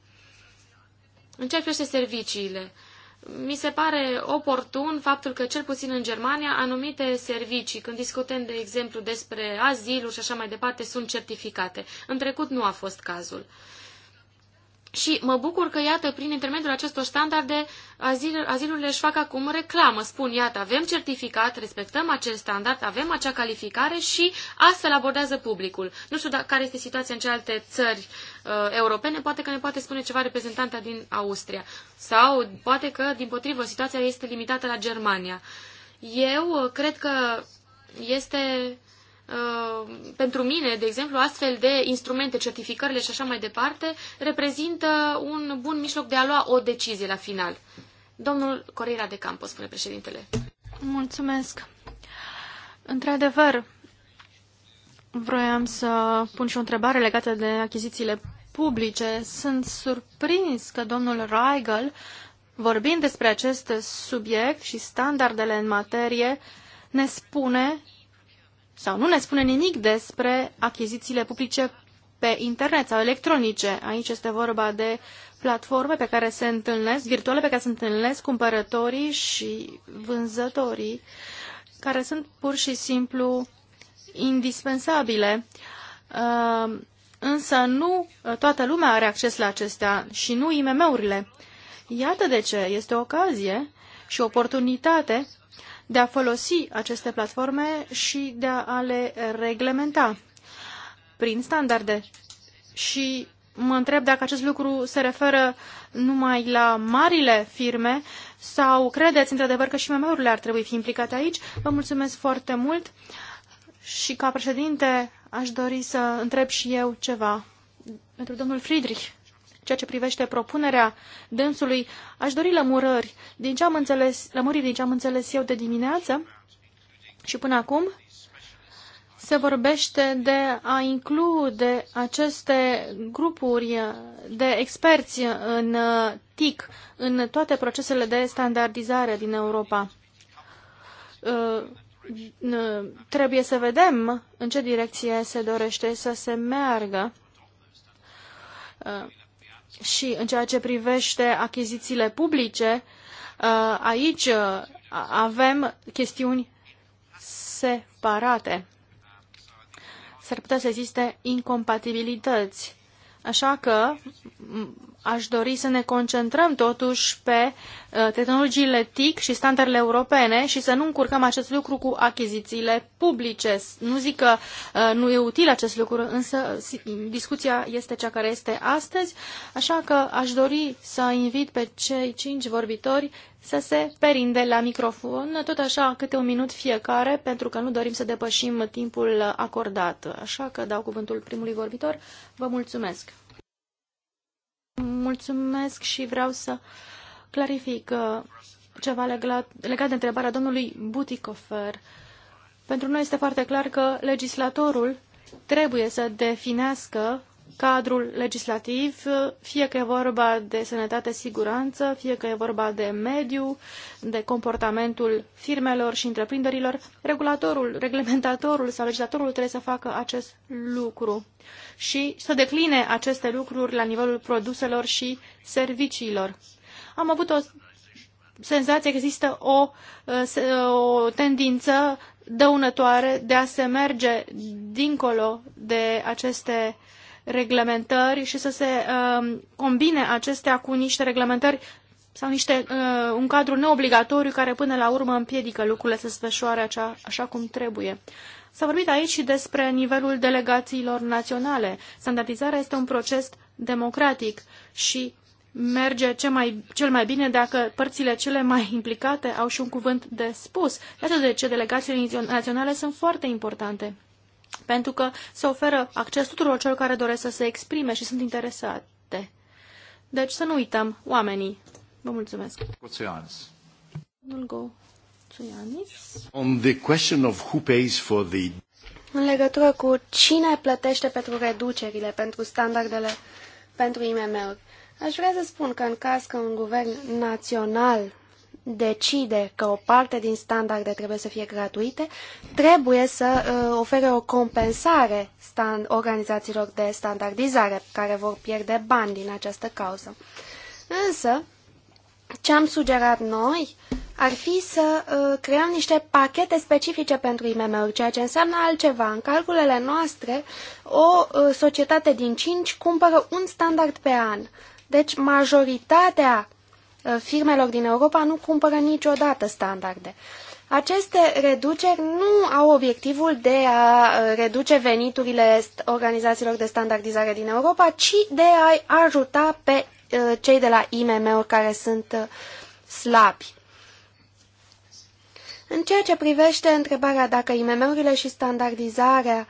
B: În ce privește serviciile, mi se pare oportun faptul că, cel puțin în Germania, anumite servicii, când discutăm, de exemplu, despre aziluri și așa mai departe, sunt certificate. În trecut nu a fost cazul. Uh, și mă bucur că, iată, prin intermediul acestor standarde, azil, azilurile își fac acum reclamă. Spun, iată, avem certificat, respectăm acel standard, avem acea calificare și astfel abordează publicul. Nu știu da, care este situația în celelalte țări uh, europene, poate că ne poate spune ceva reprezentanta din Austria. Sau poate că, din potrivă, situația este limitată la Germania. Eu uh, cred că este Uh, pentru mine, de exemplu, astfel de instrumente, certificările și așa mai departe, reprezintă un bun mijloc de a lua o decizie la final. Domnul Correira de Campos, spune președintele.
D: Mulțumesc. Într-adevăr, vroiam să pun și o întrebare legată de achizițiile publice. Sunt surprins că domnul Reigel, vorbind despre acest subiect și standardele în materie, ne spune sau nu ne spune nimic despre achizițiile publice pe internet sau electronice. Aici este vorba de platforme pe care se întâlnesc, virtuale pe care se întâlnesc cumpărătorii și vânzătorii, care sunt pur și simplu indispensabile. Uh, însă nu toată lumea are acces la acestea și nu IMM-urile. Iată de ce este o ocazie și oportunitate de a folosi aceste platforme și de a le reglementa prin standarde. Și mă întreb dacă acest lucru se referă numai la marile firme sau credeți într-adevăr că și MM-urile ar trebui fi implicate aici. Vă mulțumesc foarte mult și ca președinte aș dori să întreb și eu ceva pentru domnul Friedrich ceea ce privește propunerea dânsului, aș dori lămurări. Din ce am înțeles, lămuriri din ce am înțeles eu de dimineață și până acum, se vorbește de a include aceste grupuri de experți în TIC, în toate procesele de standardizare din Europa. Uh, trebuie să vedem în ce direcție se dorește să se meargă uh, și în ceea ce privește achizițiile publice, uh, aici uh, avem chestiuni separate. S-ar putea să existe incompatibilități Așa că aș dori să ne concentrăm totuși pe uh, tehnologiile TIC și standardele europene și să nu încurcăm acest lucru cu achizițiile publice. Nu zic că uh, nu e util acest lucru, însă discuția este cea care este astăzi, așa că aș dori să invit pe cei cinci vorbitori să se perinde la microfon, tot așa câte un minut fiecare, pentru că nu dorim să depășim timpul acordat. Așa că dau cuvântul primului vorbitor. Vă mulțumesc! Mulțumesc și vreau să clarific uh, ceva legat, legat de întrebarea domnului Butikofer. Pentru noi este foarte clar că legislatorul trebuie să definească cadrul legislativ, fie că e vorba de sănătate, siguranță, fie că e vorba de mediu, de comportamentul firmelor și întreprinderilor, regulatorul, reglementatorul sau legislatorul trebuie să facă acest lucru și să decline aceste lucruri la nivelul produselor și serviciilor. Am avut o senzație că există o, o tendință dăunătoare de a se merge dincolo de aceste uh, reglementări și să se uh, combine acestea cu niște reglementări sau niște, uh, un cadru neobligatoriu care până la urmă împiedică lucrurile să se desfășoare așa, așa cum trebuie. S-a vorbit aici și despre nivelul delegațiilor naționale. Standardizarea este un proces democratic și merge ce mai, cel mai bine dacă părțile cele mai implicate au și un cuvânt de spus. Iată de ce delegațiile naționale sunt foarte importante pentru că se oferă acces tuturor celor care doresc să se exprime și sunt interesate. Deci să nu uităm oamenii. Vă mulțumesc.
A: On the question of who pays for the...
C: În legătură cu cine plătește pentru reducerile, pentru standardele pentru IMM-uri, aș vrea să spun că în caz că un guvern național decide că o parte din standarde trebuie să fie gratuite, trebuie să uh, ofere o compensare stand organizațiilor de standardizare care vor pierde bani din această cauză. Însă, ce am sugerat noi ar fi să uh, creăm niște pachete specifice pentru IMM-uri, ceea ce înseamnă altceva. În calculele noastre, o uh, societate din 5 cumpără un standard pe an. Deci majoritatea firmelor din Europa nu cumpără niciodată standarde. Aceste reduceri nu au obiectivul de a reduce veniturile organizațiilor de standardizare din Europa, ci de a ajuta pe cei de la IMM-uri care sunt slabi. În ceea ce privește întrebarea dacă IMM-urile și standardizarea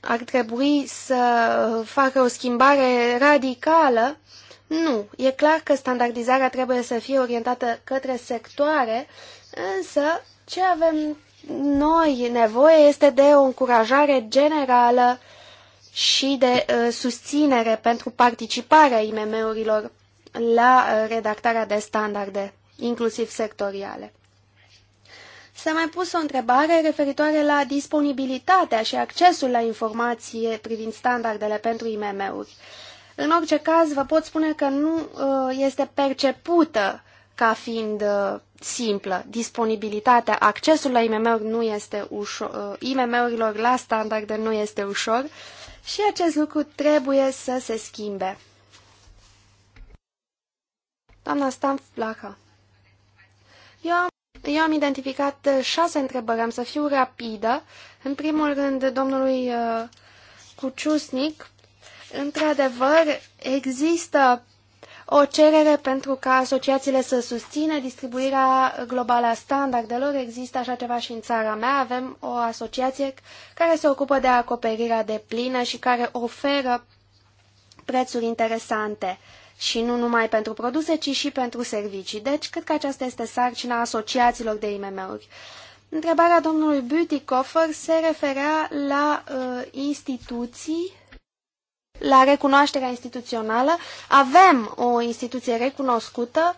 C: ar trebui să facă o schimbare radicală, nu, e clar că standardizarea trebuie să fie orientată către sectoare, însă ce avem noi nevoie este de o încurajare generală și de uh, susținere pentru participarea IMM-urilor la uh, redactarea de standarde, inclusiv sectoriale. S-a mai pus o întrebare referitoare la disponibilitatea și accesul la informație privind standardele pentru IMM-uri. Uh, în orice caz, vă pot spune că nu uh, este percepută ca fiind uh, simplă. Disponibilitatea, accesul la IMM-uri nu este ușor, uh, IMM-urilor la standarde nu este ușor și acest lucru trebuie să se schimbe. Doamna Stamp Blaha. Eu am, eu am identificat șase întrebări, am să fiu rapidă. În primul rând, domnului uh, Cuciusnic, Într-adevăr, există o cerere pentru ca asociațiile să susțină distribuirea globală a standardelor. Există așa ceva și în țara mea. Avem o asociație care se ocupă de acoperirea de plină și care oferă prețuri interesante și nu numai pentru produse, ci și pentru servicii. Deci, cred că aceasta este sarcina asociațiilor de IMM-uri. Întrebarea domnului Butikofer se referea la uh, instituții la recunoașterea instituțională. Avem o instituție recunoscută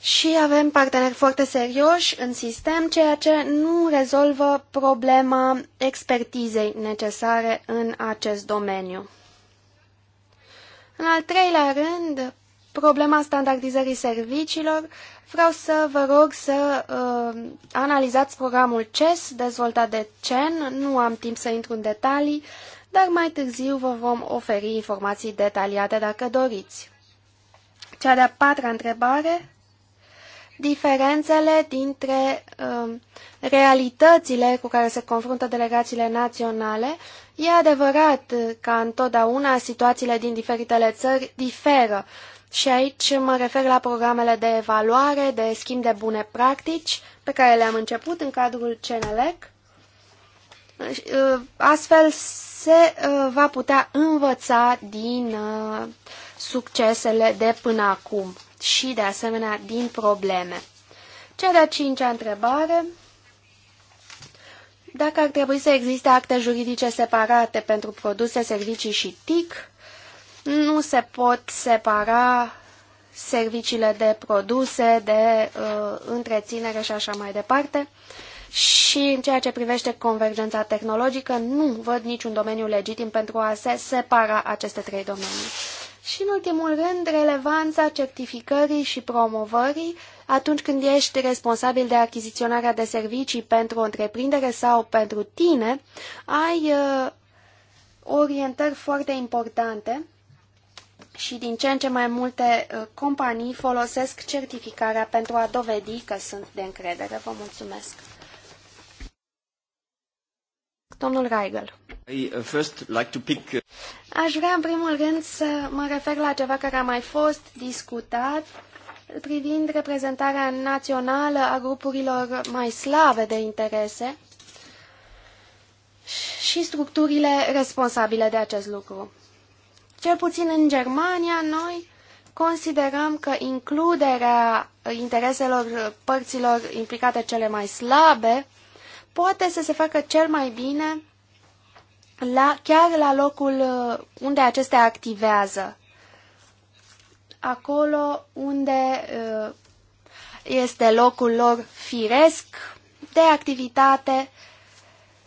C: și avem parteneri foarte serioși în sistem, ceea ce nu rezolvă problema expertizei necesare în acest domeniu. În al treilea rând, problema standardizării serviciilor, vreau să vă rog să uh, analizați programul CES dezvoltat de CEN, nu am timp să intru în detalii, dar mai târziu vă vom oferi informații detaliate dacă doriți. Cea de-a patra întrebare, diferențele dintre uh, realitățile cu care se confruntă delegațiile naționale. E adevărat că întotdeauna situațiile din diferitele țări diferă și aici mă refer la programele de evaluare, de schimb de bune practici pe care le-am început în cadrul CNLEC. Uh, astfel se uh, va putea învăța din uh, succesele de până acum și, de asemenea, din probleme. Cea de-a cincea întrebare, dacă ar trebui să existe acte juridice separate pentru produse, servicii și TIC, nu se pot separa serviciile de produse, de uh, întreținere și așa mai departe. Uh, și în ceea ce privește convergența tehnologică, nu văd niciun domeniu legitim pentru a se separa aceste trei domenii. Și în ultimul rând, relevanța certificării și promovării atunci când ești responsabil de achiziționarea de servicii pentru o întreprindere sau pentru tine, ai uh, orientări foarte importante și din ce în ce mai multe uh, companii folosesc certificarea pentru a dovedi că sunt de încredere. Vă mulțumesc! Domnul Reigel.
A: Uh, uh,
C: Aș vrea în primul rând să mă refer la ceva care a mai fost discutat privind reprezentarea națională a grupurilor mai slave de interese și structurile responsabile de acest lucru. Cel puțin în Germania, noi considerăm că includerea intereselor părților implicate cele mai slabe poate să se facă cel mai bine la, chiar la locul uh, unde acestea activează. Acolo unde uh, este locul lor firesc de activitate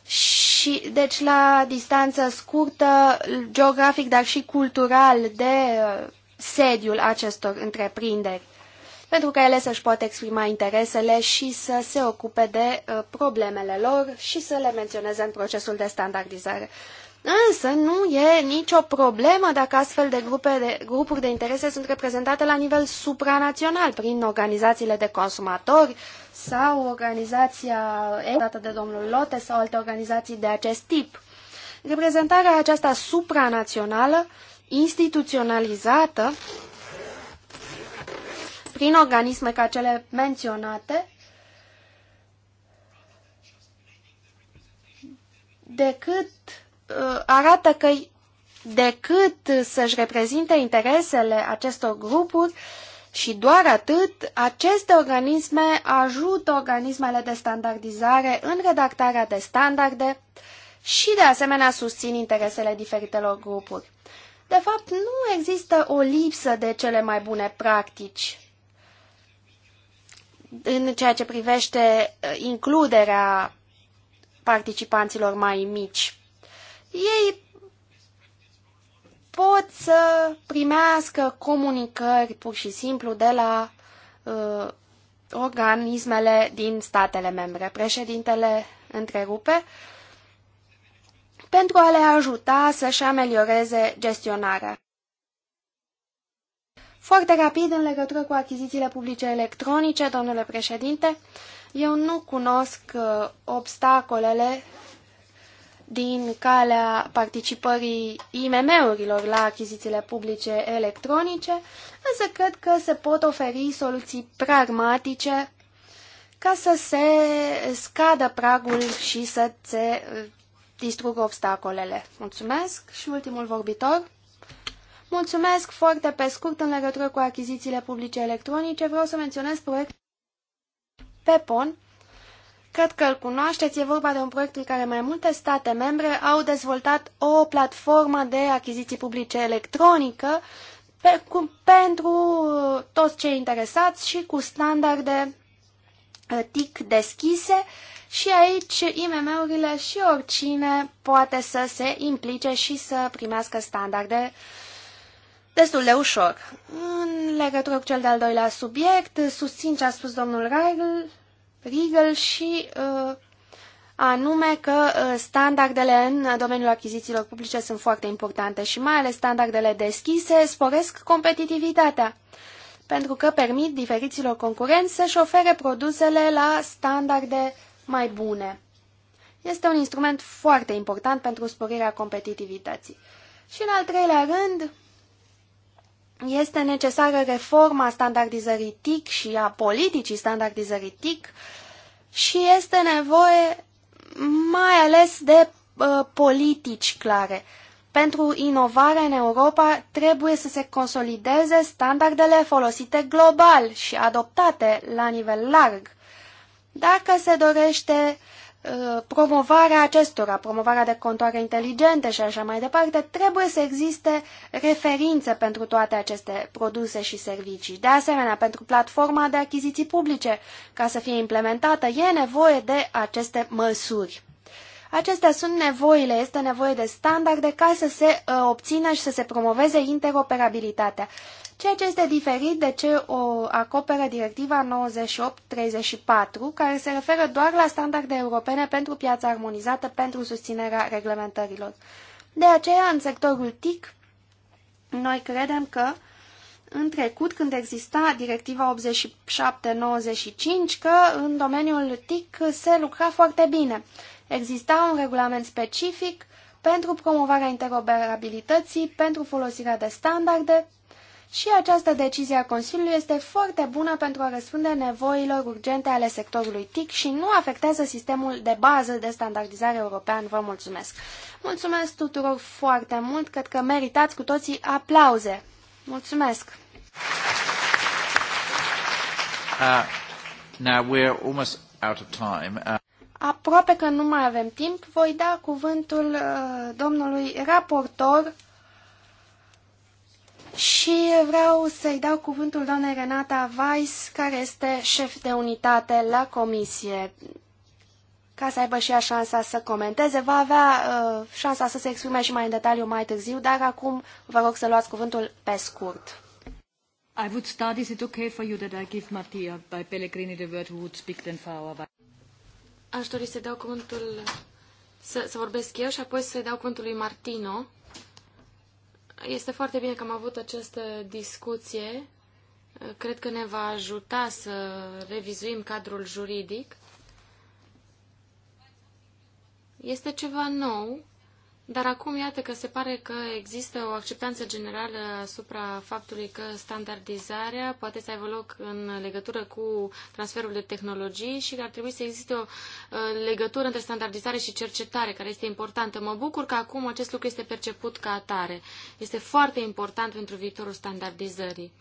C: și deci la distanță scurtă, geografic, dar și cultural de uh, sediul acestor întreprinderi pentru că ele să-și poată exprima interesele și să se ocupe de uh, problemele lor și să le menționeze în procesul de standardizare. Însă nu e nicio problemă dacă astfel de, grupe de grupuri de interese sunt reprezentate la nivel supranațional prin organizațiile de consumatori sau organizația dată de domnul Lote sau alte organizații de acest tip. Reprezentarea aceasta supranațională, instituționalizată, prin organisme ca cele menționate, decât uh, arată că decât să-și reprezinte interesele acestor grupuri și doar atât, aceste organisme ajută organismele de standardizare în redactarea de standarde și de asemenea susțin interesele diferitelor grupuri. De fapt, nu există o lipsă de cele mai bune practici în ceea ce privește uh, includerea participanților mai mici. Ei pot să primească comunicări pur și simplu de la uh, organismele din statele membre. Președintele întrerupe pentru a le ajuta să-și amelioreze gestionarea. Foarte rapid, în legătură cu achizițiile publice electronice, domnule președinte, eu nu cunosc uh, obstacolele din calea participării IMM-urilor la achizițiile publice electronice, însă cred că se pot oferi soluții pragmatice ca să se scadă pragul și să se uh, distrugă obstacolele. Mulțumesc și ultimul vorbitor. Mulțumesc foarte pe scurt în legătură cu achizițiile publice electronice. Vreau să menționez proiectul PEPON. Cred că îl cunoașteți. E vorba de un proiect în care mai multe state membre au dezvoltat o platformă de achiziții publice electronică pe, cu, pentru toți cei interesați și cu standarde uh, TIC deschise și aici IMM-urile și oricine poate să se implice și să primească standarde uh, destul de ușor. În legătură cu cel de-al doilea subiect, susțin ce a spus domnul Riegel, Riegel și uh, anume că uh, standardele în domeniul achizițiilor publice sunt foarte importante și mai ales standardele deschise sporesc competitivitatea pentru că permit diferiților concurenți să-și ofere produsele la standarde mai bune. Este un instrument foarte important pentru sporirea competitivității. Și în al treilea rând, este necesară reforma standardizării TIC și a politicii standardizării TIC și este nevoie mai ales de uh, politici clare. Pentru inovare în Europa trebuie să se consolideze standardele folosite global și adoptate la nivel larg. Dacă se dorește uh, Uh, promovarea acestora, promovarea de contoare inteligente și așa mai departe, trebuie să existe referințe pentru toate aceste produse și servicii. De asemenea, pentru platforma de achiziții publice, ca să fie implementată, e nevoie de aceste măsuri. Acestea sunt nevoile, este nevoie de standarde ca să se uh, obțină și să se promoveze interoperabilitatea ceea ce este diferit de ce o acoperă directiva 98/34, care se referă doar la standarde europene pentru piața armonizată pentru susținerea reglementărilor. De aceea, în sectorul TIC, noi credem că în trecut, când exista directiva 87-95, că în domeniul TIC se lucra foarte bine. Exista un regulament specific pentru promovarea interoperabilității, pentru folosirea de standarde și această decizie a Consiliului este foarte bună pentru a răspunde nevoilor urgente ale sectorului TIC și nu afectează sistemul de bază de standardizare european. Vă mulțumesc! Mulțumesc tuturor foarte mult, cred că meritați cu toții aplauze. Mulțumesc!
A: Uh, now we're almost out of time. Uh...
C: Aproape că nu mai avem timp, voi da cuvântul uh, domnului raportor și vreau să-i dau cuvântul doamnei Renata Weiss, care este șef de unitate la comisie, ca să aibă și ea șansa să comenteze. Va avea uh, șansa să se exprime și mai în detaliu mai târziu, dar acum vă rog să luați cuvântul pe scurt.
D: I would start, is it okay for you that I give Mattia by Pellegrini the word who would speak then for our...
C: Aș dori să dau cuvântul,
B: să, să vorbesc eu și apoi să-i dau cuvântul lui Martino, este foarte bine că am avut această discuție. Cred că ne va ajuta să revizuim cadrul juridic. Este ceva nou dar acum iată că se pare că există o acceptanță generală asupra faptului că standardizarea poate să aibă loc în legătură cu transferul de tehnologii și că ar trebui să existe o uh, legătură între standardizare și cercetare, care este importantă. Mă bucur că acum acest lucru este perceput ca atare. Este foarte important pentru viitorul standardizării.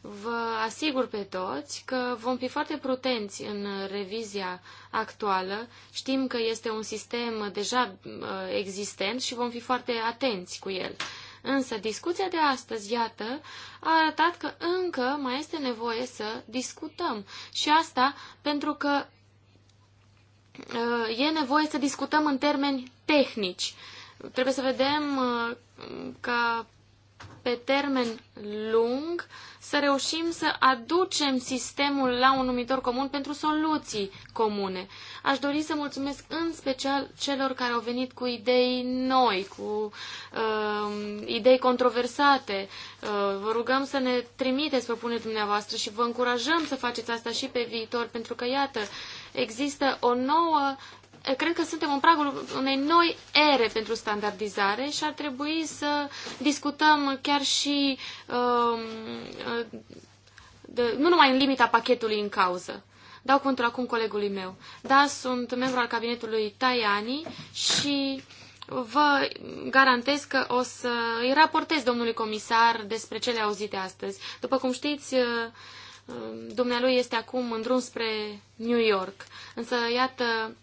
B: Vă asigur pe toți că vom fi foarte prudenți în revizia actuală. Știm că este un sistem deja uh, existent și vom fi foarte atenți cu el. Însă discuția de astăzi, iată, a arătat că încă mai este nevoie să discutăm. Și asta pentru că uh, e nevoie să discutăm în termeni tehnici. Trebuie să vedem uh, ca pe termen lung să reușim să aducem sistemul la un numitor comun pentru soluții comune. Aș dori să mulțumesc în special celor care au venit cu idei noi, cu uh, idei controversate. Uh, vă rugăm să ne trimiteți propunerile dumneavoastră și vă încurajăm să faceți asta și pe viitor, pentru că, iată, există o nouă cred că suntem în pragul unei noi ere pentru standardizare și ar trebui să discutăm chiar și um, de, nu numai în limita pachetului în cauză. Dau cuvântul acum colegului meu. Da, sunt membru al cabinetului Tajani și vă garantez că o să îi raportez domnului comisar despre cele auzite astăzi. După cum știți, uh, um, dumnealui este acum în drum spre New York. Însă, iată,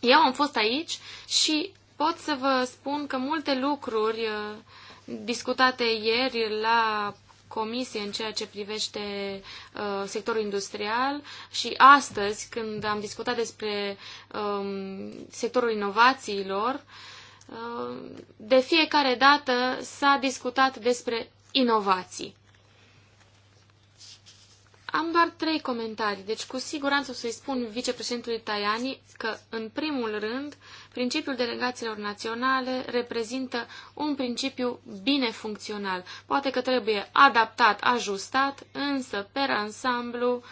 B: eu am fost aici și pot să vă spun că multe lucruri uh, discutate ieri la comisie în ceea ce privește uh, sectorul industrial și astăzi, când am discutat despre um, sectorul inovațiilor, uh, de fiecare dată s-a discutat despre inovații. Am doar trei comentarii, deci cu siguranță o să-i spun vicepreședintului Tajani că, în primul rând, principiul delegațiilor naționale reprezintă un principiu bine funcțional. Poate că trebuie adaptat, ajustat, însă, per ansamblu,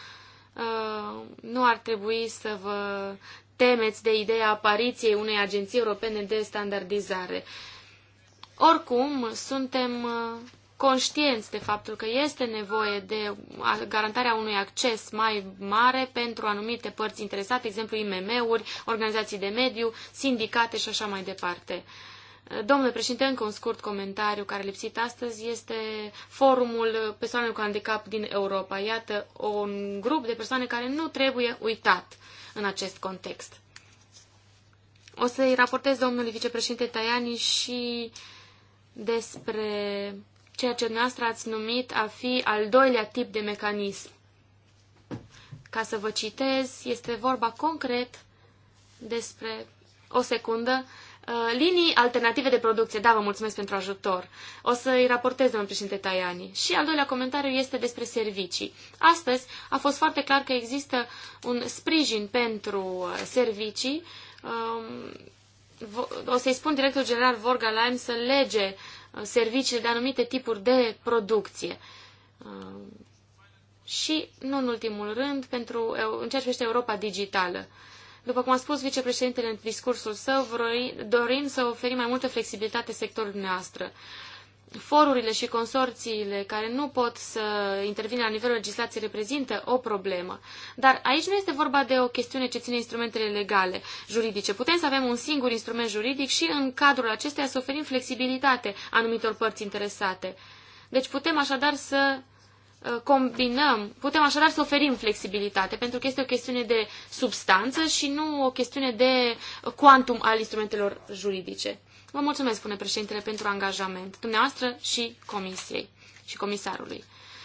B: uh, nu ar trebui să vă temeți de ideea apariției unei agenții europene de standardizare. Oricum, suntem uh, conștienți de faptul că este nevoie de garantarea unui acces mai mare pentru anumite părți interesate, exemplu IMM-uri, organizații de mediu, sindicate și așa mai departe. Domnule președinte, încă un scurt comentariu care a lipsit astăzi este forumul persoanelor cu handicap din Europa. Iată, un grup de persoane care nu trebuie uitat în acest context. O să-i raportez domnului vicepreședinte Tajani și despre ceea ce noastră ați numit a fi al doilea tip de mecanism. Ca să vă citez, este vorba concret despre o secundă, uh, linii alternative de producție. Da, vă mulțumesc pentru ajutor. O să îi raportez, domnul președinte Tajani. Și al doilea comentariu este despre servicii. Astăzi a fost foarte clar că există un sprijin pentru uh, servicii um, o să-i spun directorul general Vorga Lime să lege uh, serviciile de anumite tipuri de producție. Uh, și, nu în ultimul rând, pentru, în ceea ce privește Europa digitală. După cum a spus vicepreședintele în discursul său, dorim să oferim mai multă flexibilitate sectorului noastră forurile și consorțiile care nu pot să intervină la nivelul legislației reprezintă o problemă. Dar aici nu este vorba de o chestiune ce ține instrumentele legale, juridice. Putem să avem un singur instrument juridic și în cadrul acesteia să oferim flexibilitate anumitor părți interesate. Deci putem așadar să uh, combinăm, putem așadar să oferim flexibilitate, pentru că este o chestiune de substanță și nu o chestiune de quantum al instrumentelor juridice. Vă mulțumesc, spune președintele, pentru angajament, dumneavoastră și comisiei și comisarului.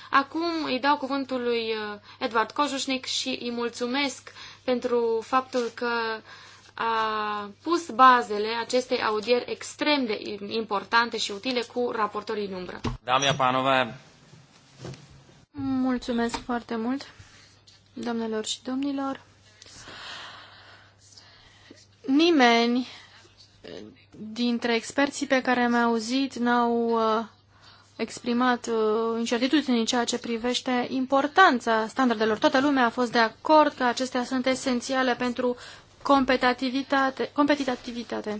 B: Acum îi dau cuvântul lui uh, Edward Cojușnic și îi mulțumesc pentru faptul că a pus bazele acestei audieri extrem de importante și utile cu raportorii în umbră.
A: Damia Panove!
D: Mulțumesc foarte mult, domnilor și domnilor. Nimeni dintre experții pe care mi-au auzit n-au uh, exprimat uh, incertitudine în ceea ce privește importanța standardelor. Toată lumea a fost de acord că acestea sunt esențiale pentru competitivitate.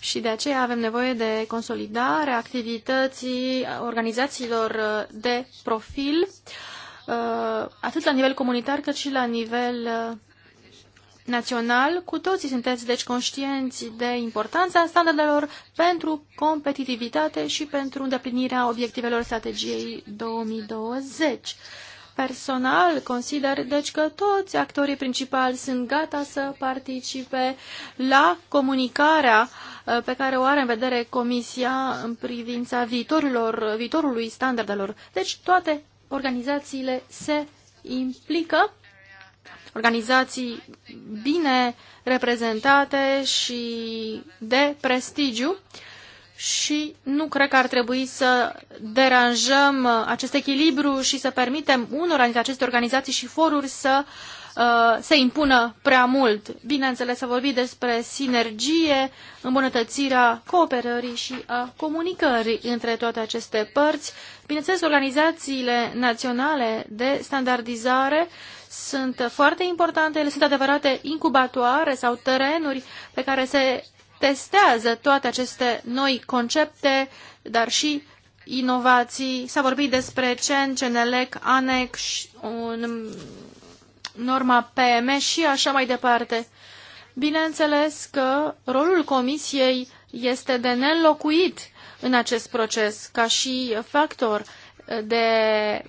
D: Și de aceea avem nevoie de consolidare, activității organizațiilor uh, de profil, atât la nivel comunitar cât și la nivel național. Cu toții sunteți deci conștienți de importanța standardelor pentru competitivitate și pentru îndeplinirea obiectivelor strategiei 2020. Personal, consider deci că toți actorii principali sunt gata să participe la comunicarea uh, pe care o are în vedere Comisia în privința viitorilor, viitorului standardelor. Deci toate organizațiile se implică organizații bine reprezentate și de prestigiu și nu cred că ar trebui să deranjăm acest echilibru și să permitem unora dintre aceste organizații și foruri să uh, se impună prea mult. Bineînțeles, să vorbi despre sinergie, îmbunătățirea cooperării și a comunicării între toate aceste părți. Bineînțeles, organizațiile naționale de standardizare uh, sunt foarte importante, ele sunt adevărate incubatoare sau terenuri pe care se testează toate aceste noi concepte, dar și inovații. S-a vorbit despre CEN, CENELEC, ANEC, un, norma PM și așa mai departe. Bineînțeles că rolul comisiei este de nelocuit în acest proces ca și factor de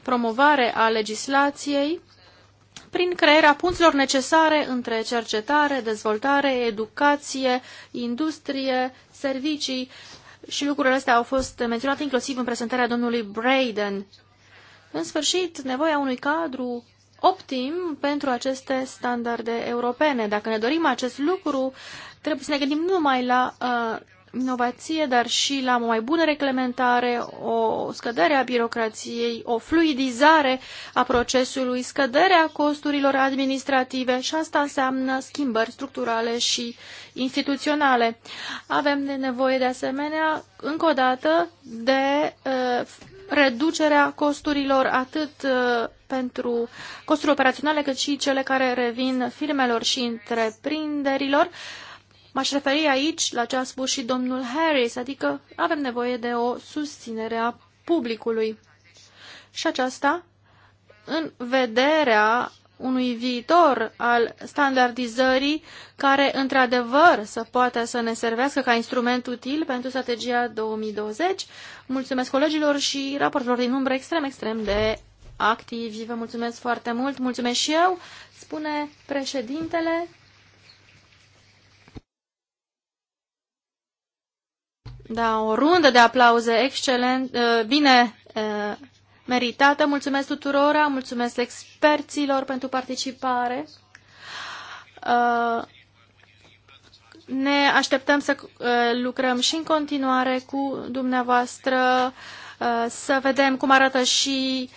D: promovare a legislației prin crearea punților necesare între cercetare, dezvoltare, educație, industrie, servicii și lucrurile astea au fost menționate inclusiv în prezentarea domnului Braden. În sfârșit, nevoia unui cadru optim pentru aceste standarde europene. Dacă ne dorim acest lucru, trebuie să ne gândim numai la uh, inovație, dar și la o mai bună reglementare, o scădere a birocrației, o fluidizare a procesului, scăderea costurilor administrative și asta înseamnă schimbări structurale și instituționale. Avem de nevoie de asemenea, încă o dată, de uh, reducerea costurilor atât uh, pentru costuri operaționale cât și cele care revin firmelor și întreprinderilor. Uh, M-aș referi aici la ce a spus și domnul Harris, adică avem nevoie de o susținere a publicului. Și aceasta în vederea unui viitor al standardizării care, într-adevăr, să poată să ne servească ca instrument util pentru strategia 2020. Mulțumesc colegilor și raportelor din umbră extrem, extrem de activi. Vă mulțumesc foarte mult, mulțumesc și eu, spune președintele. Da, o rundă de aplauze excelent, uh, bine uh, meritată. Mulțumesc tuturora, mulțumesc experților pentru participare. Uh, ne așteptăm să lucrăm și în continuare cu dumneavoastră, să vedem cum arată și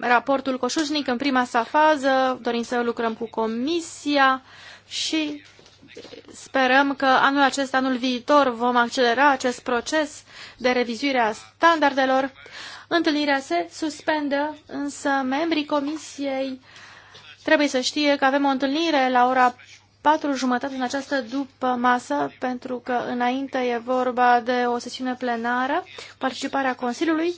D: raportul Coșușnic în prima sa fază. Dorim să lucrăm cu comisia și Sperăm că anul acesta, anul viitor, vom accelera acest proces de revizuire a standardelor. Întâlnirea se suspendă, însă membrii comisiei trebuie să știe că avem o întâlnire la ora patru jumătate în această după masă, pentru că înainte e vorba de o sesiune plenară, participarea Consiliului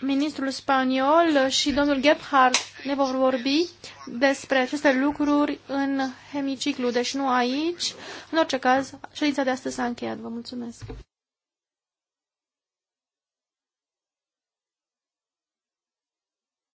D: ministrul spaniol și domnul Gebhardt ne vor vorbi despre aceste lucruri în hemiciclu, deci nu aici. În orice caz, ședința de astăzi s-a încheiat. Vă mulțumesc!